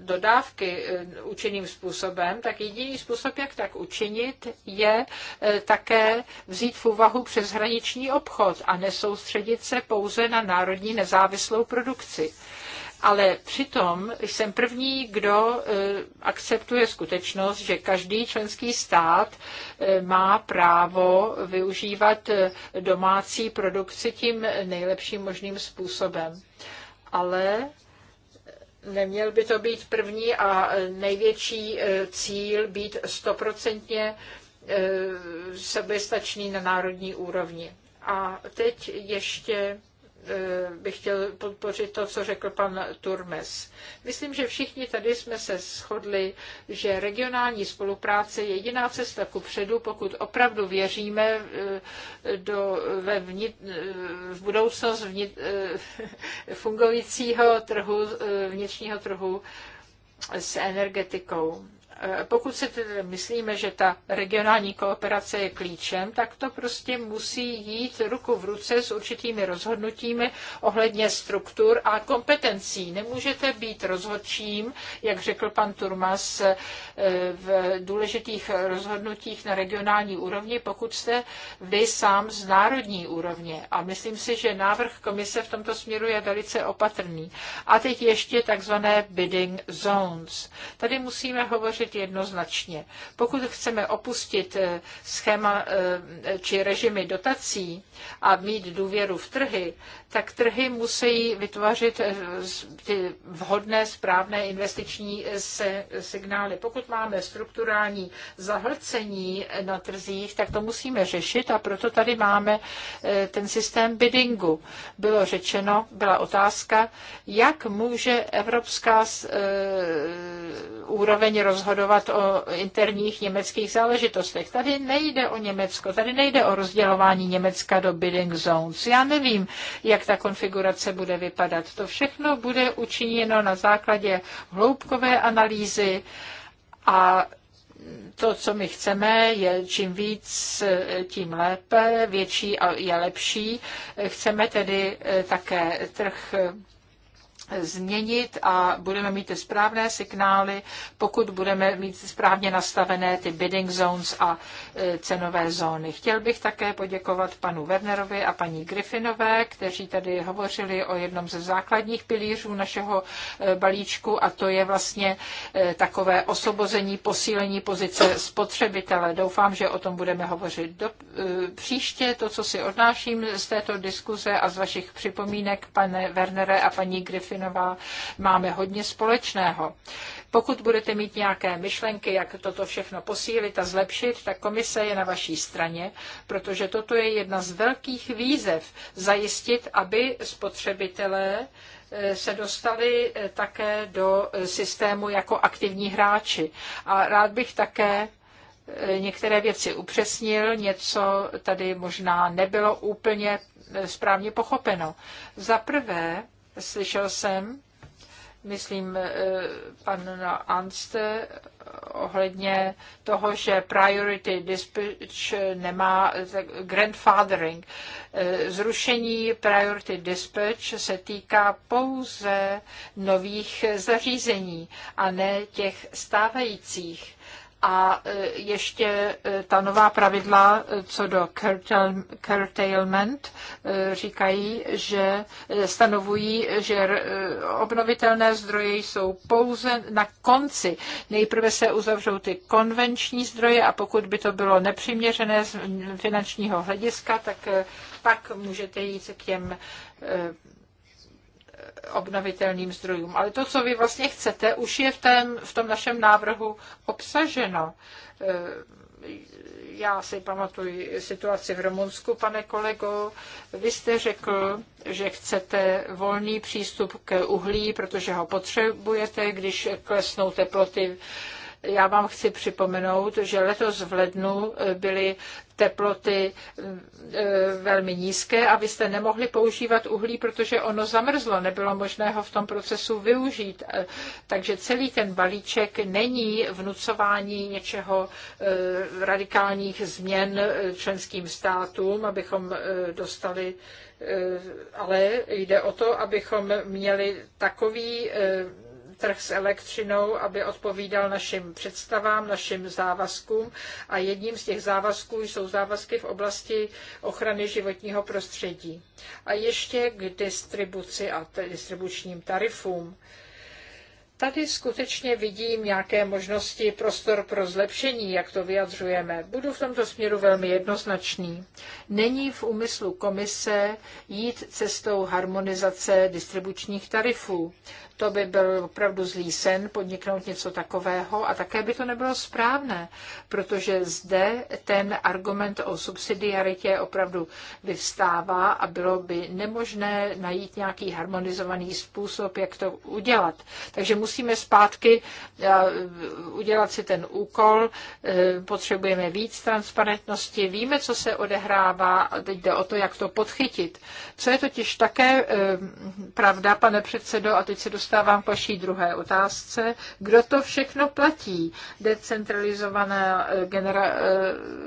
dodávky účinným eh, způsobem, tak jediný způsob, jak tak učinit, je eh, také vzít v úvahu přeshraniční obchod a nesoustředit se pouze na národní nezávislou produkci ale přitom jsem první, kdo eh, akceptuje skutečnost, že každý členský stát má právo využívat domácí produkci tím nejlepším možným způsobem. Ale Neměl by to být první a největší eh, cíl být stoprocentně eh, soběstačný na národní úrovni. A teď ještě Eh, bych chtěl podpořit to, co řekl pan Turmes. Myslím, že všichni tady jsme se shodli, že regionální spolupráce je jediná cesta ku předu, pokud opravdu věříme eh, do, ve vnit, eh, v budoucnost vnit, fungujícího trhu, vnitřního trhu s energetikou pokud si tedy myslíme, že ta regionální kooperace je klíčem, tak to prostě musí jít ruku v ruce s určitými rozhodnutími ohledně struktur a kompetencí. Nemůžete být rozhodčím, jak řekl pan Turmas, eh, v důležitých rozhodnutích na regionální úrovni, pokud jste vy sám z národní úrovně. A myslím si, že návrh komise v tomto směru je velice opatrný. A teď ještě takzvané bidding zones. Tady musíme hovořit vyjádřit jednoznačně. Pokud chceme opustit eh, schéma eh, či režimy dotací a mít důvěru v trhy, tak trhy musí vytvářet eh, ty vhodné, správné investiční se, signály. Pokud máme strukturální zahlcení na trzích, tak to musíme řešit a proto tady máme ten systém biddingu. Bylo řečeno, byla otázka, jak může evropská úroveň rozhodovat rozhodovat o interních německých záležitostech. Tady nejde o Německo, tady nejde o rozdělování Německa do bidding zones. Já nevím, jak ta konfigurace bude vypadat. To všechno bude učiněno na základě hloubkové analýzy a to, co my chceme, je čím víc, tím lépe, větší a je lepší. Chceme tedy eh, také trh změnit a budeme mít ty správné signály, pokud budeme mít správně nastavené ty bidding zones a e, cenové zóny. Chtěl bych také poděkovat panu Wernerovi a paní Griffinové, kteří tady hovořili o jednom ze základních pilířů našeho e, balíčku a to je vlastně e, takové osobození, posílení pozice spotřebitele. Doufám, že o tom budeme hovořit do příště. To, co si odnáším z této diskuze a z vašich připomínek, pane Wernere a paní Griffin, Trifinová, máme hodně společného. Pokud budete mít nějaké myšlenky, jak toto všechno posílit a zlepšit, tak komise je na vaší straně, protože toto je jedna z velkých výzev zajistit, aby spotřebitelé eh, se dostali eh, také do eh, systému jako aktivní hráči. A rád bych také některé věci upřesnil, něco tady možná nebylo úplně správně pochopeno. Za prvé, slyšel jsem, myslím, eh, pan Anste ohledně toho, že priority dispatch nemá grandfathering. Eh, zrušení priority dispatch se týká pouze nových zařízení a ne těch stávajících a e, ještě e, ta nová pravidla e, co do curtailment říkají, že stanovují, že obnovitelné zdroje jsou pouze na konci. Nejprve se uzavřou ty konvenční zdroje a pokud by to bylo nepřiměřené z finančního hlediska, tak pak můžete jít k těm obnovitelným zdrojům. Ale to, co vy vlastně chcete, už je v, tém, v tom našem návrhu obsaženo. Eh, já si pamatuju situaci v Rumunsku, pane kolego. Vy jste řekl, že chcete volný přístup k uhlí, protože ho potřebujete, když klesnou teploty já vám chci připomenout, že letos v lednu byly teploty eh, velmi nízké a nemohli používat uhlí, protože ono zamrzlo, nebylo možné ho v tom procesu využít. Eh, takže celý ten balíček není vnucování něčeho eh, radikálních změn členským státům, abychom dostali ale jde o to, abychom měli takový trh s elektřinou, aby odpovídal našim představám, našim závazkům a jedním z těch závazků jsou závazky v oblasti ochrany životního prostředí. A ještě k distribuci a distribučním tarifům. Tady skutečně vidím nějaké možnosti, prostor pro zlepšení, jak to vyjadřujeme. Budu v tomto směru velmi jednoznačný. Není v úmyslu komise jít cestou harmonizace distribučních tarifů. To by byl opravdu zlý sen podniknout něco takového a také by to nebylo správné, protože zde ten argument o subsidiaritě opravdu vyvstává a bylo by nemožné najít nějaký harmonizovaný způsob, jak to udělat. Takže musí musíme zpátky eh, udělat si ten úkol, eh, potřebujeme víc transparentnosti, víme, co se odehrává a teď jde o to, jak to podchytit. Co je totiž také eh, pravda, pane předsedo, a teď se dostávám k vaší druhé otázce, kdo to všechno platí? Decentralizované genera-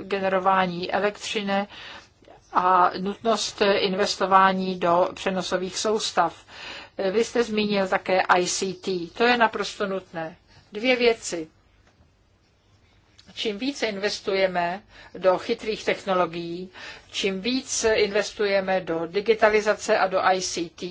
generování elektřiny, a nutnost investování do přenosových soustav. Vy jste zmínil také ICT. To je naprosto nutné. Dvě věci. Čím více investujeme do chytrých technologií, Čím víc investujeme do digitalizace a do ICT,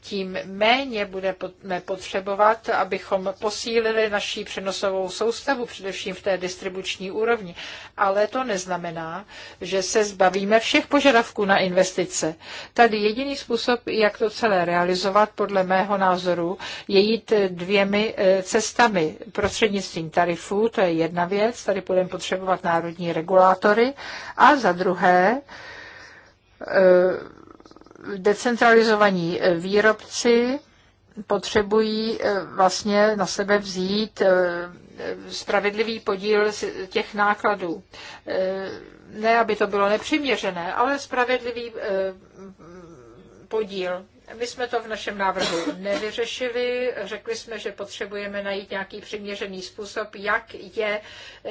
tím méně budeme potřebovat, abychom posílili naší přenosovou soustavu, především v té distribuční úrovni. Ale to neznamená, že se zbavíme všech požadavků na investice. Tady jediný způsob, jak to celé realizovat, podle mého názoru, je jít dvěmi e, cestami. Prostřednictvím tarifů, to je jedna věc, tady budeme potřebovat národní regulátory, a za druhé Eh, decentralizovaní eh, výrobci potřebují eh, vlastně na sebe vzít spravedlivý podíl těch nákladů. Ne, aby to bylo nepřiměřené, ale spravedlivý podíl my jsme to v našem návrhu nevyřešili. Řekli jsme, že potřebujeme najít nějaký přiměřený způsob, jak je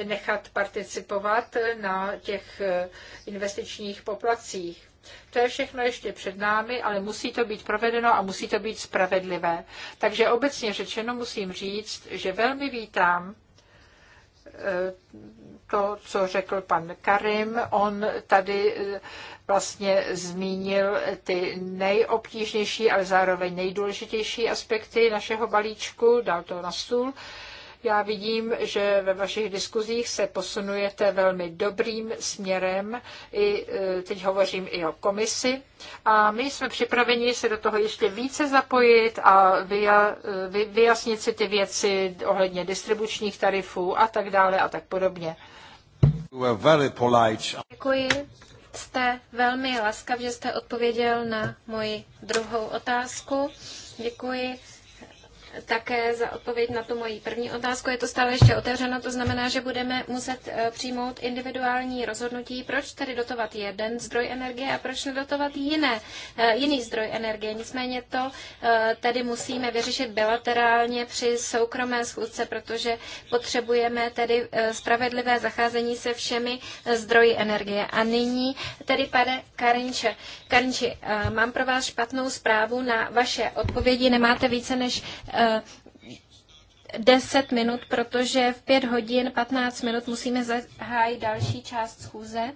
nechat participovat na těch eh, investičních poplacích. To je všechno ještě před námi, ale musí to být provedeno a musí to být spravedlivé. Takže obecně řečeno musím říct, že velmi vítám eh, to, co řekl pan Karim. On tady eh, vlastně zmínil ty nejobtížnější, ale zároveň nejdůležitější aspekty našeho balíčku, dal to na stůl. Já vidím, že ve vašich diskuzích se posunujete velmi dobrým směrem. I, e, teď hovořím i o komisi. A my jsme připraveni se do toho ještě více zapojit a vyjasnit si ty věci ohledně distribučních tarifů a tak dále a tak podobně. Děkuji jste velmi laskav, že jste odpověděl na moji druhou otázku. Děkuji také za odpověď na tu moji první otázku. Je to stále ještě otevřeno, to znamená, že budeme muset eh, přijmout individuální rozhodnutí, proč tedy dotovat jeden zdroj energie a proč nedotovat jiné, eh, jiný zdroj energie. Nicméně to eh, tedy musíme vyřešit bilaterálně při soukromé schůzce, protože potřebujeme tedy spravedlivé zacházení se všemi zdroji energie. A nyní tedy, pane Karinče, Karinči, mám pro vás špatnou zprávu na vaše odpovědi. Nemáte více než 10 eh, minut, protože v 5 hodin 15 minut musíme zahájit další část schůze.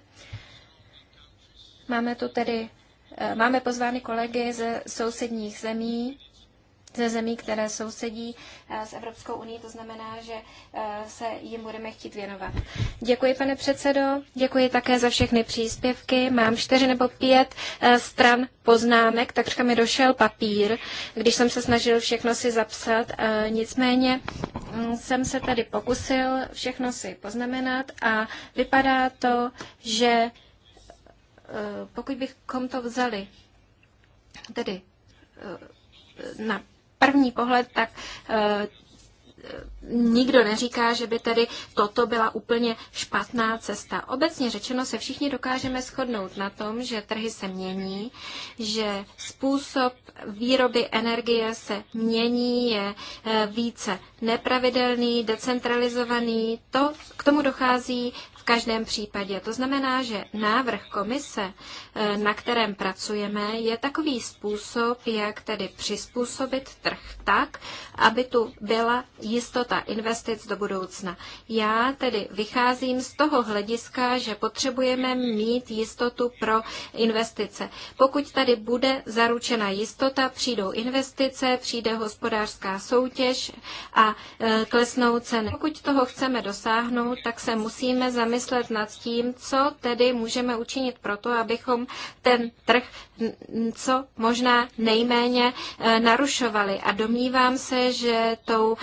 Máme tu tedy, eh, máme pozvány kolegy ze sousedních zemí, ze zemí, které sousedí eh, s Evropskou uní, to znamená, že eh, se jim budeme chtít věnovat. Děkuji, pane předsedo, děkuji také za všechny příspěvky. Mám čtyři nebo pět eh, stran poznámek, takřka mi došel papír, když jsem se snažil všechno si zapsat. Nicméně mm, jsem se tady pokusil všechno si poznamenat a vypadá to, že pokud bychom to vzali, tedy na první pohled, tak eh, nikdo neříká, že by tedy toto byla úplně špatná cesta. Obecně řečeno se všichni dokážeme shodnout na tom, že trhy se mění, že způsob výroby energie se mění, je eh, více nepravidelný, decentralizovaný. To, k tomu dochází v každém případě. To znamená, že návrh komise, eh, na kterém pracujeme, je takový způsob, jak tedy přizpůsobit trh tak, aby tu byla jistota investic do budoucna. Já tedy vycházím z toho hlediska, že potřebujeme mít jistotu pro investice. Pokud tady bude zaručena jistota, přijdou investice, přijde hospodářská soutěž a eh, klesnou ceny. Pokud toho chceme dosáhnout, tak se musíme zamyslet zamyslet nad tím, co tedy můžeme učinit pro to, abychom ten trh co možná nejméně eh, narušovali. A domnívám se, že tou,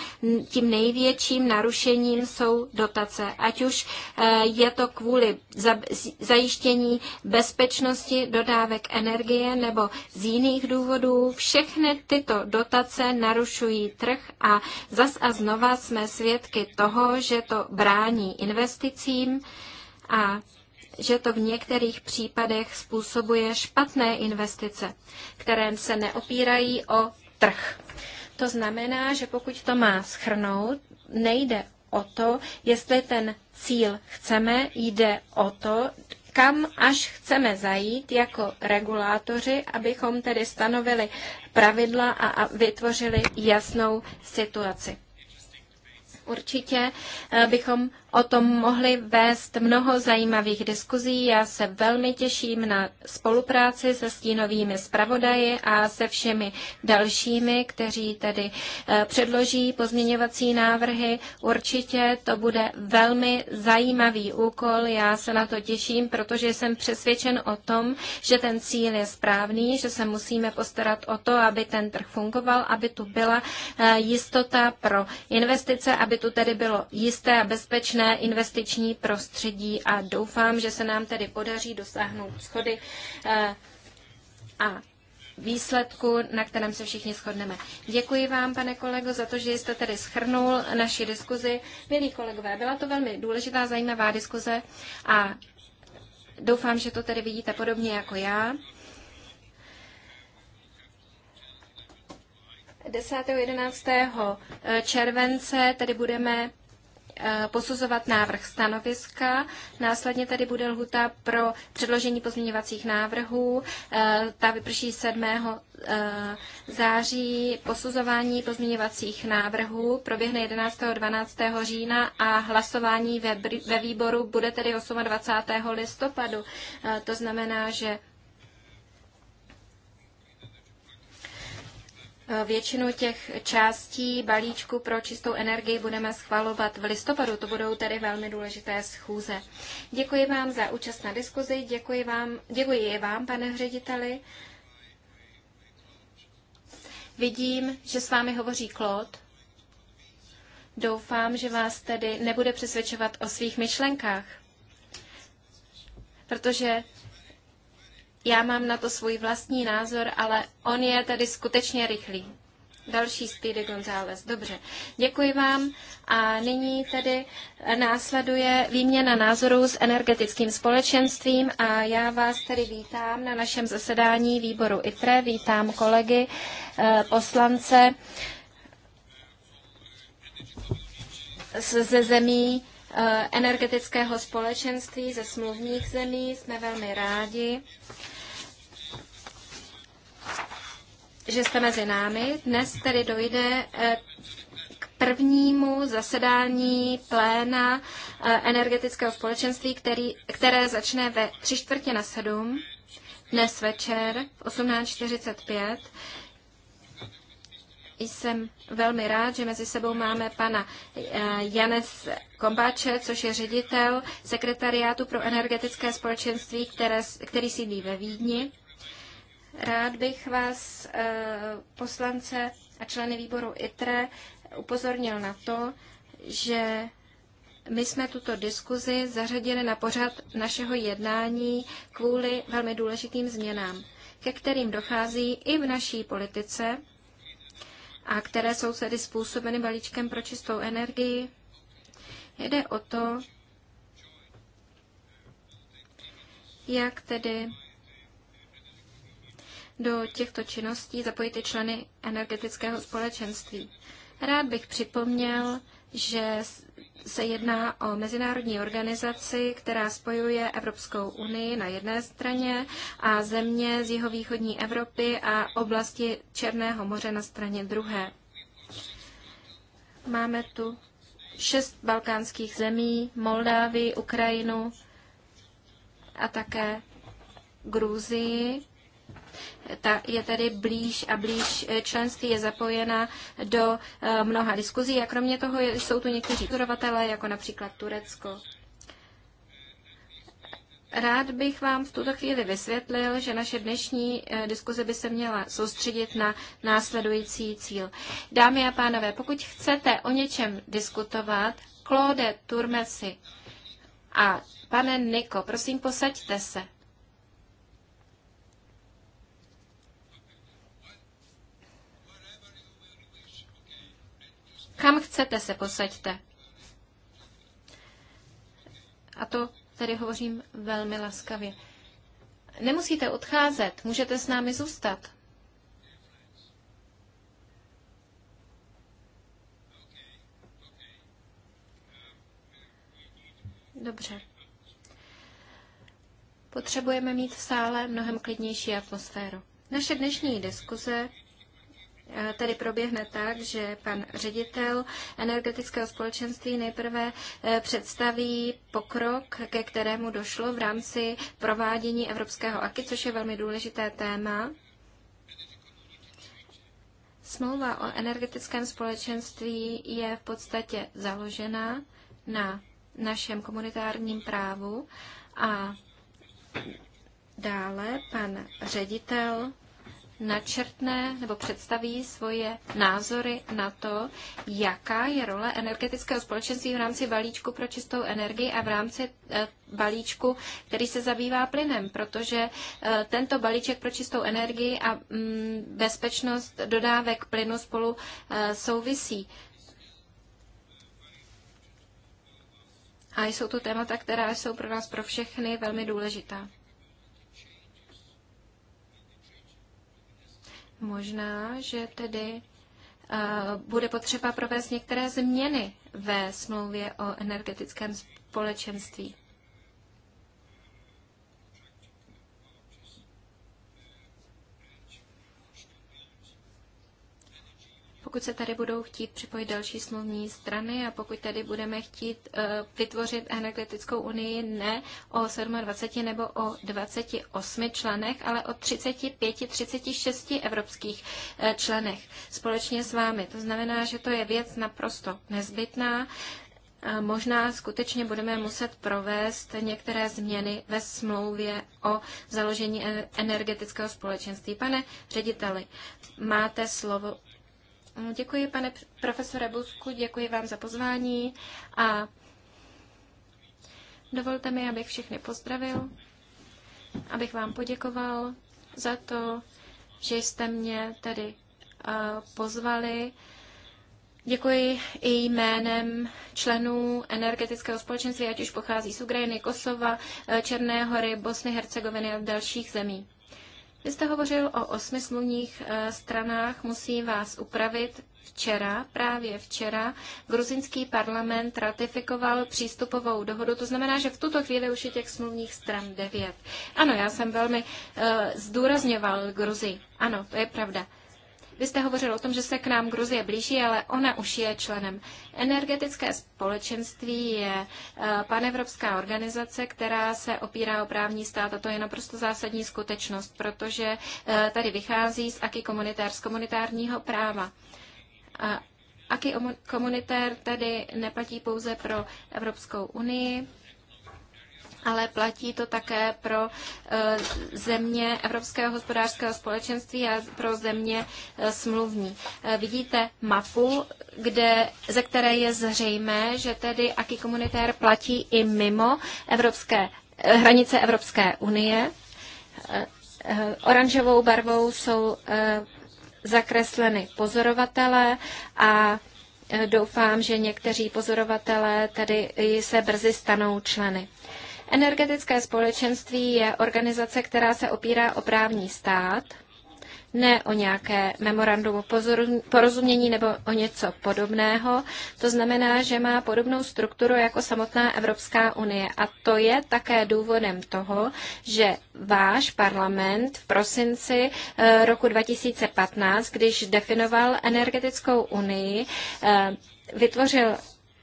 tím největším narušením jsou dotace. Ať už eh, je to kvůli zajištění bezpečnosti dodávek energie nebo z jiných důvodů, všechny tyto dotace narušují trh a zas a znova jsme svědky toho, že to brání investicím, a že to v některých případech způsobuje špatné investice, které se neopírají o trh. To znamená, že pokud to má schrnout, nejde o to, jestli ten cíl chceme, jde o to, kam až chceme zajít jako regulátoři, abychom tedy stanovili pravidla a vytvořili jasnou situaci. Určitě eh, bychom o tom mohli vést mnoho zajímavých diskuzí. Já se velmi těším na spolupráci se stínovými zpravodaji a se všemi dalšími, kteří tedy eh, předloží pozměňovací návrhy. Určitě to bude velmi zajímavý úkol. Já se na to těším, protože jsem přesvědčen o tom, že ten cíl je správný, že se musíme postarat o to, aby ten trh fungoval, aby tu byla eh, jistota pro investice, aby tu tedy bylo jisté a bezpečné silné investiční prostředí a doufám, že se nám tedy podaří dosáhnout schody eh, a výsledku, na kterém se všichni shodneme. Děkuji vám, pane kolego, za to, že jste tedy schrnul naši diskuzi. Milí kolegové, byla to velmi důležitá, zajímavá diskuze a doufám, že to tedy vidíte podobně jako já. 10. 11. července tedy budeme Eh, posuzovat návrh stanoviska, následně tady bude lhuta pro předložení pozměňovacích návrhů, eh, ta vyprší 7. Eh, září, posuzování pozměňovacích návrhů proběhne 11. 12. října a hlasování ve výboru bude tedy 28. listopadu. To znamená, že Většinu těch částí balíčku pro čistou energii budeme schvalovat v listopadu. To budou tedy velmi důležité schůze. Děkuji vám za účast na diskuzi, děkuji, vám, děkuji i vám, pane řediteli. Vidím, že s vámi hovoří Claude. Doufám, že vás tedy nebude přesvědčovat o svých myšlenkách, protože já mám na to svůj vlastní názor, ale on je tady skutečně rychlý. Další Speedy González. Dobře, děkuji vám. A nyní tedy následuje výměna názorů s energetickým společenstvím a já vás tedy vítám na našem zasedání výboru IPRE. Vítám kolegy, eh, poslance ze zemí eh, energetického společenství, ze smluvních zemí. Jsme velmi rádi, že jste mezi námi. Dnes tedy dojde eh, k prvnímu zasedání pléna eh, energetického společenství, který, které začne ve tři čtvrtě na sedm dnes večer v 18.45. Jsem velmi rád, že mezi sebou máme pana eh, Janes Kombáče, což je ředitel sekretariátu pro energetické společenství, které, který sídlí ve Vídni. Rád bych vás, eh, poslance a členy výboru ITRE, upozornil na to, že my jsme tuto diskuzi zařadili na pořad našeho jednání kvůli velmi důležitým změnám, ke kterým dochází i v naší politice a které jsou tedy způsobeny balíčkem pro čistou energii. Jde o to, jak tedy do těchto činností zapojit i členy energetického společenství. Rád bych připomněl, že se jedná o mezinárodní organizaci, která spojuje Evropskou unii na jedné straně a země z východní Evropy a oblasti Černého moře na straně druhé. Máme tu šest balkánských zemí, Moldávii, Ukrajinu a také Gruzii ta je tedy blíž a blíž e, členství, je zapojena do e, mnoha diskuzí a kromě toho jsou tu někteří pozorovatelé, jako například Turecko. Rád bych vám v tuto chvíli vysvětlil, že naše dnešní e, diskuze by se měla soustředit na následující cíl. Dámy a pánové, pokud chcete o něčem diskutovat, Claude Turmesi a pane Niko, prosím, posaďte se. Kam chcete se posaďte. A to tady hovořím velmi laskavě. Nemusíte odcházet, můžete s námi zůstat. Dobře. Potřebujeme mít v sále mnohem klidnější atmosféru. Naše dnešní diskuze E, tedy proběhne tak, že pan ředitel energetického společenství nejprve e, představí pokrok, ke kterému došlo v rámci provádění Evropského AKI, což je velmi důležité téma. Smlouva o energetickém společenství je v podstatě založena na našem komunitárním právu a dále pan ředitel načrtne nebo představí svoje názory na to, jaká je role energetického společenství v rámci balíčku pro čistou energii a v rámci eh, balíčku, který se zabývá plynem, protože eh, tento balíček pro čistou energii a mm, bezpečnost dodávek plynu spolu eh, souvisí. A jsou to témata, která jsou pro nás pro všechny velmi důležitá. Možná, že tedy eh, bude potřeba provést některé změny ve smlouvě o energetickém společenství. pokud se tady budou chtít připojit další smluvní strany a pokud tady budeme chtít eh, vytvořit energetickou unii ne o 27 nebo o 28 členech, ale o 35, 36 evropských eh, členech společně s vámi. To znamená, že to je věc naprosto nezbytná. Možná skutečně budeme muset provést některé změny ve smlouvě o založení e-, energetického společenství. Pane řediteli, máte slovo Děkuji, pane profesore Busku, děkuji vám za pozvání a dovolte mi, abych všechny pozdravil, abych vám poděkoval za to, že jste mě tedy eh, pozvali. Děkuji i jménem členů energetického společenství, ať už pochází z Ukrajiny, Kosova, eh, Černé hory, Bosny, Hercegoviny a dalších zemí. Vy jste hovořil o osmi smluvních eh, stranách, musí vás upravit. Včera, právě včera, gruzinský parlament ratifikoval přístupovou dohodu, to znamená, že v tuto chvíli už je těch smluvních stran devět. Ano, já jsem velmi uh, zdůrazňoval Gruzi. Ano, to je pravda. Vy jste hovořil o tom, že se k nám Gruzie blíží, ale ona už je členem. Energetické společenství je eh, panevropská organizace, která se opírá o právní stát a to je naprosto zásadní skutečnost, protože eh, tady vychází z aky komunitár, z komunitárního práva. Aky komunitár tedy neplatí pouze pro Evropskou unii, ale platí to také pro eh, země Evropského hospodářského společenství a pro země eh, smluvní. Eh, vidíte mapu, kde, ze které je zřejmé, že tedy aký komunitér platí i mimo evropské, hranice Evropské unie. Oranžovou barvou jsou zakresleny pozorovatelé a doufám, že někteří pozorovatelé tedy se brzy stanou členy. Energetické společenství je organizace, která se opírá o právní stát, ne o nějaké memorandum porozumění nebo o něco podobného. To znamená, že má podobnou strukturu jako samotná Evropská unie. A to je také důvodem toho, že váš parlament v prosinci eh, roku 2015, když definoval energetickou unii, eh, vytvořil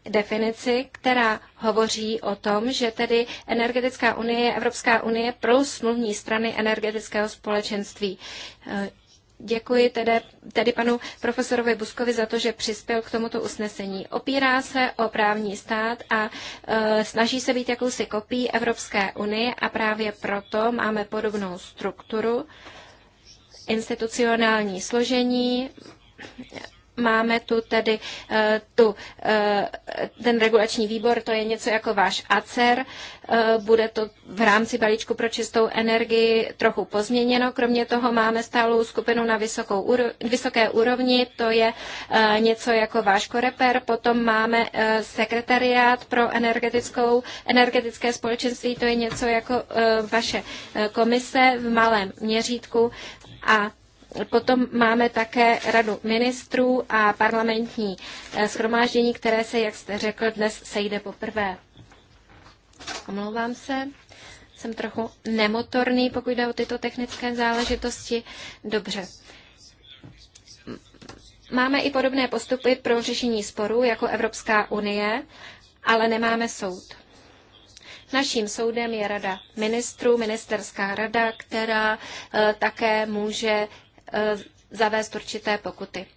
definici, která hovoří o tom, že tedy energetická unie je Evropská unie pro smluvní strany energetického společenství. Eh, děkuji tedy, tedy panu profesorovi Buskovi za to, že přispěl k tomuto usnesení. Opírá se o právní stát a e, snaží se být jakousi kopií Evropské unie a právě proto máme podobnou strukturu, institucionální složení, Máme tu tedy eh, tu, eh, ten regulační výbor, to je něco jako váš ACER, eh, bude to v rámci balíčku pro čistou energii trochu pozměněno. Kromě toho máme stálou skupinu na vysokou, vysoké úrovni, to je něco jako váš koreper, potom máme sekretariát pro energetickou, energetické společenství, to je něco jako vaše komise v malém měřítku a Potom máme také radu ministrů a parlamentní eh, schromáždění, které se, jak jste řekl, dnes sejde poprvé. Omlouvám se, jsem trochu nemotorný, pokud jde o tyto technické záležitosti. Dobře. Máme i podobné postupy pro řešení sporů jako Evropská unie, ale nemáme soud. Naším soudem je rada ministrů, ministerská rada, která eh, také může Eh, zavést určité pokuty.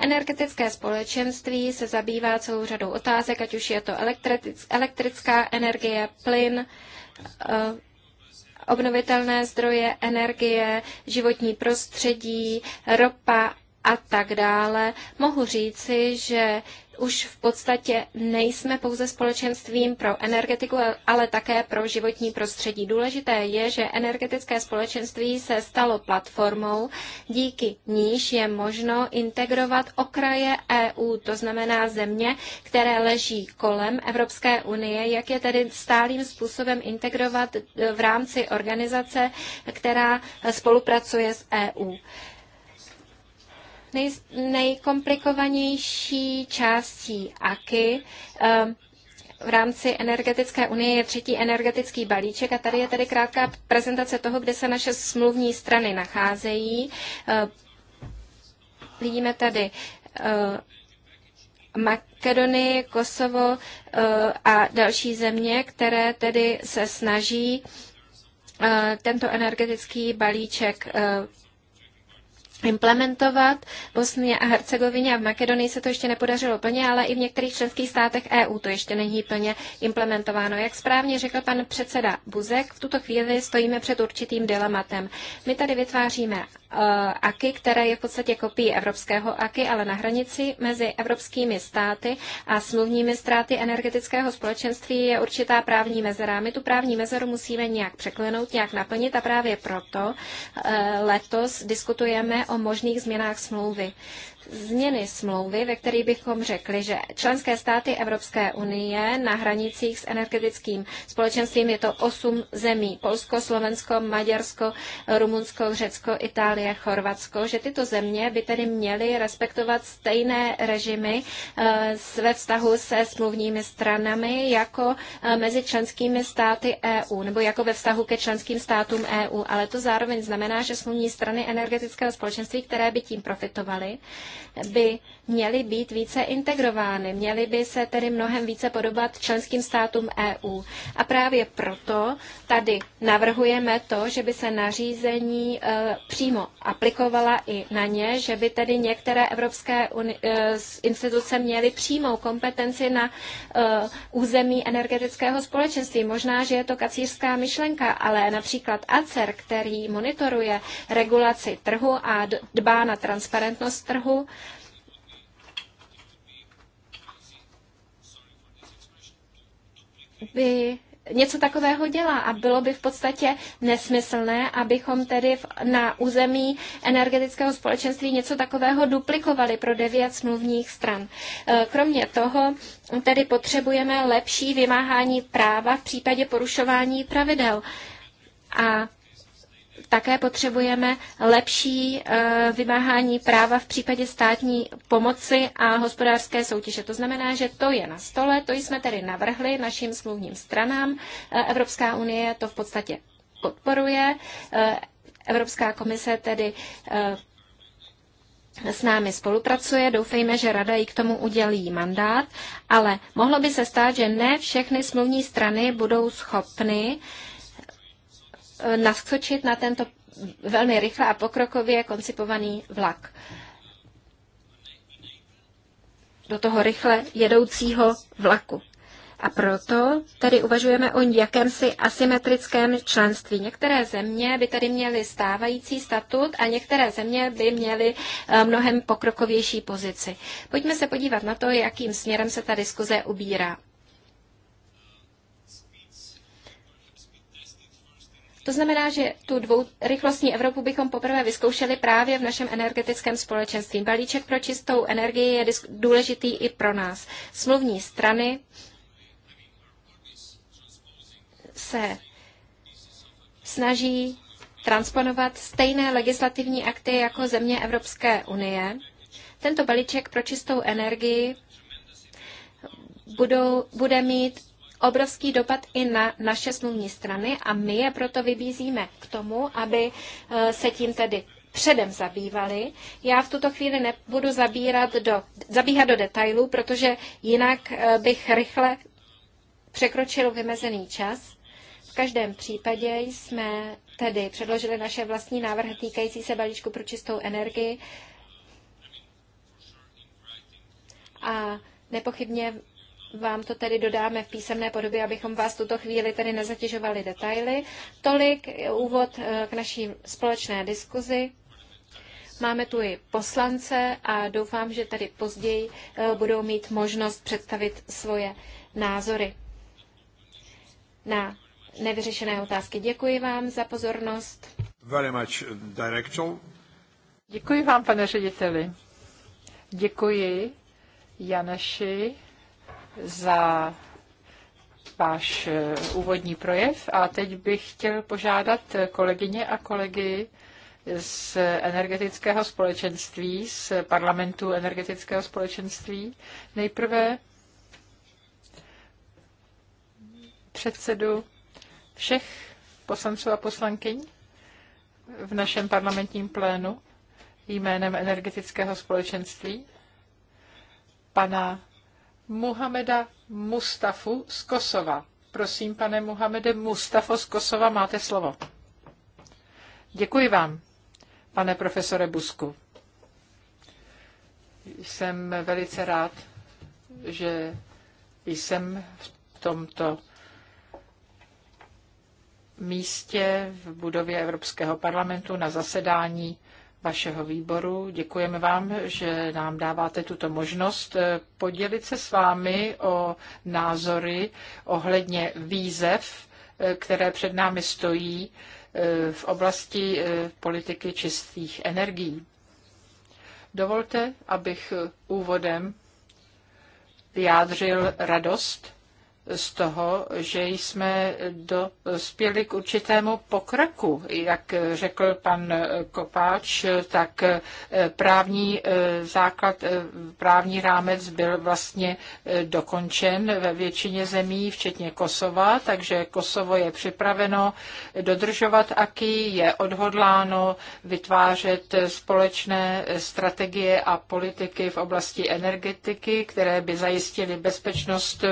Energetické společenství se zabývá celou řadou otázek, ať už je to elektrická energie, plyn, eh, obnovitelné zdroje energie, životní prostředí, ropa a tak dále. Mohu říci, že už v podstatě nejsme pouze společenstvím pro energetiku, ale také pro životní prostředí. Důležité je, že energetické společenství se stalo platformou, díky níž je možno integrovat okraje EU, to znamená země, které leží kolem Evropské unie, jak je tedy stálým způsobem integrovat v rámci organizace, která spolupracuje s EU nej, nejkomplikovanější částí AKY ehm, v rámci energetické unie je třetí energetický balíček a tady je tady krátká prezentace toho, kde se naše smluvní strany nacházejí. Ehm, vidíme tady ehm, Makedonii, Kosovo a další země, které tedy se snaží tento energetický balíček implementovat. Bosně a Hercegovině a v Makedonii se to ještě nepodařilo plně, ale i v některých členských státech EU to ještě není plně implementováno. Jak správně řekl pan předseda Buzek, v tuto chvíli stojíme před určitým dilematem. My tady vytváříme Eh, AKI, které je v podstatě kopií evropského AKI, ale na hranici mezi evropskými státy a smluvními ztráty energetického společenství je určitá právní mezera. My tu právní mezeru musíme nějak překlenout, nějak naplnit a právě proto eh, letos diskutujeme o možných změnách smlouvy změny smlouvy, ve které bychom řekli, že členské státy Evropské unie na hranicích s energetickým společenstvím je to osm zemí. Polsko, Slovensko, Maďarsko, Rumunsko, Řecko, Itálie, Chorvatsko, že tyto země by tedy měly respektovat stejné režimy eh, ve vztahu se smluvními stranami jako eh, mezi členskými státy EU nebo jako ve vztahu ke členským státům EU. Ale to zároveň znamená, že smluvní strany energetického společenství, které by tím profitovaly, by měly být více integrovány, měly by se tedy mnohem více podobat členským státům EU. A právě proto tady navrhujeme to, že by se nařízení e, přímo aplikovala i na ně, že by tedy některé evropské e, instituce měly přímou kompetenci na e, území energetického společenství. Možná, že je to kacířská myšlenka, ale například ACER, který monitoruje regulaci trhu a dbá na transparentnost trhu, by něco takového dělá a bylo by v podstatě nesmyslné, abychom tedy na území energetického společenství něco takového duplikovali pro devět smluvních stran. E, kromě toho tedy potřebujeme lepší vymáhání práva v případě porušování pravidel. A také potřebujeme lepší eh, vymáhání práva v případě státní pomoci a hospodářské soutěže. To znamená, že to je na stole, to jsme tedy navrhli našim smluvním stranám. Eh, Evropská unie to v podstatě podporuje. Eh, Evropská komise tedy s námi spolupracuje, doufejme, že Rada i k tomu udělí mandát, ale mohlo by se stát, že ne všechny smluvní strany budou schopny uh, Eh, naskočit na tento velmi rychle a pokrokově koncipovaný vlak. Do toho rychle jedoucího vlaku. A proto tady uvažujeme o jakémsi asymetrickém členství. Některé země by tady měly stávající statut a některé země by měly eh, mnohem pokrokovější pozici. Pojďme se podívat na to, jakým směrem se ta diskuze ubírá. To znamená, že tu rychlostní Evropu bychom poprvé vyzkoušeli právě v našem energetickém společenství. Balíček pro čistou energii je důležitý i pro nás. Smluvní strany se snaží transponovat stejné legislativní akty jako země Evropské unie. Tento balíček pro čistou energii budou, bude mít obrovský dopad i na naše smluvní strany a my je proto vybízíme k tomu, aby eh, se tím tedy předem zabývali. Já v tuto chvíli nebudu zabírat do, zabíhat do detailů, protože jinak eh, bych rychle překročil vymezený čas. V každém případě jsme tedy předložili naše vlastní návrhy týkající se balíčku pro čistou energii a nepochybně vám to tedy dodáme v písemné podobě, abychom vás tuto chvíli tedy nezatěžovali detaily. Tolik úvod eh, k naší společné diskuzi. Máme tu i poslance a doufám, že tady později eh, budou mít možnost představit svoje názory na nevyřešené otázky. Děkuji vám za pozornost. Very much, director. Děkuji vám, pane řediteli. Děkuji Janeši za váš eh, úvodní projev a teď bych chtěl požádat kolegyně a kolegy z energetického společenství, z parlamentu energetického společenství. Nejprve předsedu všech poslanců a poslankyň v našem parlamentním plénu jménem energetického společenství, pana Muhameda Mustafu z Kosova. Prosím, pane Muhamede Mustafo z Kosova, máte slovo. Děkuji vám, pane profesore Busku. Jsem velice rád, že jsem v tomto místě v budově Evropského parlamentu na zasedání vašeho výboru. Děkujeme vám, že nám dáváte tuto možnost eh, podělit se s vámi o názory ohledně výzev, eh, které před námi stojí eh, v oblasti politiky čistých energií. Dovolte, abych úvodem vyjádřil radost z toho, že jsme dospěli k určitému pokraku. Jak řekl pan Kopáč, tak právní eh, základ, eh, právní rámec byl vlastně eh, dokončen ve většině zemí, včetně Kosova, takže Kosovo je připraveno dodržovat aký, je odhodláno vytvářet společné strategie a politiky v oblasti energetiky, které by zajistily bezpečnost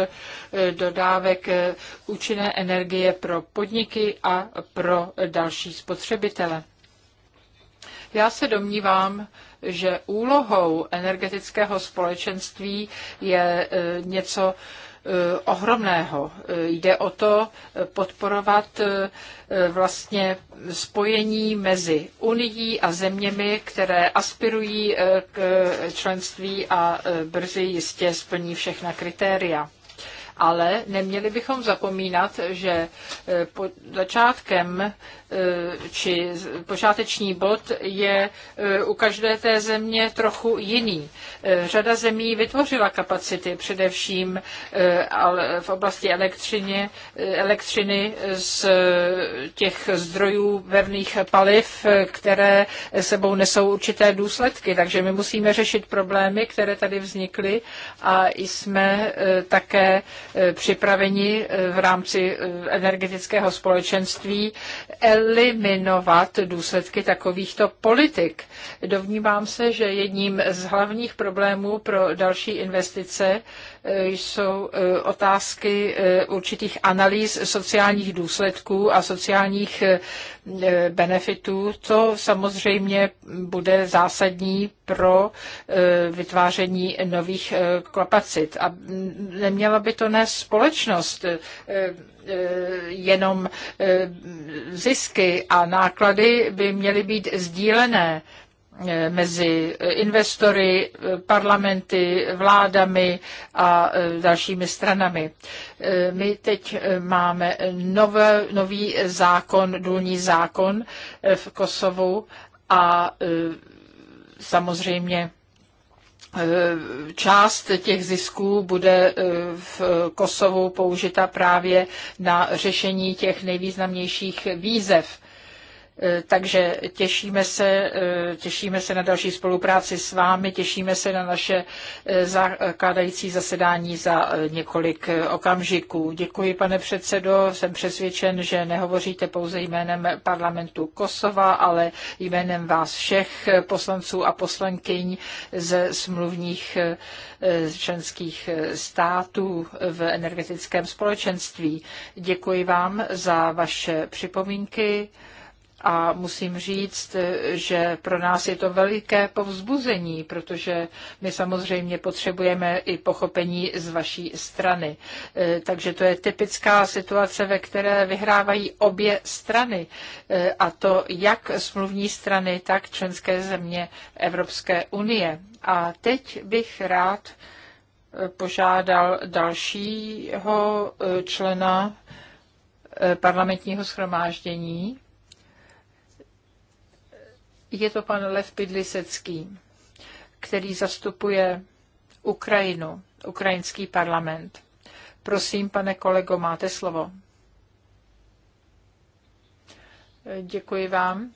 do dodávek eh, účinné energie pro podniky a pro další spotřebitele. Já se domnívám, že úlohou energetického společenství je eh, něco eh, ohromného. Jde o to podporovat vlastně spojení mezi Unií a zeměmi, které aspirují k členství a brzy jistě splní všechna kritéria ale neměli bychom zapomínat, že eh, začátkem Eh, či počáteční bod je eh, u každé té země trochu jiný. Eh, řada zemí vytvořila kapacity, především v oblasti elektřiny, elektřiny z těch zdrojů pevných paliv, které sebou nesou určité důsledky. Takže my musíme řešit problémy, které tady vznikly a jsme také připraveni v rámci energetického společenství eliminovat důsledky takovýchto politik. Dovnívám se, že jedním z hlavních problémů pro další investice jsou e, otázky e, určitých analýz sociálních důsledků a sociálních e, benefitů. To samozřejmě bude zásadní pro vytváření nových kapacit. A neměla by to nést společnost jenom zisky a náklady by měly být sdílené Eh, mezi investory, eh, parlamenty, vládami a eh, dalšími stranami. My teď máme nové, nový zákon, důlní zákon v Kosovu a samozřejmě část těch zisků bude v Kosovu použita právě na řešení těch nejvýznamnějších výzev. E, takže těšíme se, e, těšíme se na další spolupráci s vámi, těšíme se na naše e, zakládající zasedání za několik okamžiků. Děkuji, pane předsedo. Jsem přesvědčen, že nehovoříte pouze jménem parlamentu Kosova, ale jménem vás všech poslanců a poslankyň ze smluvních členských států v energetickém společenství. Děkuji vám za vaše připomínky a musím říct, že pro nás je to veliké povzbuzení, protože my samozřejmě potřebujeme i pochopení z vaší strany. E, takže to je typická situace, ve které vyhrávají obě strany, e, a to jak smluvní strany, tak členské země Evropské unie. A teď bych rád e, požádal dalšího člena parlamentního schromáždění, je to pan Lev Pidlisecký, který zastupuje Ukrajinu, ukrajinský parlament. Prosím, pane kolego, máte slovo. Děkuji vám.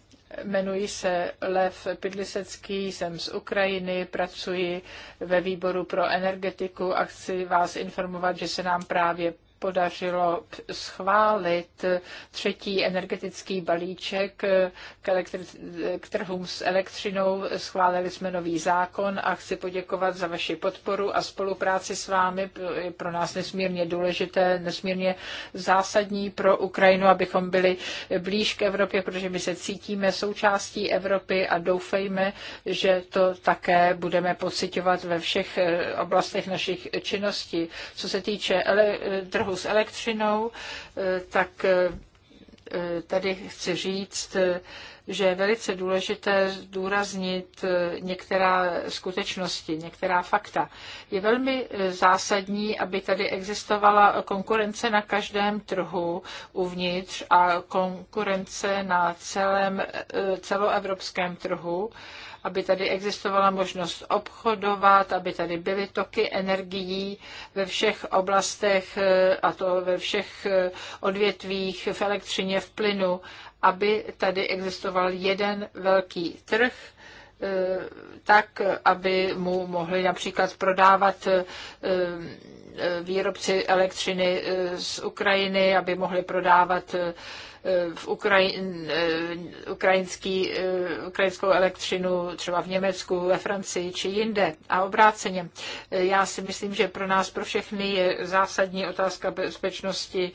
Jmenuji se Lev Pidlisecký, jsem z Ukrajiny, pracuji ve výboru pro energetiku a chci vás informovat, že se nám právě podařilo schválit třetí energetický balíček k, elektri- k trhům s elektřinou. Schválili jsme nový zákon a chci poděkovat za vaši podporu a spolupráci s vámi. Je pro nás nesmírně důležité, nesmírně zásadní pro Ukrajinu, abychom byli blíž k Evropě, protože my se cítíme součástí Evropy a doufejme, že to také budeme pocitovat ve všech eh, oblastech našich činností. Co se týče ele- trhů, trhu s elektřinou, eh, tak eh, eh, tady chci říct, že je velice důležité zdůraznit některá skutečnosti, některá fakta. Je velmi zásadní, aby tady existovala konkurence na každém trhu uvnitř a konkurence na celém celoevropském trhu aby tady existovala možnost obchodovat, aby tady byly toky energií ve všech oblastech, eh, a to ve všech eh, odvětvích, v elektřině, v plynu, aby tady existoval jeden velký trh, eh, tak, aby mu mohli například prodávat výrobci elektřiny z Ukrajiny, aby mohli prodávat v Ukraji, eh, ukrajinský, eh, ukrajinskou elektřinu třeba v Německu, ve Francii či jinde a obráceně. Eh, já si myslím, že pro nás, pro všechny je zásadní otázka bezpečnosti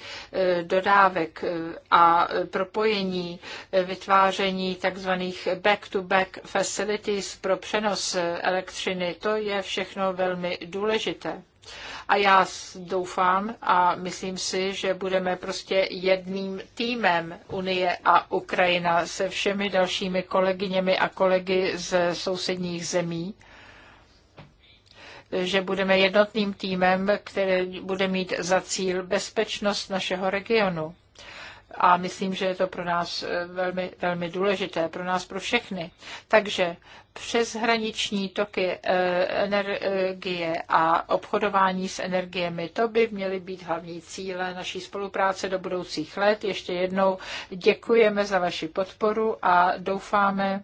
dodávek a propojení, vytváření takzvaných back-to-back facilities pro přenos elektřiny. To je všechno velmi důležité. A já doufám a myslím si, že budeme prostě jedným týmem Unie a Ukrajina se všemi dalšími kolegyněmi a kolegy z sousedních zemí že budeme jednotným týmem, který bude mít za cíl bezpečnost našeho regionu. A myslím, že je to pro nás eh, velmi, velmi důležité, pro nás, pro všechny. Takže hraniční toky eh, energie a obchodování s energiemi. To by měly být hlavní cíle naší spolupráce do budoucích let. Ještě jednou děkujeme za vaši podporu a doufáme,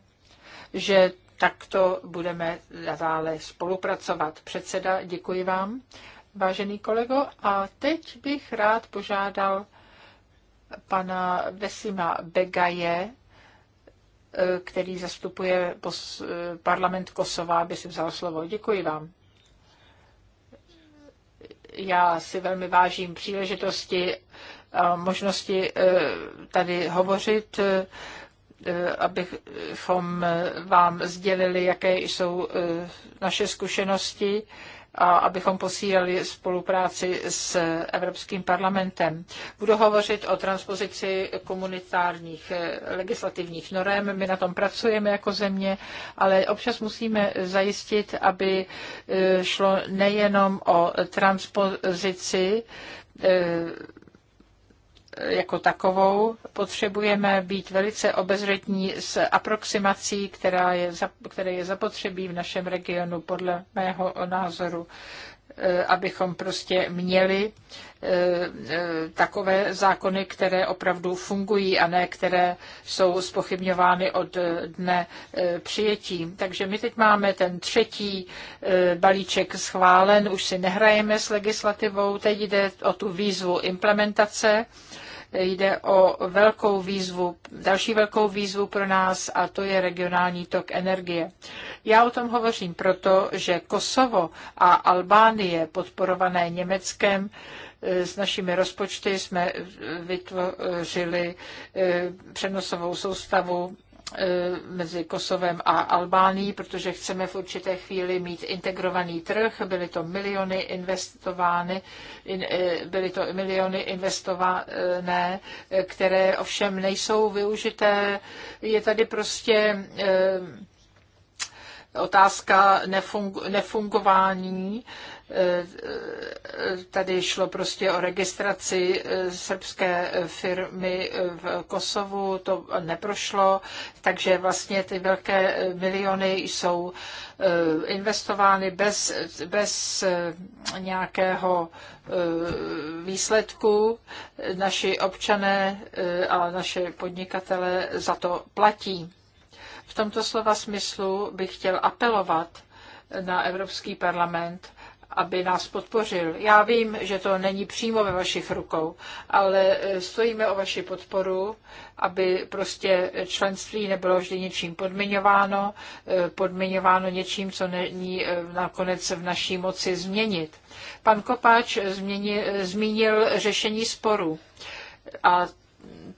že takto budeme nadále spolupracovat. Předseda, děkuji vám, vážený kolego. A teď bych rád požádal pana Vesima Begaje, Eh, který zastupuje eh, parlament Kosova, aby si vzal slovo. Děkuji vám. Já si velmi vážím příležitosti a možnosti eh, tady hovořit abychom vám sdělili, jaké jsou naše zkušenosti a abychom posílili spolupráci s Evropským parlamentem. Budu hovořit o transpozici komunitárních eh, legislativních norem. My na tom pracujeme jako země, ale občas musíme zajistit, aby eh, šlo nejenom o transpozici eh, jako takovou potřebujeme být velice obezřetní s aproximací, která je, které je zapotřebí v našem regionu, podle mého názoru eh, abychom prostě měli eh, eh, takové zákony, které opravdu fungují a ne které jsou spochybňovány od dne přijetí. Takže my teď máme ten třetí balíček schválen, už si nehrajeme s legislativou, teď jde o tu výzvu implementace Jde o velkou výzvu, další velkou výzvu pro nás a to je regionální tok energie. Já o tom hovořím proto, že Kosovo a Albánie podporované Německem e, s našimi rozpočty jsme vytvořili e, přenosovou soustavu E, mezi Kosovem a Albánií, protože chceme v určité chvíli mít integrovaný trh. Byly to miliony investovány, e, byly to miliony investované, které ovšem nejsou využité. Je tady prostě e, otázka nefungování Tady šlo prostě o registraci eh, srbské firmy v Kosovu, to neprošlo, takže vlastně ty velké eh, miliony jsou eh, investovány bez, bez nějakého výsledku. Naši občané a naše podnikatele za to platí. V tomto slova smyslu bych chtěl apelovat na Evropský parlament, aby nás podpořil. Já vím, že to není přímo ve vašich rukou, ale eh, stojíme o vaši podporu, aby prostě členství nebylo vždy něčím podmiňováno, eh, podmiňováno něčím, co není eh, nakonec v naší moci změnit. Pan Kopáč změnil, zmínil řešení sporu. A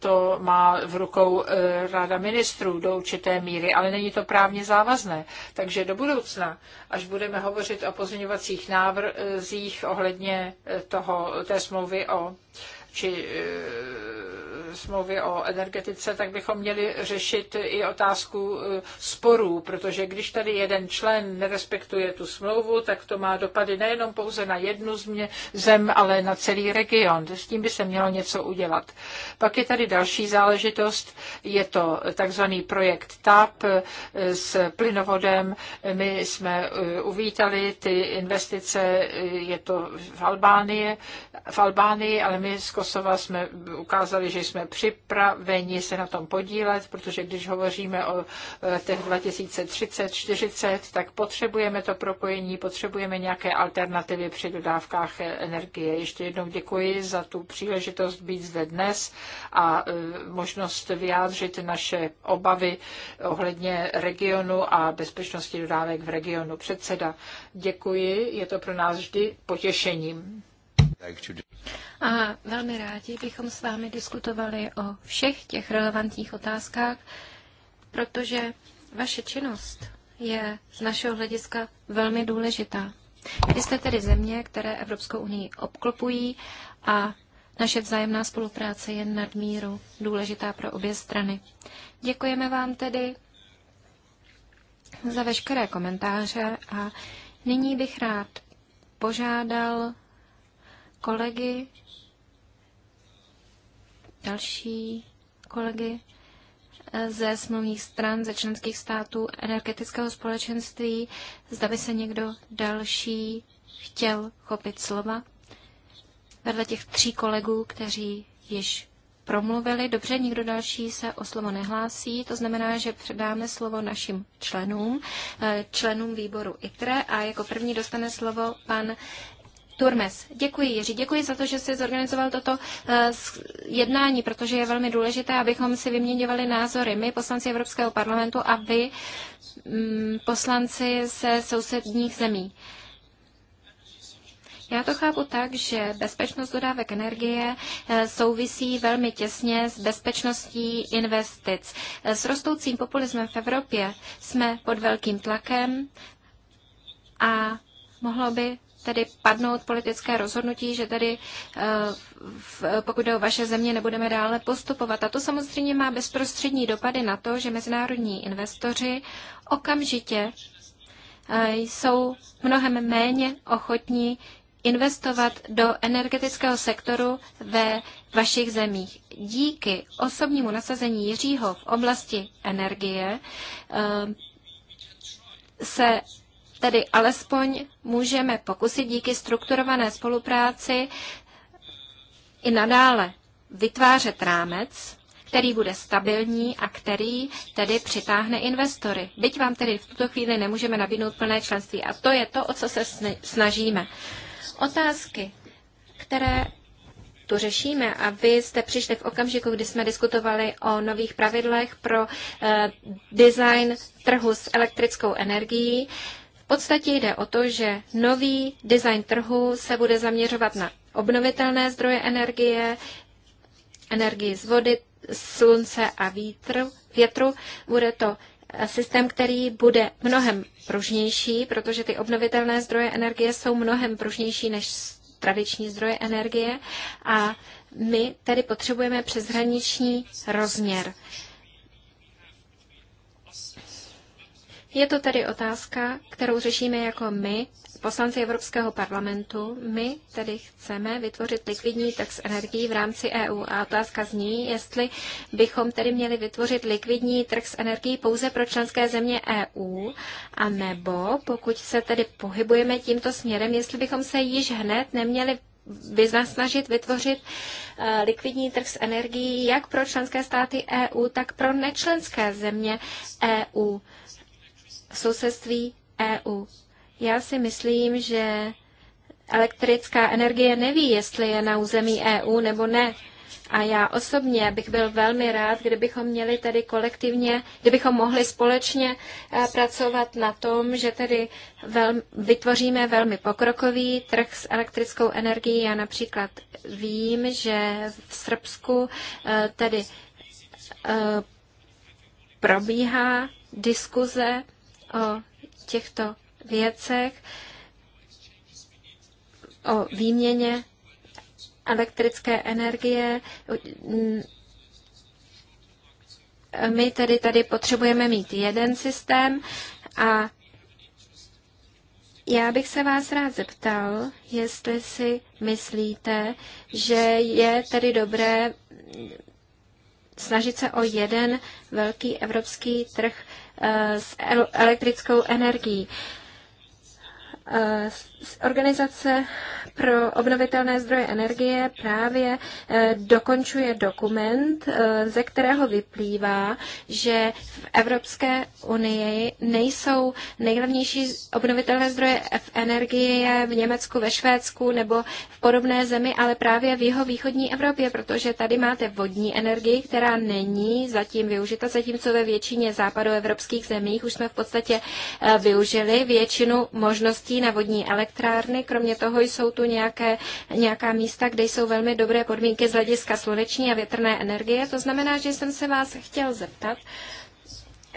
to má v rukou eh, Rada ministrů do určité míry, ale není to právně závazné. Takže do budoucna, až budeme hovořit o pozměňovacích návrzích ohledně eh, toho, té smlouvy o či eh, smlouvy o energetice, tak bychom měli řešit i otázku eh, sporů, protože když tady jeden člen nerespektuje tu smlouvu, tak to má dopady nejenom pouze na jednu zem, ale na celý region. S tím by se mělo něco udělat. Pak je tady další záležitost, je to takzvaný projekt TAP eh, s plynovodem. My jsme uvítali ty investice, je to v Albánii, v Albánii ale my z Kosova jsme ukázali, že jsme připraveni se na tom podílet, protože když hovoříme o letech 2030-40, tak potřebujeme to propojení, potřebujeme nějaké alternativy při dodávkách energie. Ještě jednou děkuji za tu příležitost být zde dnes a e, možnost vyjádřit naše obavy ohledně regionu a bezpečnosti dodávek v regionu. Předseda, děkuji, je to pro nás vždy potěšením. A velmi rádi bychom s vámi diskutovali o všech těch relevantních otázkách, protože vaše činnost je z našeho hlediska velmi důležitá. Vy jste tedy země, které Evropskou unii obklopují a naše vzájemná spolupráce je nadmíru důležitá pro obě strany. Děkujeme vám tedy za veškeré komentáře a nyní bych rád požádal kolegy, další kolegy eh, ze smluvních stran, ze členských států energetického společenství. Zda by se někdo další chtěl chopit slova. Vedle těch tří kolegů, kteří již promluvili. Dobře, nikdo další se o slovo nehlásí, to znamená, že předáme slovo našim členům, eh, členům výboru ITRE a jako první dostane slovo pan Turmes. Děkuji, Jiří. Děkuji za to, že jsi zorganizoval toto eh, jednání, protože je velmi důležité, abychom si vyměňovali názory. My, poslanci Evropského parlamentu, a vy, mm, poslanci ze sousedních zemí. Já to chápu tak, že bezpečnost dodávek energie eh, souvisí velmi těsně s bezpečností investic. Eh, s rostoucím populismem v Evropě jsme pod velkým tlakem a mohlo by tedy padnout politické rozhodnutí, že tedy eh, pokud jde o vaše země, nebudeme dále postupovat. A to samozřejmě má bezprostřední dopady na to, že mezinárodní investoři okamžitě eh, jsou mnohem méně ochotní investovat do energetického sektoru ve vašich zemích. Díky osobnímu nasazení Jiřího v oblasti energie eh, se tedy alespoň můžeme pokusit díky strukturované spolupráci i nadále vytvářet rámec, který bude stabilní a který tedy přitáhne investory. Byť vám tedy v tuto chvíli nemůžeme nabídnout plné členství. A to je to, o co se snažíme. Otázky, které tu řešíme a vy jste přišli v okamžiku, kdy jsme diskutovali o nových pravidlech pro eh, design trhu s elektrickou energií podstatě jde o to, že nový design trhu se bude zaměřovat na obnovitelné zdroje energie, energii z vody, slunce a vítr, větru. Bude to eh, systém, který bude mnohem pružnější, protože ty obnovitelné zdroje energie jsou mnohem pružnější než tradiční zdroje energie a my tedy potřebujeme přeshraniční rozměr. Je to tedy otázka, kterou řešíme jako my, poslanci Evropského parlamentu. My tedy chceme vytvořit likvidní tax energií v rámci EU. A otázka zní, jestli bychom tedy měli vytvořit likvidní trh s energií pouze pro členské země EU, a nebo pokud se tedy pohybujeme tímto směrem, jestli bychom se již hned neměli snažit vytvořit eh, likvidní trh s energií jak pro členské státy EU, tak pro nečlenské země EU sousedství EU. Já si myslím, že elektrická energie neví, jestli je na území EU nebo ne. A já osobně bych byl velmi rád, kdybychom měli tedy kolektivně, kdybychom mohli společně eh, pracovat na tom, že tedy velmi, vytvoříme velmi pokrokový trh s elektrickou energií. Já například vím, že v Srbsku eh, tedy eh, probíhá diskuze o těchto věcech, o výměně elektrické energie. My tedy tady potřebujeme mít jeden systém a já bych se vás rád zeptal, jestli si myslíte, že je tedy dobré snažit se o jeden velký evropský trh s elektrickou energií. Eh, organizace pro obnovitelné zdroje energie právě eh, dokončuje dokument, eh, ze kterého vyplývá, že v Evropské unii nejsou nejlevnější obnovitelné zdroje v energie v Německu, ve Švédsku nebo v podobné zemi, ale právě v jeho východní Evropě, protože tady máte vodní energii, která není zatím využita, zatímco ve většině západoevropských zemích už jsme v podstatě využili většinu možností na vodní elektrárny. Kromě toho jsou tu nějaké, nějaká místa, kde jsou velmi dobré podmínky z hlediska sluneční a větrné energie. To znamená, že jsem se vás chtěl zeptat,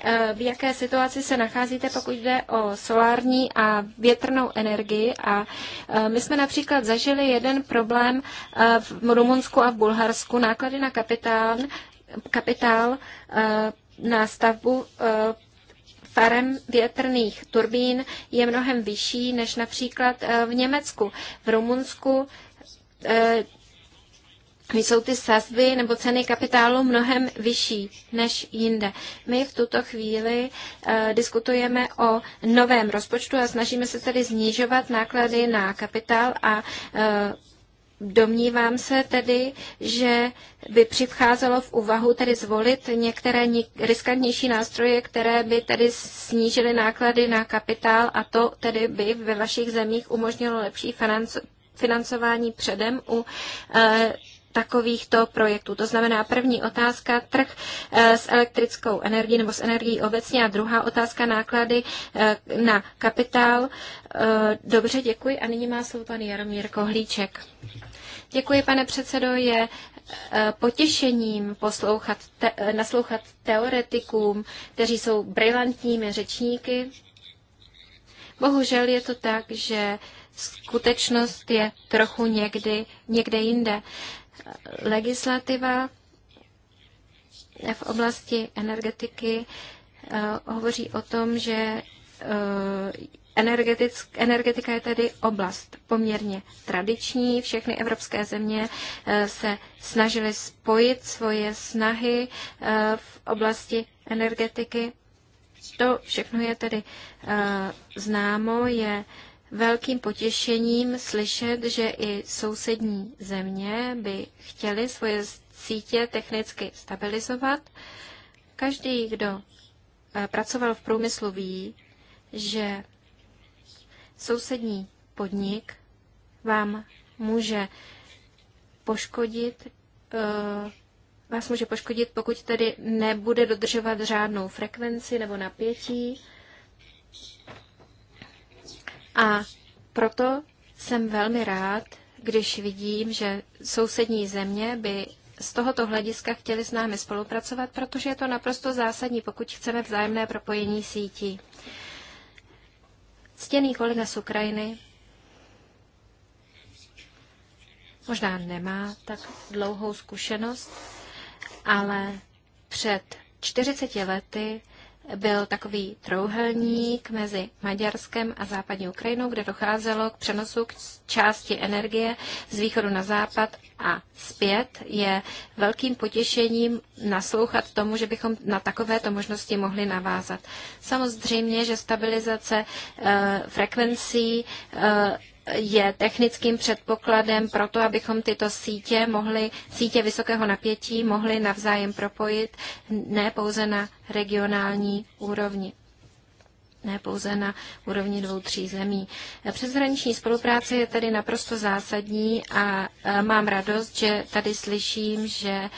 eh, v jaké situaci se nacházíte, pokud jde o solární a větrnou energii. A eh, my jsme například zažili jeden problém eh, v Rumunsku a v Bulharsku. Náklady na kapitál kapitál na stavbu farem větrných turbín je mnohem vyšší než například eh, v Německu. V Rumunsku eh, jsou ty sazby nebo ceny kapitálu mnohem vyšší než jinde. My v tuto chvíli eh, diskutujeme o novém rozpočtu a snažíme se tedy znižovat náklady na kapitál a Domnívám se tedy, že by přicházelo v úvahu tedy zvolit některé riskantnější nástroje, které by tedy snížily náklady na kapitál a to tedy by ve vašich zemích umožnilo lepší financování předem u eh, takovýchto projektů. To znamená první otázka trh eh, s elektrickou energií nebo s energií obecně a druhá otázka náklady eh, na kapitál. Eh, dobře, děkuji a nyní má slovo pan Jaromír Kohlíček. Děkuji, pane předsedo. Je potěšením poslouchat te, naslouchat teoretikům, kteří jsou brilantními řečníky. Bohužel je to tak, že skutečnost je trochu někdy, někde jinde. Uh, Legislativa v oblasti energetiky eh, hovoří o tom, že eh, energetika je tedy oblast poměrně tradiční. Všechny evropské země eh, se snažily spojit svoje snahy v oblasti energetiky. To všechno je tedy známo, je velkým potěšením slyšet, že i sousední země by chtěly svoje sítě technicky stabilizovat. Každý, kdo eh, pracoval v průmyslu, ví, že sousední podnik vám může poškodit, eh, vás může poškodit, pokud tedy nebude dodržovat řádnou frekvenci nebo napětí. A proto jsem velmi rád, když vidím, že sousední země by z tohoto hlediska chtěli s námi spolupracovat, protože je to naprosto zásadní, pokud chceme vzájemné propojení sítí. Ctěný kolega z Ukrajiny možná nemá tak dlouhou zkušenost, ale před 40 lety byl takový trouhelník mezi Maďarskem a západní Ukrajinou, kde docházelo k přenosu k části energie z východu na západ a zpět. Je velkým potěšením naslouchat tomu, že bychom na takovéto možnosti mohli navázat. Samozřejmě, že stabilizace e, frekvencí e, je technickým předpokladem pro to, abychom tyto sítě mohli, sítě vysokého napětí mohli navzájem propojit ne pouze na regionální úrovni ne pouze na úrovni dvou, tří zemí. Přeshraniční spolupráce je tedy naprosto zásadní a e, mám radost, že tady slyším, že e,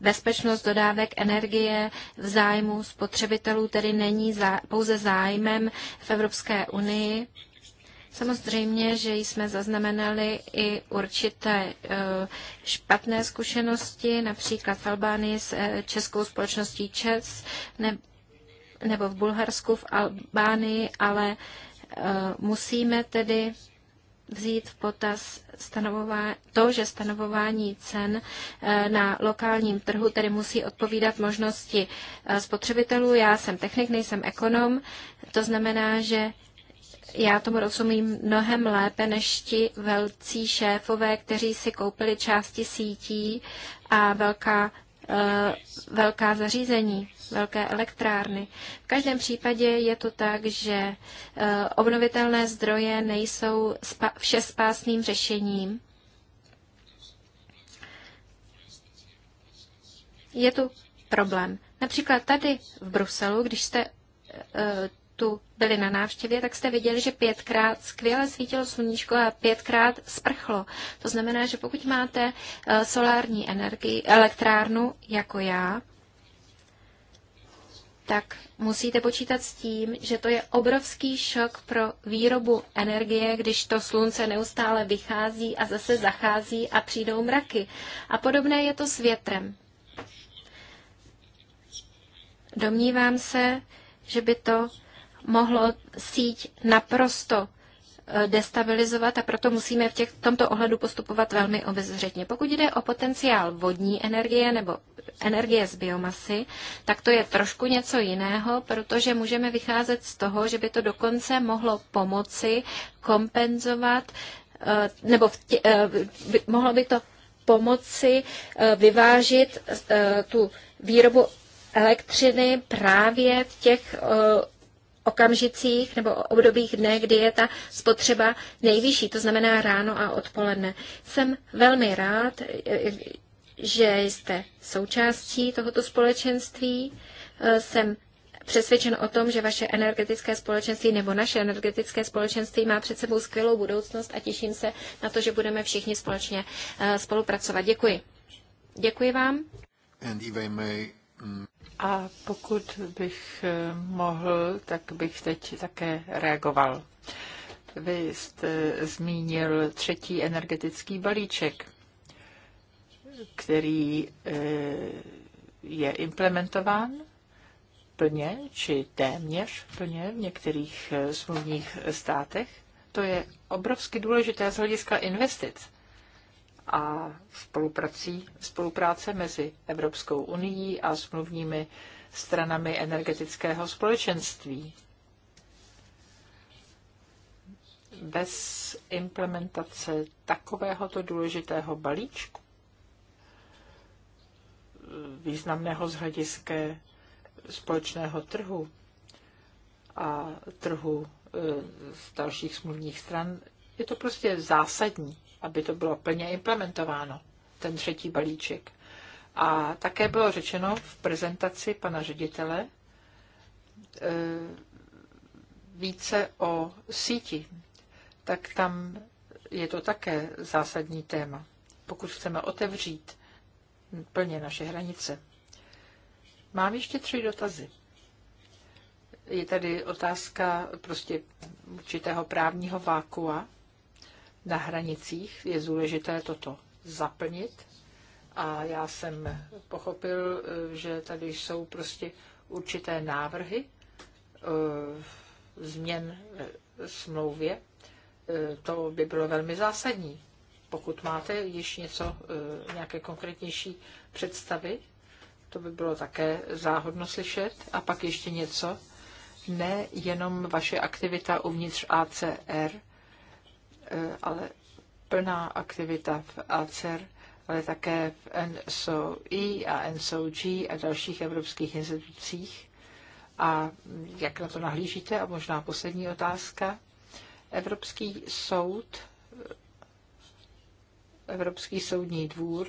bezpečnost dodávek energie v zájmu spotřebitelů tedy není pouze zájmem v Evropské unii, Samozřejmě, že jsme zaznamenali i určité e, špatné zkušenosti, například v Albánii s e, českou společností ČES nebo v Bulharsku, v Albánii, ale e, musíme tedy vzít v potaz stanovová, to, že stanovování cen na lokálním trhu tedy musí odpovídat možnosti spotřebitelů. Já jsem technik, nejsem ekonom, to znamená, že já tomu rozumím mnohem lépe než ti velcí šéfové, kteří si koupili části sítí a velká, uh, velká zařízení, velké elektrárny. V každém případě je to tak, že uh, obnovitelné zdroje nejsou spa- všespásným řešením. Je tu problém. Například tady v Bruselu, když jste uh, tu byli na návštěvě, tak jste viděli, že pětkrát skvěle svítilo sluníčko a pětkrát sprchlo. To znamená, že pokud máte eh, solární energii, elektrárnu jako já, tak musíte počítat s tím, že to je obrovský šok pro výrobu energie, když to slunce neustále vychází a zase zachází a přijdou mraky. A podobné je to s větrem. Domnívám se, že by to mohlo síť naprosto eh, destabilizovat a proto musíme v těch, tomto ohledu postupovat velmi obezřetně. Pokud jde o potenciál vodní energie nebo energie z biomasy, tak to je trošku něco jiného, protože můžeme vycházet z toho, že by to dokonce mohlo pomoci kompenzovat eh, nebo tě, eh, mohlo by to pomoci vyvážit tu výrobu elektřiny právě v těch okamžicích nebo obdobích dne, kdy je ta spotřeba nejvyšší, to znamená ráno a odpoledne. Jsem velmi rád, že jste součástí tohoto společenství. Jsem přesvědčen o tom, že vaše energetické společenství nebo naše energetické společenství má před sebou skvělou budoucnost a těším se na to, že budeme všichni společně eh, spolupracovat. Děkuji. Děkuji vám. And if I may a pokud bych eh, mohl, tak bych teď také reagoval. Vy jste zmínil třetí energetický balíček, který eh, je implementován plně či téměř plně v některých eh, smluvních státech. To je obrovsky důležité z hlediska investic a spoluprací, spolupráce mezi Evropskou unii a smluvními stranami energetického společenství. Bez implementace takovéhoto důležitého balíčku, významného z hlediska společného trhu a trhu eh, z dalších smluvních stran, je to prostě zásadní aby to bylo plně implementováno, ten třetí balíček. A také bylo řečeno v prezentaci pana ředitele e, více o síti, tak tam je to také zásadní téma, pokud chceme otevřít plně naše hranice. Mám ještě tři dotazy. Je tady otázka prostě určitého právního vákua na hranicích je důležité toto zaplnit. A já jsem pochopil, eh, že tady jsou prostě určité návrhy eh, změn smlouvě. Eh, to by bylo velmi zásadní. Pokud máte již něco, nějaké konkrétnější představy, to by bylo také záhodno slyšet. A pak ještě něco, ne jenom vaše aktivita uvnitř ACR, Eh, ale plná aktivita v ACER, ale také v NSOI a NSOG a dalších evropských institucích. A jak na to nahlížíte? A možná poslední otázka. Evropský soud, Evropský soudní dvůr,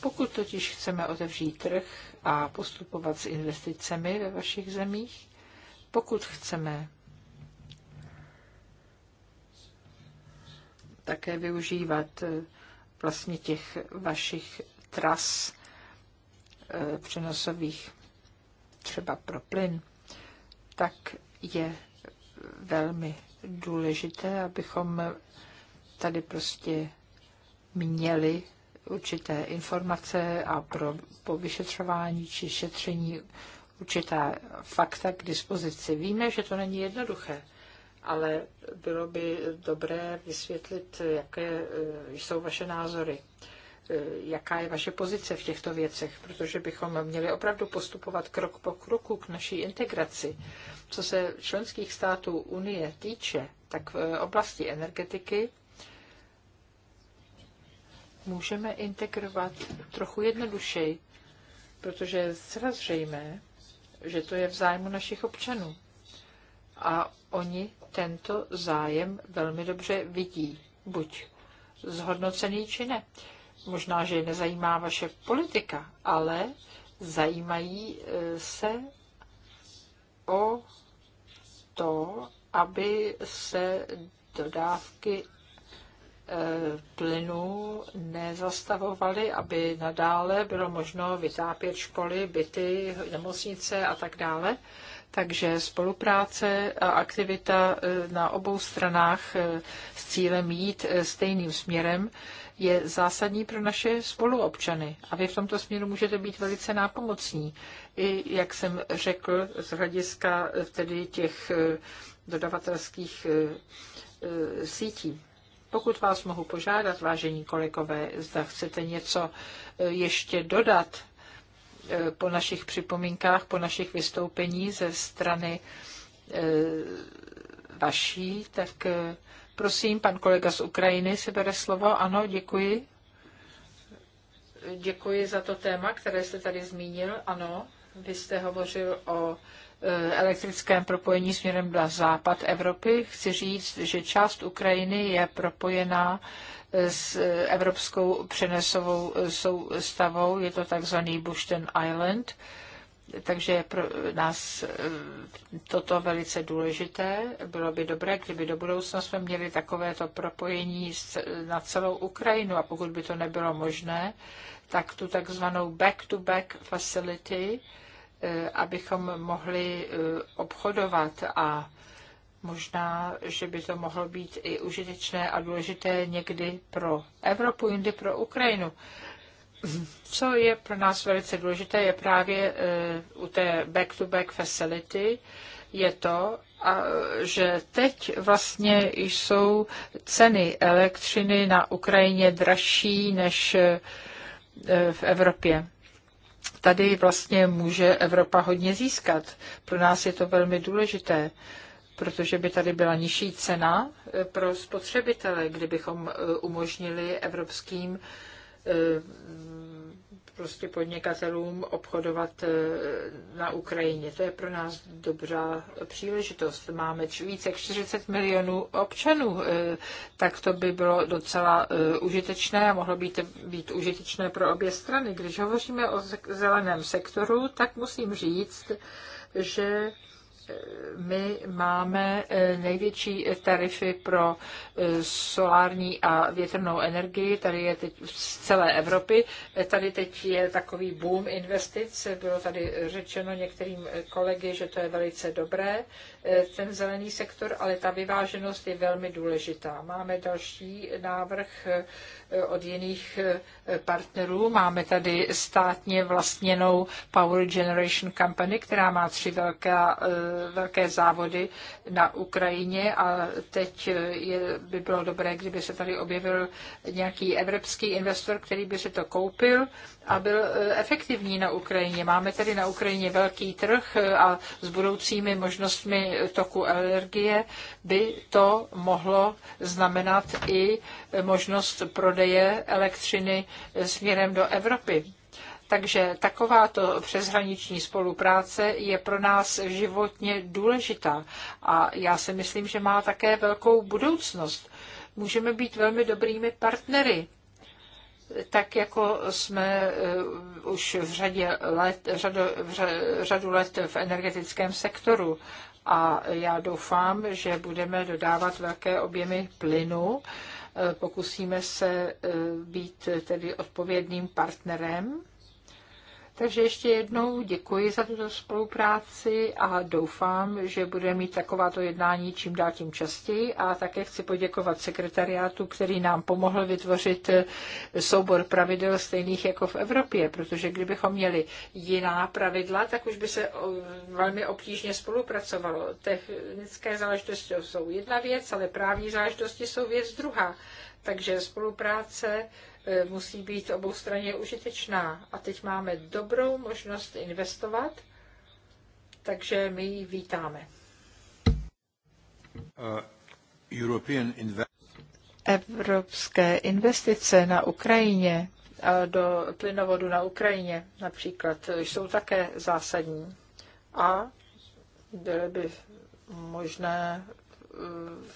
pokud totiž chceme otevřít trh a postupovat s investicemi ve vašich zemích, pokud chceme také využívat eh, vlastně těch vašich tras eh, přenosových třeba pro plyn, tak je velmi důležité, abychom tady prostě měli určité informace a pro, po vyšetřování či šetření určitá fakta k dispozici. Víme, že to není jednoduché ale bylo by dobré vysvětlit, jaké eh, jsou vaše názory, eh, jaká je vaše pozice v těchto věcech, protože bychom měli opravdu postupovat krok po kroku k naší integraci. Co se členských států Unie týče, tak v eh, oblasti energetiky můžeme integrovat trochu jednodušeji, protože je zřejmé, že to je v zájmu našich občanů a oni tento zájem velmi dobře vidí, buď zhodnocený či ne. Možná, že je nezajímá vaše politika, ale zajímají e, se o to, aby se dodávky e, plynu nezastavovaly, aby nadále bylo možno vytápět školy, byty, nemocnice a tak dále. Takže spolupráce a aktivita e, na obou stranách e, s cílem jít e, stejným směrem je zásadní pro naše spoluobčany. A vy v tomto směru můžete být velice nápomocní. I, jak jsem řekl, z hlediska tedy těch dodavatelských sítí. Pokud vás mohu požádat, vážení kolegové, zda chcete něco ještě dodat, Eh, po našich připomínkách, po našich vystoupení ze strany eh, vaší, tak eh, prosím, pan kolega z Ukrajiny si bere slovo. Ano, děkuji. Děkuji za to téma, které jste tady zmínil. Ano, vy jste hovořil o elektrickém propojení směrem na západ Evropy. Chci říct, že část Ukrajiny je propojená s evropskou přenesovou soustavou, je to takzvaný Bushten Island, takže je pro nás eh, toto velice důležité. Bylo by dobré, kdyby do budoucna jsme měli takovéto propojení na celou Ukrajinu a pokud by to nebylo možné, tak tu takzvanou back-to-back facility, eh, abychom mohli eh, obchodovat a Možná, že by to mohlo být i užitečné a důležité někdy pro Evropu, jindy pro Ukrajinu. Co je pro nás velice důležité, je právě eh, u té back-to-back facility, je to, a že teď vlastně jsou ceny elektřiny na Ukrajině dražší než eh, v Evropě. Tady vlastně může Evropa hodně získat. Pro nás je to velmi důležité protože by tady byla nižší cena eh, pro spotřebitele, kdybychom eh, umožnili evropským eh, prostě podnikatelům obchodovat na Ukrajině. To je pro nás dobrá příležitost. Máme více jak 40 milionů občanů, tak to by bylo docela užitečné a mohlo být, být užitečné pro obě strany. Když hovoříme o zeleném sektoru, tak musím říct, že my máme eh, největší tarify pro eh, solární a větrnou energii, tady je teď z celé Evropy. Eh, tady teď je takový boom investic, bylo tady řečeno některým kolegy, že to je velice dobré, ten zelený sektor, ale ta vyváženost je velmi důležitá. Máme další návrh eh, od jiných eh, partnerů. Máme tady státně vlastněnou Power Generation Company, která má tři velká, eh, velké závody na Ukrajině a teď je, by bylo dobré, kdyby se tady objevil nějaký evropský investor, který by si to koupil a byl efektivní na Ukrajině. Máme tady na Ukrajině velký trh a s budoucími možnostmi toku energie by to mohlo znamenat i možnost prodeje elektřiny směrem do Evropy. Takže takováto přeshraniční spolupráce je pro nás životně důležitá a já si myslím, že má také velkou budoucnost. Můžeme být velmi dobrými partnery tak jako jsme eh, už v řadě let, řadu, řadu let v energetickém sektoru a já doufám, že budeme dodávat velké objemy plynu. E, pokusíme se e, být tedy odpovědným partnerem takže ještě jednou děkuji za tuto spolupráci a doufám, že budeme mít takováto jednání čím dál tím častěji. A také chci poděkovat sekretariátu, který nám pomohl vytvořit soubor pravidel stejných jako v Evropě, protože kdybychom měli jiná pravidla, tak už by se eh, velmi obtížně spolupracovalo. Technické záležitosti jsou jedna věc, ale právní záležitosti jsou věc druhá. Takže spolupráce E, musí být oboustranně užitečná. A teď máme dobrou možnost investovat, takže my ji vítáme. Uh, Evropské investice na Ukrajině a do plynovodu na Ukrajině například jsou také zásadní a byly by možné v uh,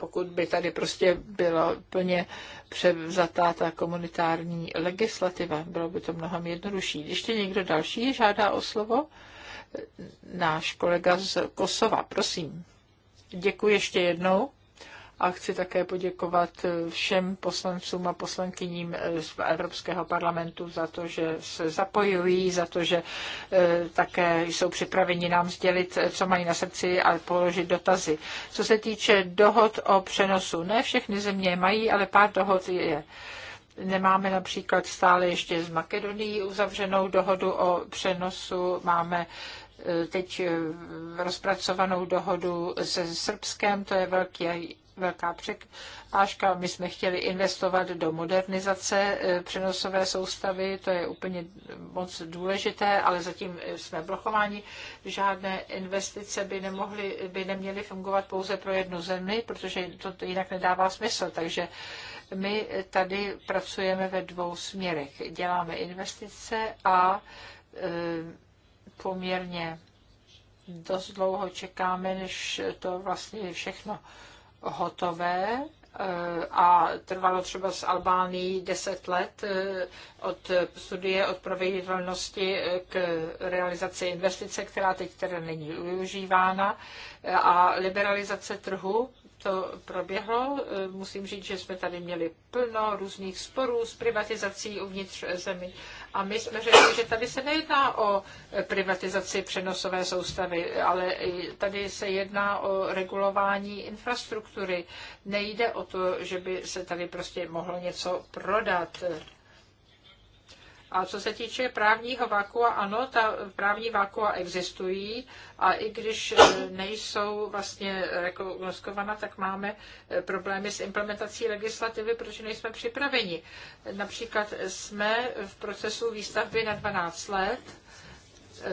pokud by tady prostě byla plně převzatá ta komunitární legislativa, bylo by to mnohem jednodušší. Ještě někdo další žádá o slovo? Náš kolega z Kosova, prosím. Děkuji ještě jednou a chci také poděkovat všem poslancům a poslankyním z Evropského parlamentu za to, že se zapojují, za to, že eh, také jsou připraveni nám sdělit, eh, co mají na srdci a položit dotazy. Co se týče dohod o přenosu, ne všechny země mají, ale pár dohod je. Nemáme například stále ještě z Makedonii uzavřenou dohodu o přenosu, máme eh, teď rozpracovanou dohodu se Srbskem, to je velký velká překážka. My jsme chtěli investovat do modernizace eh, přenosové soustavy, to je úplně moc důležité, ale zatím eh, jsme blokováni. Žádné investice by, nemohly, by neměly fungovat pouze pro jednu zemi, protože to jinak nedává smysl. Takže my tady pracujeme ve dvou směrech. Děláme investice a eh, poměrně dost dlouho čekáme, než to vlastně všechno hotové eh, a trvalo třeba z Albánii 10 let eh, od studie od proveditelnosti eh, k realizaci investice, která teď teda není využívána a liberalizace trhu to proběhlo. Musím říct, že jsme tady měli plno různých sporů s privatizací uvnitř zemi a my jsme řekli, že tady se nejedná o privatizaci přenosové soustavy, ale tady se jedná o regulování infrastruktury. Nejde o to, že by se tady prostě mohlo něco prodat. A co se týče právního vakua, ano, ta právní vakua existují a i když eh, nejsou vlastně rekognoskovaná, tak máme eh, problémy s implementací legislativy, protože nejsme připraveni. Například jsme v procesu výstavby na 12 let, eh,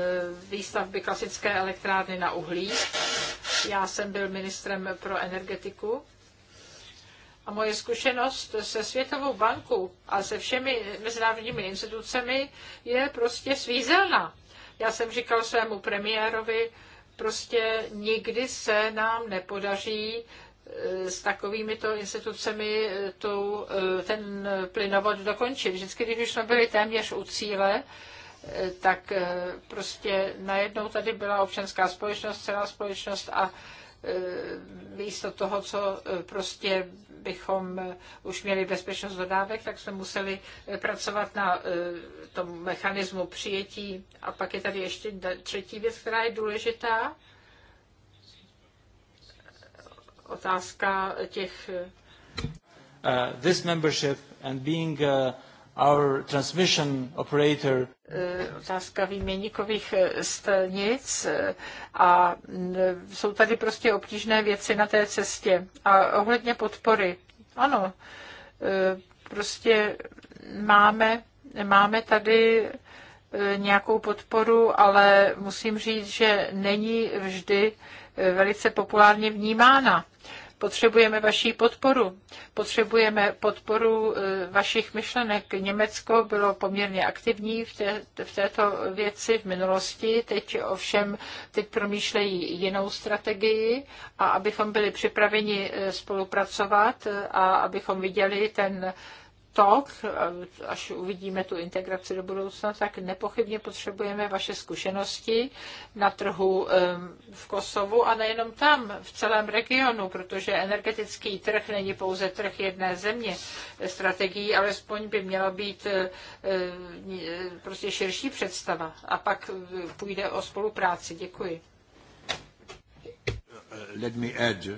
výstavby klasické elektrárny na uhlí. Já jsem byl ministrem pro energetiku a moje zkušenost se Světovou bankou a se všemi mezinárodními institucemi je prostě svízelná. Já jsem říkal svému premiérovi, prostě nikdy se nám nepodaří eh, s takovými to institucemi eh, tu, eh, ten plynovod dokončit. Vždycky, když už jsme byli téměř u cíle, tak prostě najednou tady byla občanská společnost, celá společnost a místo toho, co prostě abychom eh, už měli bezpečnost dodávek, tak jsme museli eh, pracovat na eh, tom mechanismu přijetí. A pak je tady ještě třetí věc, která je důležitá. Otázka těch. Uh, this membership and being uh, our transmission operator. E, otázka výměníkových e, stanic e, a jsou tady prostě obtížné věci na té cestě. A ohledně podpory, ano, prostě máme, máme tady nějakou podporu, ale musím říct, že není vždy velice populárně vnímána. Potřebujeme vaší podporu. Potřebujeme podporu e, vašich myšlenek. Německo bylo poměrně aktivní v, té, v této věci v minulosti. Teď ovšem teď promýšlejí jinou strategii a abychom byli připraveni e, spolupracovat e, a abychom viděli ten tok, eh, až uvidíme tu integraci do budoucna, tak nepochybně potřebujeme vaše zkušenosti na trhu v Kosovu a nejenom tam, v celém regionu, protože energetický trh není pouze trh jedné země. Strategií alespoň by měla být eh, eh, prostě širší představa a pak půjde o spolupráci. Děkuji. Let me add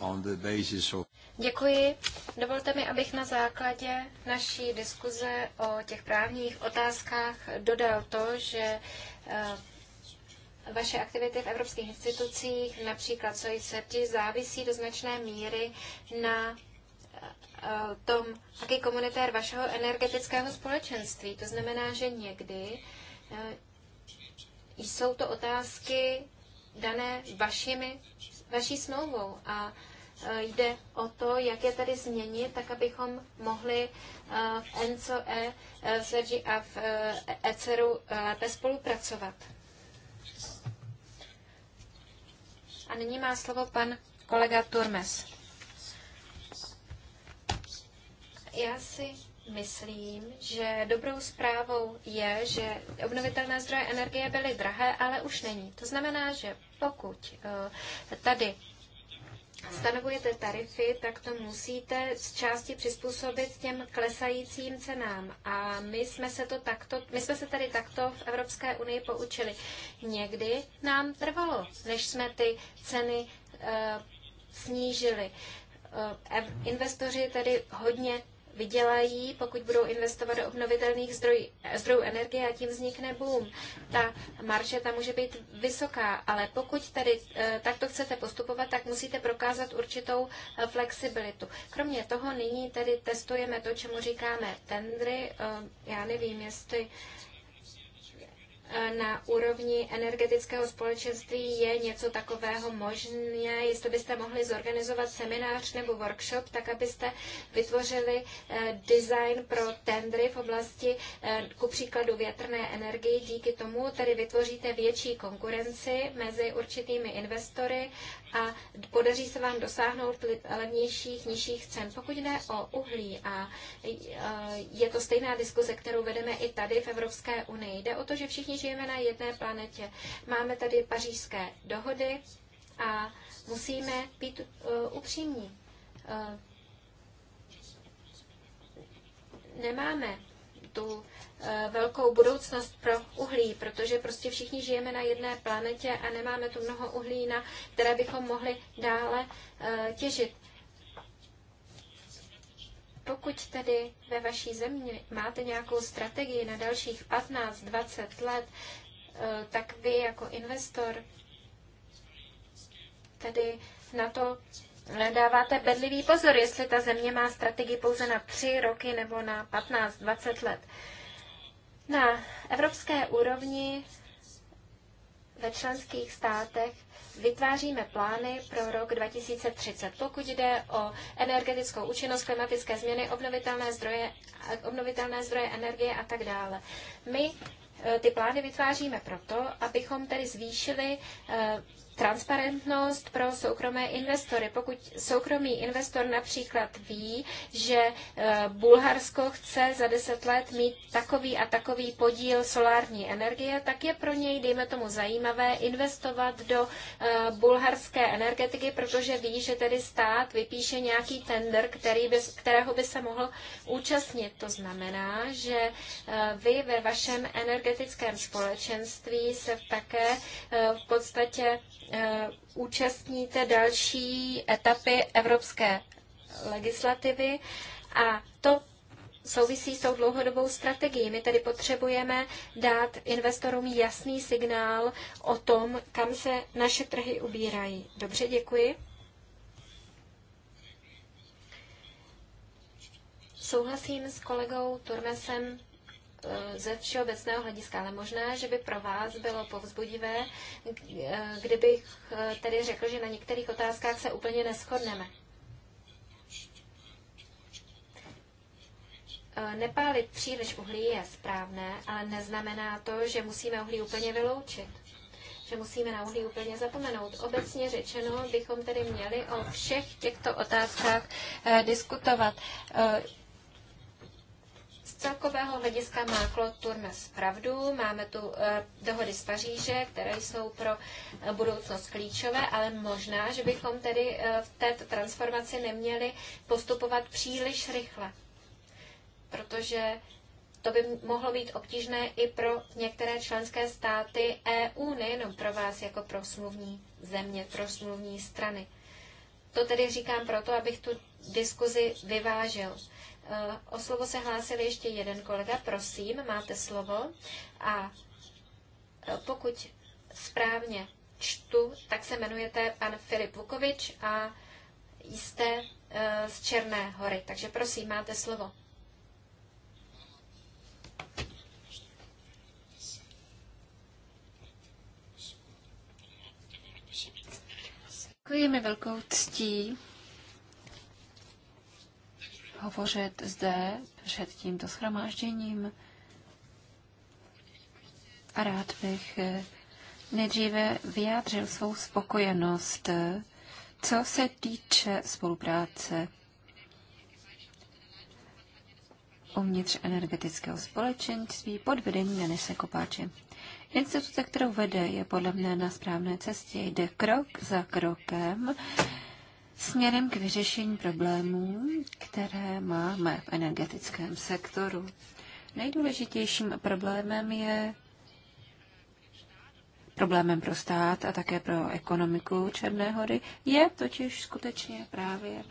on the basis of... Děkuji. Dovolte mi, abych na základě naší diskuze o těch právních otázkách dodal to, že eh, vaše aktivity v evropských institucích, například co ti, závisí do značné míry na eh, tom, jaký komunitér vašeho energetického společenství. To znamená, že někdy eh, jsou to otázky dané vašimi, vaší smlouvou a Eh, jde o to, jak je tady změnit, tak abychom mohli eh, v ENCOE, eh, v SERGI a v ECERu lépe spolupracovat. A nyní má slovo pan kolega Turmes. Já si myslím, že dobrou zprávou je, že obnovitelné zdroje energie byly drahé, ale už není. To znamená, že pokud tady stanovujete tarify, tak to musíte z části přizpůsobit těm klesajícím cenám. A my jsme se, to takto, my jsme se tady takto v Evropské unii poučili. Někdy nám trvalo, než jsme ty ceny uh, snížili. Uh, investoři tedy hodně vydělají, pokud budou investovat do obnovitelných zdroj, zdrojů energie a tím vznikne boom. Ta marže tam může být vysoká, ale pokud tady e, takto chcete postupovat, tak musíte prokázat určitou e, flexibilitu. Kromě toho nyní tedy testujeme to, čemu říkáme tendry. E, já nevím, jestli Eh, na úrovni energetického společenství je něco takového možné, jestli byste mohli zorganizovat seminář nebo workshop, tak abyste vytvořili eh, design pro tendry v oblasti eh, ku příkladu větrné energie. Díky tomu tedy vytvoříte větší konkurenci mezi určitými investory a podaří se vám dosáhnout levnějších, nižších cen. Pokud jde o uhlí a e, je to stejná diskuze, kterou vedeme i tady v Evropské unii, jde o to, že všichni žijeme na jedné planetě. Máme tady pařížské dohody a musíme být e, upřímní. E, nemáme tu eh, velkou budoucnost pro uhlí, protože prostě všichni žijeme na jedné planetě a nemáme tu mnoho uhlí, na které bychom mohli dále eh, těžit. Pokud tedy ve vaší zemi máte nějakou strategii na dalších 15-20 let, eh, tak vy jako investor tedy na to dáváte bedlivý pozor, jestli ta země má strategii pouze na tři roky nebo na 15-20 let. Na evropské úrovni ve členských státech vytváříme plány pro rok 2030, pokud jde o energetickou účinnost, klimatické změny, obnovitelné zdroje, obnovitelné zdroje energie a tak dále. My eh, ty plány vytváříme proto, abychom tedy zvýšili eh, transparentnost pro soukromé investory. Pokud soukromý investor například ví, že eh, Bulharsko chce za deset let mít takový a takový podíl solární energie, tak je pro něj, dejme tomu, zajímavé investovat do eh, bulharské energetiky, protože ví, že tedy stát vypíše nějaký tender, který by, kterého by se mohl účastnit. To znamená, že eh, vy ve vašem energetickém společenství se také v podstatě Eh, účastníte další etapy evropské legislativy a to souvisí s tou dlouhodobou strategií. My tedy potřebujeme dát investorům jasný signál o tom, kam se naše trhy ubírají. Dobře, děkuji. Souhlasím s kolegou Turmesem Eh, ze všeobecného hlediska, ale možná, že by pro vás bylo povzbudivé, eh, kdybych eh, tedy řekl, že na některých otázkách se úplně neschodneme. Nepálit příliš uhlí je správné, ale neznamená to, že musíme uhlí úplně vyloučit že musíme na uhlí úplně zapomenout. Obecně řečeno bychom tedy měli o všech těchto otázkách eh, diskutovat. Eh, celkového hlediska má Claude Turmes pravdu. Máme tu eh, dohody z Paříže, které jsou pro eh, budoucnost klíčové, ale možná, že bychom tedy eh, v této transformaci neměli postupovat příliš rychle, protože to by mohlo být obtížné i pro některé členské státy EU, nejenom pro vás jako pro smluvní země, pro smluvní strany. To tedy říkám proto, abych tu diskuzi vyvážil. Eh, o slovo se hlásil ještě jeden kolega. Prosím, máte slovo. A eh, pokud správně čtu, tak se jmenujete pan Filip Vukovič a jste eh, z Černé hory. Takže prosím, máte slovo. Děkuji mi velkou ctí hovořit zde před tímto schromážděním. A rád bych eh, nejdříve vyjádřil svou spokojenost, co se týče spolupráce uvnitř energetického společenství pod vedením Janise Kopáče. Instituce, kterou vede, je podle mě na správné cestě. Jde krok za krokem směrem k vyřešení problémů, které máme v energetickém sektoru. Nejdůležitějším problémem je problémem pro stát a také pro ekonomiku Černé hory je totiž skutečně právě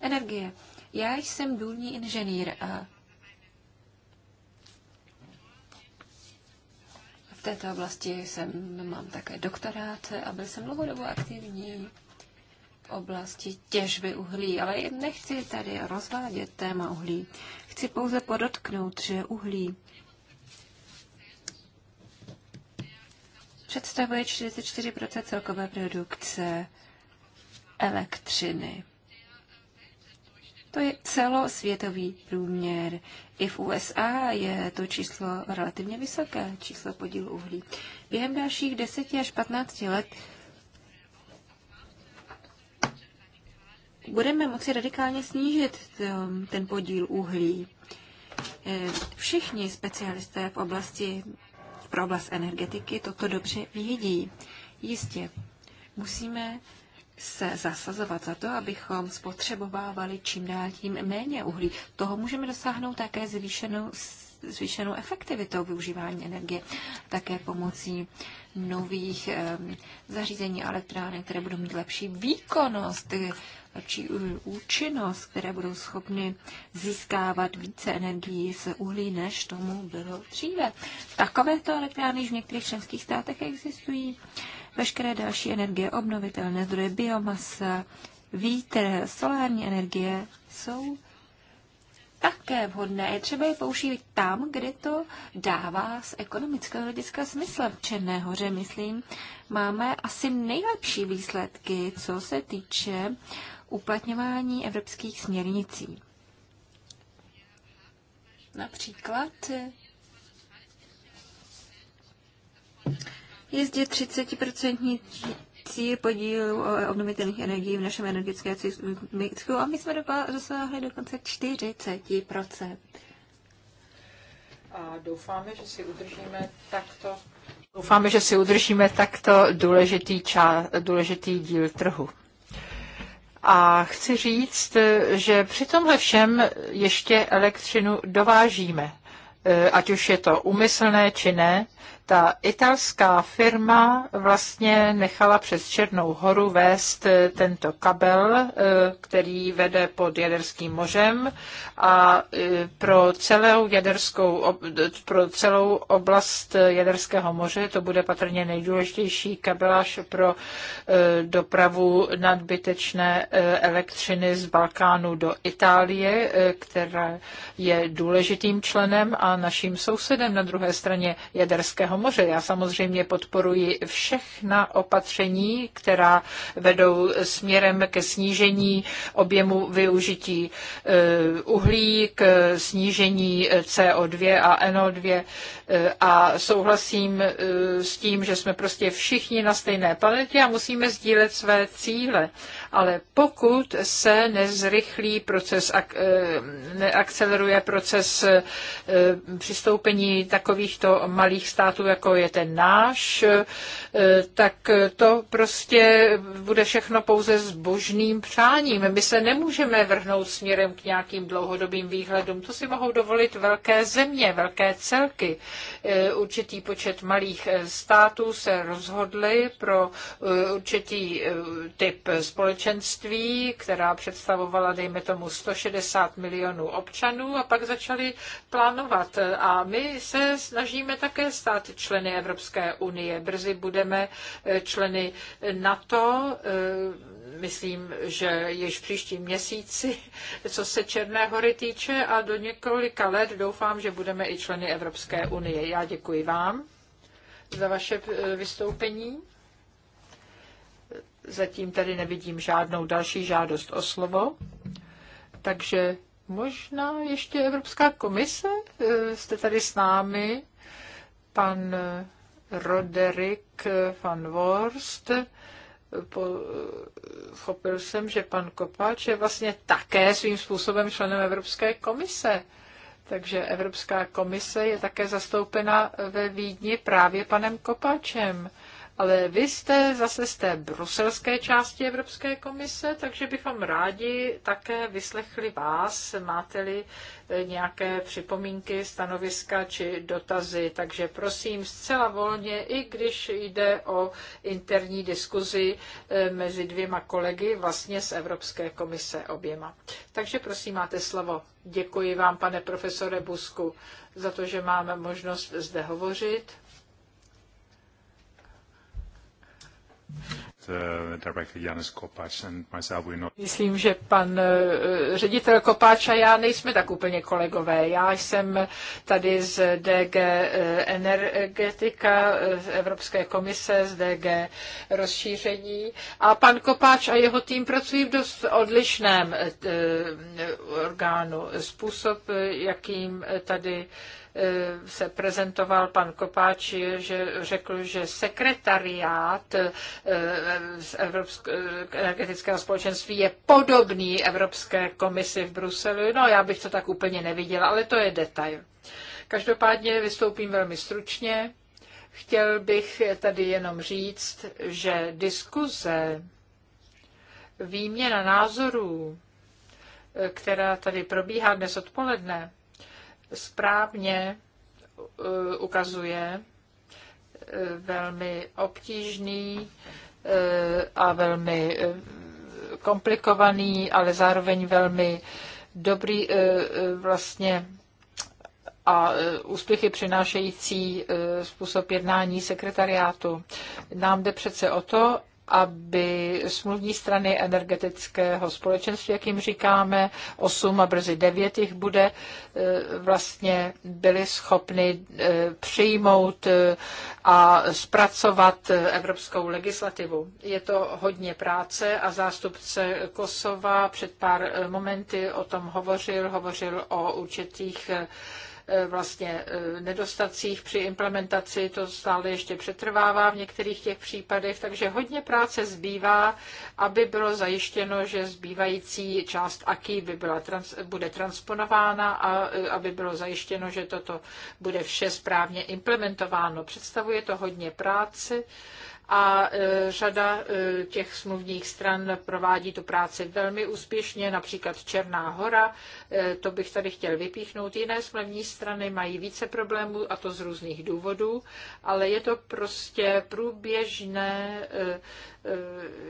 energie. Já jsem důlní inženýr a v této oblasti jsem, mám také doktorát a byl jsem dlouhodobo aktivní oblasti těžby uhlí, ale nechci tady rozvádět téma uhlí. Chci pouze podotknout, že uhlí představuje 44 celkové produkce elektřiny. To je celosvětový průměr. I v USA je to číslo relativně vysoké, číslo podílu uhlí. Během dalších 10 až 15 let budeme moci radikálně snížit ten podíl uhlí. Eh, všichni specialisté v oblasti, pro oblast energetiky toto dobře vědí. Jistě, musíme se zasazovat za to, abychom spotřebovávali čím dál tím méně uhlí. Toho můžeme dosáhnout také zvýšenou zvýšenou efektivitou využívání energie, také pomocí nových zařízení a které budou mít lepší výkonnost, lepší účinnost, které budou schopny získávat více energii z uhlí, než tomu bylo dříve. Takovéto elektrárny již v některých členských státech existují. Veškeré další energie, obnovitelné zdroje, biomasa, vítr, solární energie jsou také vhodné. Je třeba je použít tam, kde to dává z ekonomického hlediska smysl. V Černé hoře, myslím, máme asi nejlepší výsledky, co se týče uplatňování evropských směrnicí. Například eh, je zde 30% cíl podíl eh, obnovitelných energií v našem energetickém mixu a my jsme dosáhli dokonce 40 A doufáme, že si udržíme takto Doufáme, že si udržíme takto důležitý, ča, důležitý díl trhu. A chci říct, že při tomhle všem ještě elektřinu dovážíme, eh, ať už je to umyslné či ne, ta italská firma vlastně nechala přes Černou horu vést eh, tento kabel, eh, který vede pod Jaderským mořem a eh, pro celou, jaderskou, pro celou oblast Jaderského moře to bude patrně nejdůležitější kabeláž pro dopravu nadbytečné elektřiny z Balkánu do Itálie, která je důležitým členem a naším sousedem na druhé straně Jaderského moře moře. Já samozřejmě podporuji všechna opatření, která vedou směrem ke snížení objemu využití eh, uhlí, k snížení eh, CO2 a NO2 eh, a souhlasím s tím, že jsme prostě všichni na stejné planetě a musíme sdílet své cíle. Ale pokud se nezrychlí proces, neakceleruje proces přistoupení takovýchto malých států státu, jako je ten náš, eh, tak to prostě bude všechno pouze s božným přáním. My se nemůžeme vrhnout směrem k nějakým dlouhodobým výhledům. To si mohou dovolit velké země, velké celky. Eh, určitý počet malých eh, států se rozhodly pro určitý typ společenství, která představovala, dejme tomu, 160 milionů občanů a pak začali plánovat. A my se snažíme také stát členy Evropské unie. Brzy budeme eh, členy NATO, eh, myslím, že již příštím měsíci, co se Černé hory týče a do několika let doufám, že budeme i členy Evropské unie. Já děkuji vám za vaše eh, vystoupení. Zatím tady nevidím žádnou další žádost o slovo. Takže možná ještě Evropská komise, jste tady s námi pan Roderick van Worst, chopil jsem, že pan Kopáč je vlastně také svým způsobem členem Evropské komise. Takže Evropská komise je také zastoupena ve Vídni právě panem Kopáčem ale vy jste zase z té bruselské části Evropské komise, takže bychom rádi také vyslechli vás, máte-li eh, nějaké připomínky, stanoviska či dotazy. Takže prosím zcela volně, i když jde o interní diskuzi eh, mezi dvěma kolegy, vlastně z Evropské komise oběma. Takže prosím, máte slovo. Děkuji vám, pane profesore Busku, za to, že máme možnost zde hovořit Uh, Myslím, že pan uh, ředitel Kopáč a já nejsme tak úplně kolegové. Já jsem tady z DG uh, Energetika, z Evropské komise, z DG Rozšíření a pan Kopáč a jeho tým pracují v dost odlišném orgánu. Způsob, jakým tady Eh, se prezentoval pan Kopáč, že řekl, že sekretariát eh, z Evropsk- eh, energetického společenství je podobný Evropské komisi v Bruselu. No, já bych to tak úplně neviděla, ale to je detail. Každopádně vystoupím velmi stručně. Chtěl bych tady jenom říct, že diskuze, výměna názorů, která tady probíhá dnes odpoledne, správně eh, ukazuje eh, velmi obtížný eh, a velmi komplikovaný, ale zároveň velmi dobrý vlastně a úspěchy přinášející způsob jednání sekretariátu. Nám jde přece o to, aby smluvní strany energetického společenství, jak jim říkáme, 8 a brzy 9 jich bude, e, vlastně byly schopny e, přijmout e, a zpracovat evropskou legislativu. Je to hodně práce a zástupce Kosova před pár momenty o tom hovořil, hovořil o určitých E, vlastně e, nedostacích při implementaci, to stále ještě přetrvává v některých těch případech, takže hodně práce zbývá, aby bylo zajištěno, že zbývající část AKI by byla trans, bude transponována a e, aby bylo zajištěno, že toto bude vše správně implementováno. Představuje to hodně práce a e, řada e, těch smluvních stran provádí tu práci velmi úspěšně, například Černá hora, e, to bych tady chtěl vypíchnout. Jiné smluvní strany mají více problémů a to z různých důvodů, ale je to prostě průběžné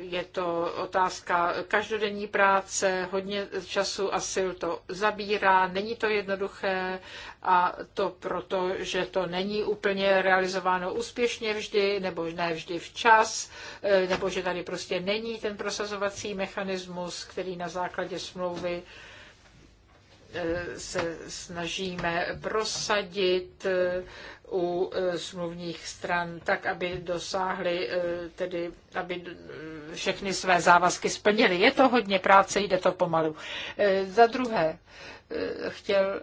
je to otázka každodenní práce, hodně času a sil to zabírá, není to jednoduché a to proto, že to není úplně realizováno úspěšně vždy, nebo ne vždy včas, eh, nebo že tady prostě není ten prosazovací mechanismus, který na základě smlouvy eh, se snažíme prosadit eh, u e, smluvních stran, tak aby dosáhly, e, tedy aby e, všechny své závazky splnili. Je to hodně práce, jde to pomalu. Za druhé, chtěl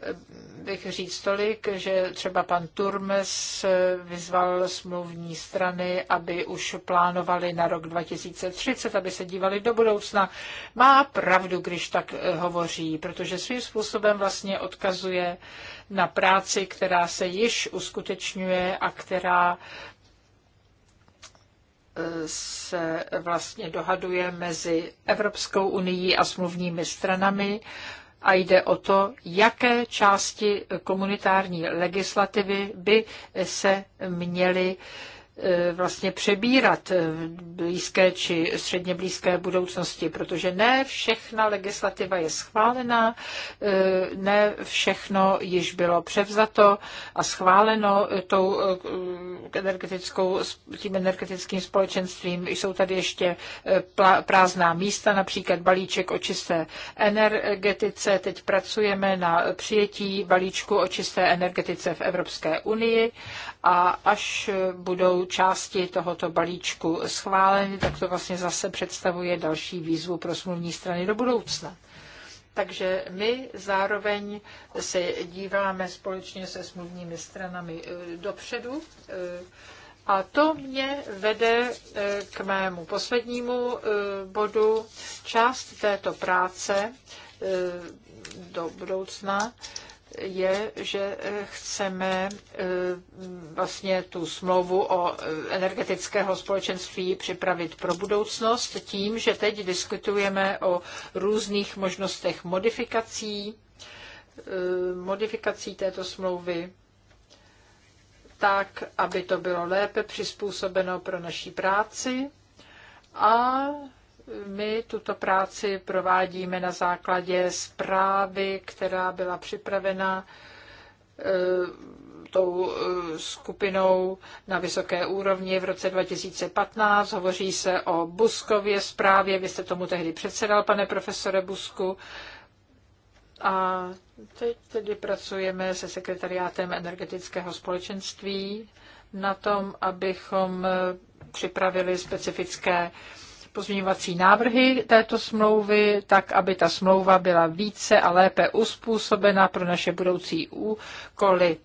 bych říct tolik, že třeba pan Turmes vyzval smluvní strany, aby už plánovali na rok 2030, aby se dívali do budoucna. Má pravdu, když tak hovoří, protože svým způsobem vlastně odkazuje na práci, která se již uskutečňuje a která eh, se vlastně dohaduje mezi Evropskou unii a smluvními stranami a jde o to, jaké části komunitární legislativy by se měly uh, E, vlastně přebírat v e, blízké či středně blízké budoucnosti, protože ne všechna legislativa je schválená, e, ne všechno již bylo převzato a schváleno tou energetickou, tím energetickým společenstvím. Jsou tady ještě prázdná místa, například balíček o čisté energetice. Teď pracujeme na přijetí balíčku o čisté energetice v Evropské unii a až budou části tohoto balíčku schváleny, tak to vlastně zase představuje další výzvu pro smluvní strany do budoucna. Takže my zároveň se díváme společně se smluvními stranami eh, dopředu. Eh, a to mě vede eh, k mému poslednímu bodu. Část této práce do budoucna je, že eh, chceme eh, vlastně tu smlouvu o eh, energetického společenství připravit pro budoucnost tím, že teď diskutujeme o různých možnostech modifikací, modifikací této smlouvy tak, aby to bylo lépe přizpůsobeno pro naší práci a my tuto práci provádíme na základě zprávy, která byla připravena eh, tou eh, skupinou na vysoké úrovni v roce 2015. Hovoří se o Buskově zprávě. Vy jste tomu tehdy předsedal, pane profesore Busku. A teď tedy pracujeme se sekretariátem energetického společenství na tom, abychom eh, připravili specifické pozměňovací návrhy této smlouvy, tak aby ta smlouva byla více a lépe uspůsobena pro naše budoucí úkoly.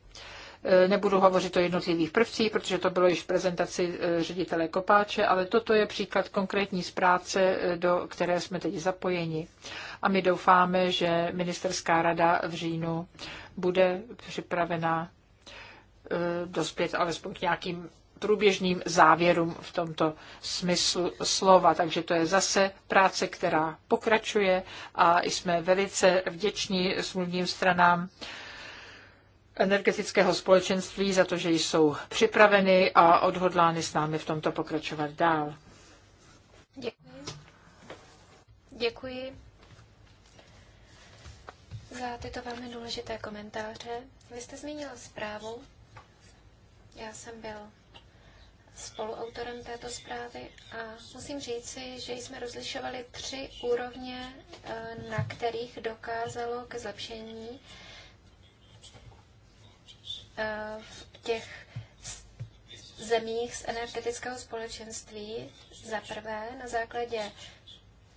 E, nebudu hovořit o jednotlivých prvcích, protože to bylo již v prezentaci e, ředitele Kopáče, ale toto je příklad konkrétní z práce, e, do které jsme teď zapojeni. A my doufáme, že ministerská rada v říjnu bude připravena dospět alespoň k nějakým průběžným závěrům v tomto smyslu slova. Takže to je zase práce, která pokračuje a jsme velice vděční smluvním stranám energetického společenství za to, že jsou připraveny a odhodlány s námi v tomto pokračovat dál. Děkuji. Děkuji za tyto velmi důležité komentáře. Vy jste zmínila zprávu. Já jsem byl spoluautorem této zprávy a musím říci, že jsme rozlišovali tři úrovně, eh, na kterých dokázalo ke zlepšení eh, v těch zemích z energetického společenství. Za prvé na základě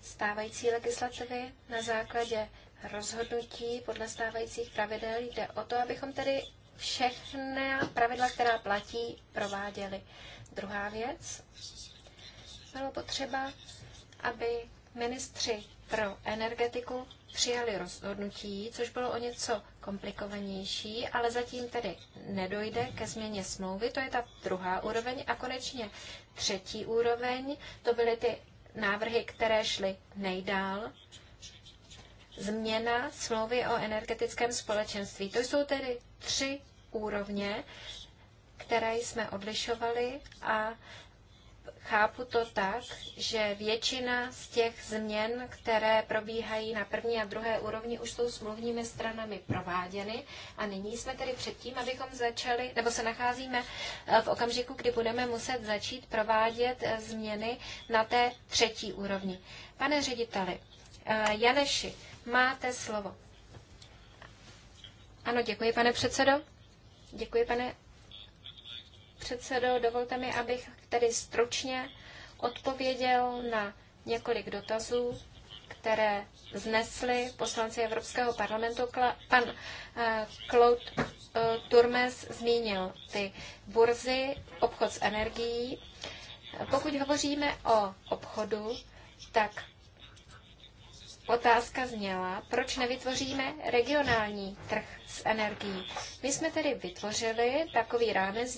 stávající legislativy, na základě rozhodnutí podle stávajících pravidel jde o to, abychom tedy všechna pravidla, která platí, prováděli. Druhá věc, bylo potřeba, aby ministři pro energetiku přijali rozhodnutí, což bylo o něco komplikovanější, ale zatím tedy nedojde ke změně smlouvy, to je ta druhá úroveň. A konečně třetí úroveň, to byly ty návrhy, které šly nejdál. Změna smlouvy o energetickém společenství. To jsou tedy tři úrovně, které jsme odlišovali a chápu to tak, že většina z těch změn, které probíhají na první a druhé úrovni, už jsou smluvními stranami prováděny a nyní jsme tedy předtím, abychom začali, nebo se nacházíme eh, v okamžiku, kdy budeme muset začít provádět eh, změny na té třetí úrovni. Pane řediteli, eh, Janeši, máte slovo. Ano, děkuji, pane předsedo. Děkuji, pane předsedo. Dovolte mi, abych tedy stručně odpověděl na několik dotazů, které znesly poslanci Evropského parlamentu. Pan eh, Claude eh, Turmes zmínil ty burzy, obchod s energií. Pokud hovoříme o obchodu, tak otázka zněla, proč nevytvoříme regionální trh s energií. My jsme tedy vytvořili takový rámec,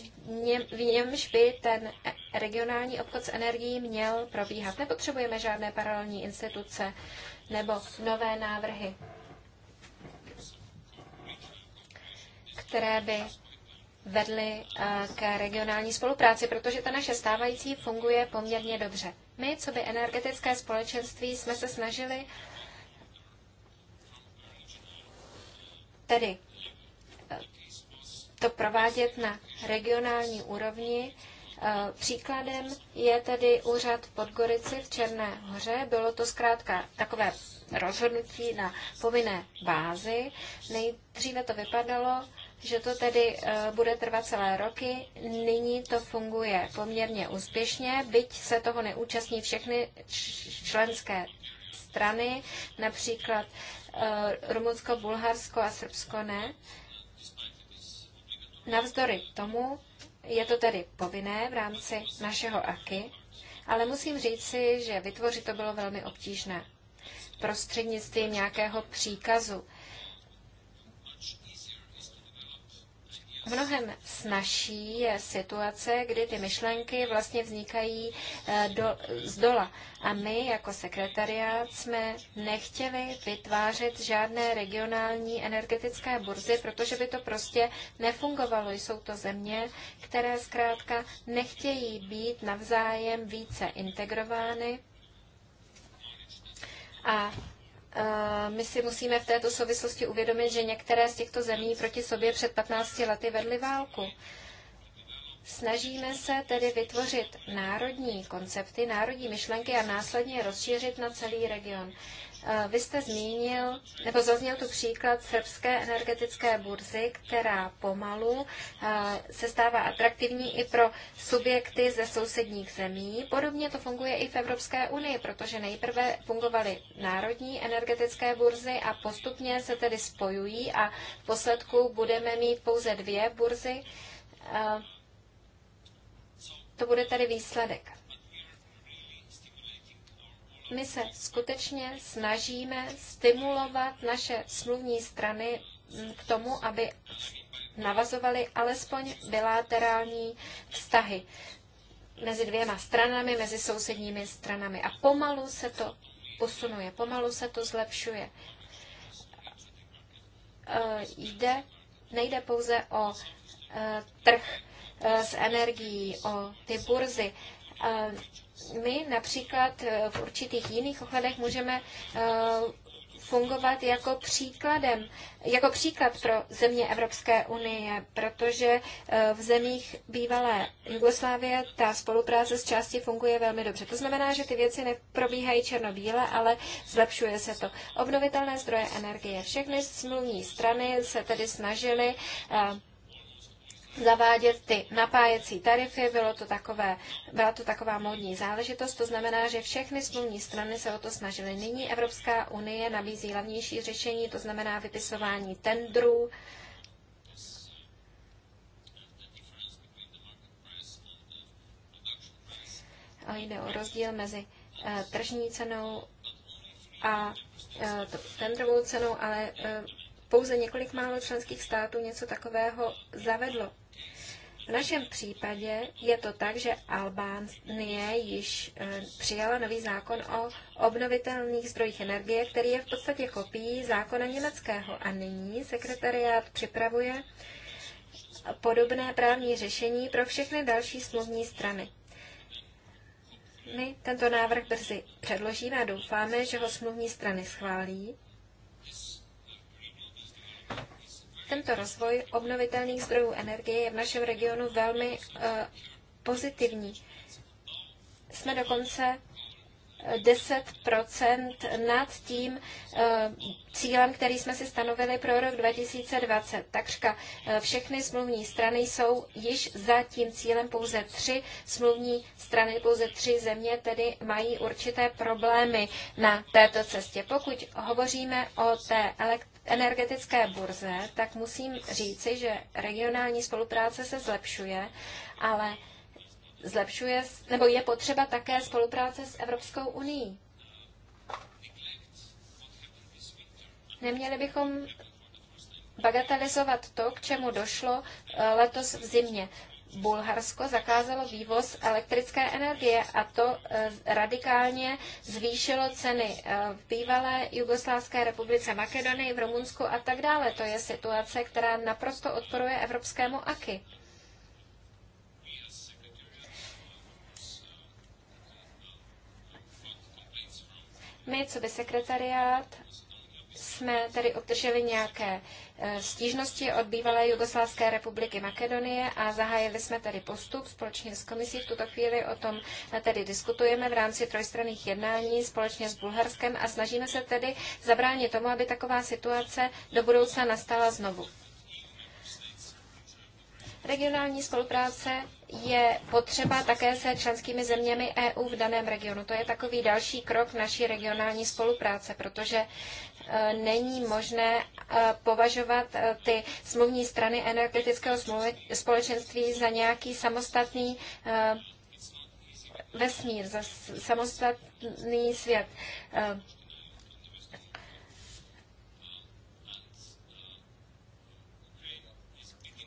v němž by ten regionální obchod s energií měl probíhat. Nepotřebujeme žádné paralelní instituce nebo nové návrhy, které by vedly eh, k regionální spolupráci, protože ta naše stávající funguje poměrně dobře. My, co by energetické společenství, jsme se snažili tedy eh, to provádět na regionální úrovni. Eh, příkladem je tedy úřad v Podgorici v Černé hoře. Bylo to zkrátka takové rozhodnutí na povinné bázi. Nejdříve to vypadalo, že to tedy eh, bude trvat celé roky. Nyní to funguje poměrně úspěšně, byť se toho neúčastní všechny členské strany, například Eh, Rumunsko, Bulharsko a Srbsko ne. Navzdory tomu je to tedy povinné v rámci našeho AKY, ale musím říci, že vytvořit to bylo velmi obtížné prostřednictvím nějakého příkazu Mnohem snažší je situace, kdy ty myšlenky vlastně vznikají eh, do, z dola. A my jako sekretariát jsme nechtěli vytvářet žádné regionální energetické burzy, protože by to prostě nefungovalo. Jsou to země, které zkrátka nechtějí být navzájem více integrovány a Eh, my si musíme v této souvislosti uvědomit, že některé z těchto zemí proti sobě před 15 lety vedly válku. Snažíme se tedy vytvořit národní koncepty, národní myšlenky a následně je rozšířit na celý region. Eh, vy jste zmínil, nebo zazněl tu příklad srbské energetické burzy, která pomalu eh, se stává atraktivní i pro subjekty ze sousedních zemí. Podobně to funguje i v Evropské unii, protože nejprve fungovaly národní energetické burzy a postupně se tedy spojují a v posledku budeme mít pouze dvě burzy. Eh, to bude tedy výsledek my se skutečně snažíme stimulovat naše smluvní strany k tomu, aby navazovali alespoň bilaterální vztahy mezi dvěma stranami, mezi sousedními stranami. A pomalu se to posunuje, pomalu se to zlepšuje. Eh, jde, nejde pouze o eh, trh eh, s energií, o ty burzy my například eh, v určitých jiných ohledech můžeme eh, fungovat jako příkladem, jako příklad pro země Evropské unie, protože eh, v zemích bývalé Jugoslávie ta spolupráce s části funguje velmi dobře. To znamená, že ty věci neprobíhají černobíle, ale zlepšuje se to. Obnovitelné zdroje energie. Všechny smluvní strany se tedy snažily zavádět ty napájecí tarify, bylo to takové, byla to taková módní záležitost, to znamená, že všechny smluvní strany se o to snažily. Nyní Evropská unie nabízí levnější řešení, to znamená vypisování tendrů, A jde o rozdíl mezi eh, tržní cenou a eh, tendrovou cenou, ale eh, pouze několik málo členských států něco takového zavedlo. V našem případě je to tak, že Albánie již eh, přijala nový zákon o obnovitelných zdrojích energie, který je v podstatě kopií zákona německého. A nyní sekretariát připravuje podobné právní řešení pro všechny další smluvní strany. My tento návrh brzy předložíme a doufáme, že ho smluvní strany schválí. Tento rozvoj obnovitelných zdrojů energie je v našem regionu velmi eh, pozitivní. Jsme dokonce 10 eh, nad tím eh, cílem, který jsme si stanovili pro rok 2020. Takřka všechny smluvní strany jsou již za tím cílem pouze tři smluvní strany, pouze tři země tedy mají určité problémy na této cestě. Pokud hovoříme o té elektronické, energetické burze, tak musím říci, že regionální spolupráce se zlepšuje, ale zlepšuje, nebo je potřeba také spolupráce s Evropskou unii. Neměli bychom bagatelizovat to, k čemu došlo eh, letos v zimě. Bulharsko zakázalo vývoz elektrické energie a to eh, radikálně zvýšilo ceny eh, v bývalé Jugoslávské republice Makedonii, v Rumunsku a tak dále. To je situace, která naprosto odporuje evropskému AKI. My, co by sekretariát jsme tady obdrželi nějaké e, stížnosti od bývalé Jugoslávské republiky Makedonie a zahájili jsme tady postup společně s komisí. V tuto chvíli o tom e, tedy diskutujeme v rámci trojstranných jednání společně s Bulharskem a snažíme se tedy zabránit tomu, aby taková situace do budoucna nastala znovu. Regionální spolupráce je potřeba také se členskými zeměmi EU v daném regionu. To je takový další krok naší regionální spolupráce, protože Eh, není možné eh, považovat eh, ty smluvní strany energetického společenství za nějaký samostatný vesmír, za samostatný svět.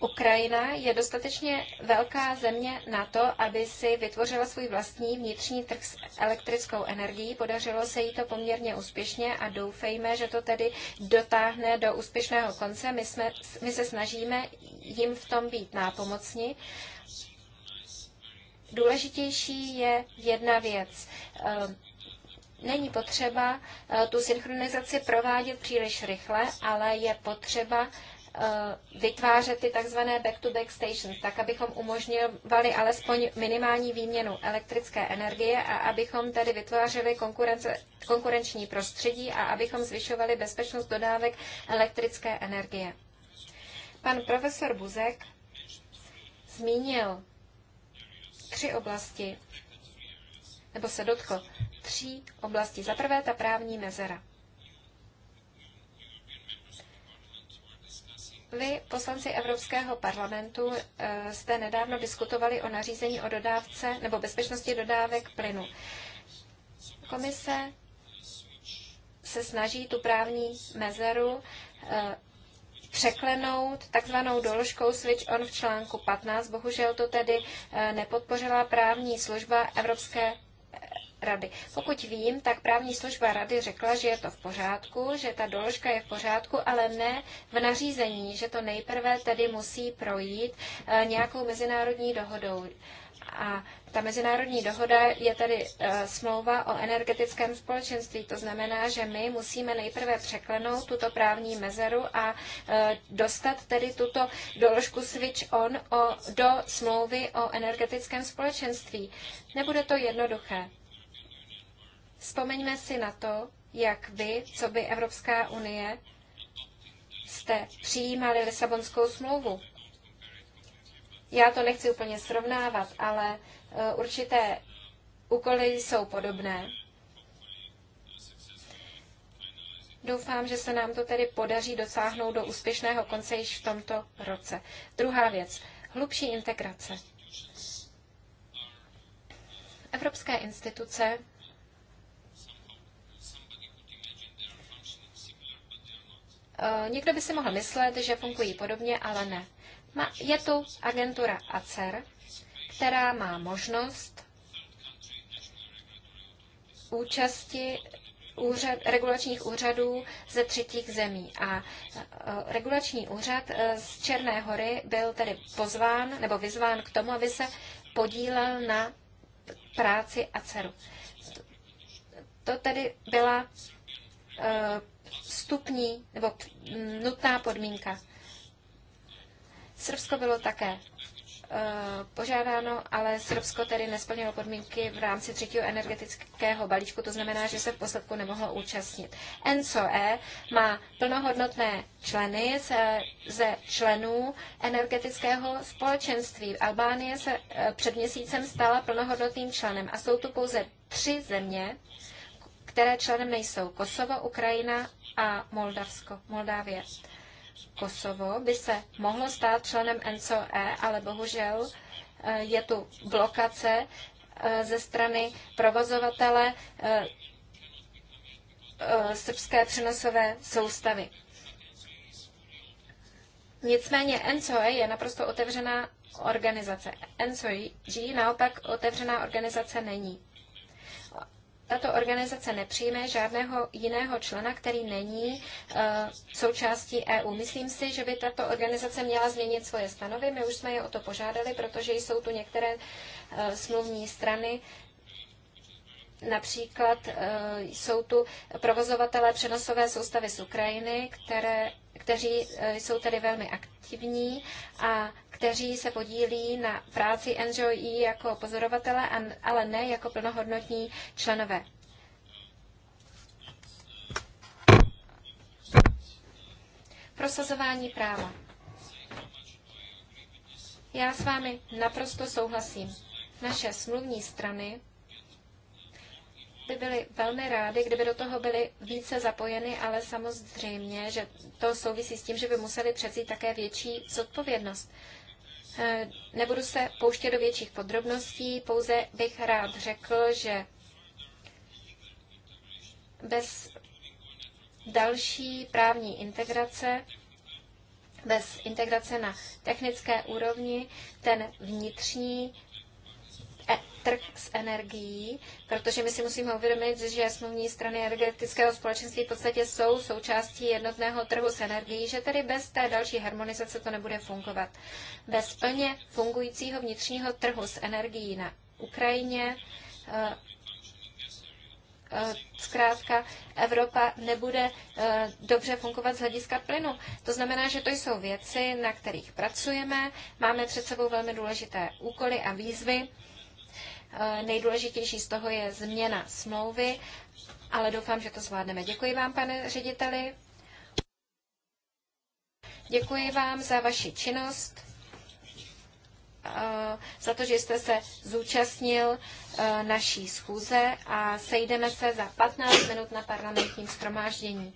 Ukrajina je dostatečně velká země na to, aby si vytvořila svůj vlastní vnitřní trh s elektrickou energií. Podařilo se jí to poměrně úspěšně a doufejme, že to tedy dotáhne do úspěšného konce. My, jsme, my se snažíme jim v tom být nápomocni. Důležitější je jedna věc eh, není potřeba eh, tu synchronizaci provádět příliš rychle, ale je potřeba Eh, vytvářet ty tzv. back-to-back stations, tak abychom umožňovali alespoň minimální výměnu elektrické energie a abychom tedy vytvářeli konkurenční prostředí a abychom zvyšovali bezpečnost dodávek elektrické energie. Pan profesor Buzek zmínil tři oblasti, nebo se dotkl tří oblastí. Za prvé ta právní mezera. Vy, poslanci Evropského parlamentu, jste eh, nedávno diskutovali o nařízení o dodávce nebo bezpečnosti dodávek plynu. Komise se snaží tu právní mezeru eh, překlenout takzvanou doložkou switch on v článku 15. Bohužel to tedy eh, nepodpořila právní služba Evropské rady. Pokud vím, tak právní služba rady řekla, že je to v pořádku, že ta doložka je v pořádku, ale ne v nařízení, že to nejprve tedy musí projít eh, nějakou mezinárodní dohodou. A ta mezinárodní dohoda je tady e, eh, smlouva o energetickém společenství. To znamená, že my musíme nejprve překlenout tuto právní mezeru a e, dostat tedy tuto doložku switch on o, do smlouvy o energetickém společenství. Nebude to jednoduché. Vzpomeňme si na to, jak vy, co by Evropská unie, jste přijímali Lisabonskou smlouvu. Já to nechci úplně srovnávat, ale eh, určité úkoly jsou podobné. Doufám, že se nám to tedy podaří dosáhnout do úspěšného konce již v tomto roce. Druhá věc. Hlubší integrace. Evropské instituce Eh, někdo by si mohl myslet, že fungují podobně, ale ne. Je tu agentura ACER, která má možnost účasti úřad, regulačních úřadů ze třetích zemí. A eh, regulační úřad eh, z Černé hory byl tedy pozván nebo vyzván k tomu, aby se podílel na práci ACERu. To tedy byla vstupní nebo mm, nutná podmínka. Srbsko bylo také eh, požádáno, ale Srbsko tedy nesplnilo podmínky v rámci třetího energetického balíčku, to znamená, že se v posledku nemohlo účastnit. NCOE má plnohodnotné členy ze, ze členů energetického společenství. Albánie se eh, před měsícem stala plnohodnotným členem a jsou tu pouze tři země, které členem nejsou. Kosovo, Ukrajina a Moldavsko, Moldávie. Kosovo by se mohlo stát členem NCOE, ale bohužel eh, je tu blokace eh, ze strany provozovatele eh, srbské přenosové soustavy. Nicméně NCOE je naprosto otevřená organizace. NCOG e naopak otevřená organizace není tato organizace nepřijme žádného jiného člena, který není eh, součástí EU. Myslím si, že by tato organizace měla změnit svoje stanovy. My už jsme je o to požádali, protože jsou tu některé eh, smluvní strany, Například eh, jsou tu provozovatelé přenosové soustavy z Ukrajiny, které, kteří jsou tedy velmi aktivní a kteří se podílí na práci NGOI jako pozorovatele, ale ne jako plnohodnotní členové. Prosazování práva. Já s vámi naprosto souhlasím. Naše smluvní strany by byly velmi rády, kdyby do toho byly více zapojeny, ale samozřejmě, že to souvisí s tím, že by museli převzít také větší zodpovědnost. Eh, nebudu se pouštět do větších podrobností, pouze bych rád řekl, že bez další právní integrace, bez integrace na technické úrovni, ten vnitřní E, trh s energií, protože my si musíme uvědomit, že smluvní strany energetického společenství v podstatě jsou součástí jednotného trhu s energií, že tedy bez té další harmonizace to nebude fungovat. Bez plně fungujícího vnitřního trhu s energií na Ukrajině e, e, zkrátka Evropa nebude dobře fungovat z hlediska plynu. To znamená, že to jsou věci, na kterých pracujeme. Máme před sebou velmi důležité úkoly a výzvy. Eh, nejdůležitější z toho je změna smlouvy, ale doufám, že to zvládneme. Děkuji vám, pane řediteli. Děkuji vám za vaši činnost, eh, za to, že jste se zúčastnil eh, naší schůze a sejdeme se za 15 minut na parlamentním schromáždění.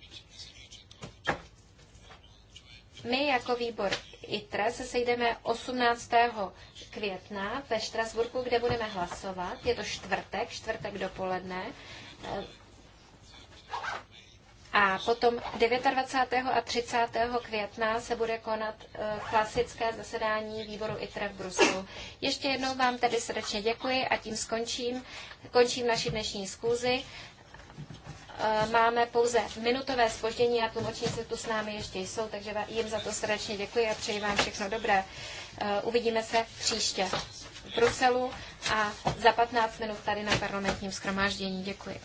My jako výbor ITRE se sejdeme 18 května ve Štrasburku, kde budeme hlasovat. Je to čtvrtek, čtvrtek dopoledne. A potom 29. a 30. května se bude konat eh, klasické zasedání výboru ITRE v Bruselu. Ještě jednou vám tedy srdečně děkuji a tím skončím, končím naši dnešní zkůzi. Eh, máme pouze minutové spoždění a tlumočníci tu s námi ještě jsou, takže jim za to srdečně děkuji a přeji vám všechno dobré. Eh, uvidíme se příště v Bruselu a za 15 minut tady na parlamentním schromáždění. Děkuji.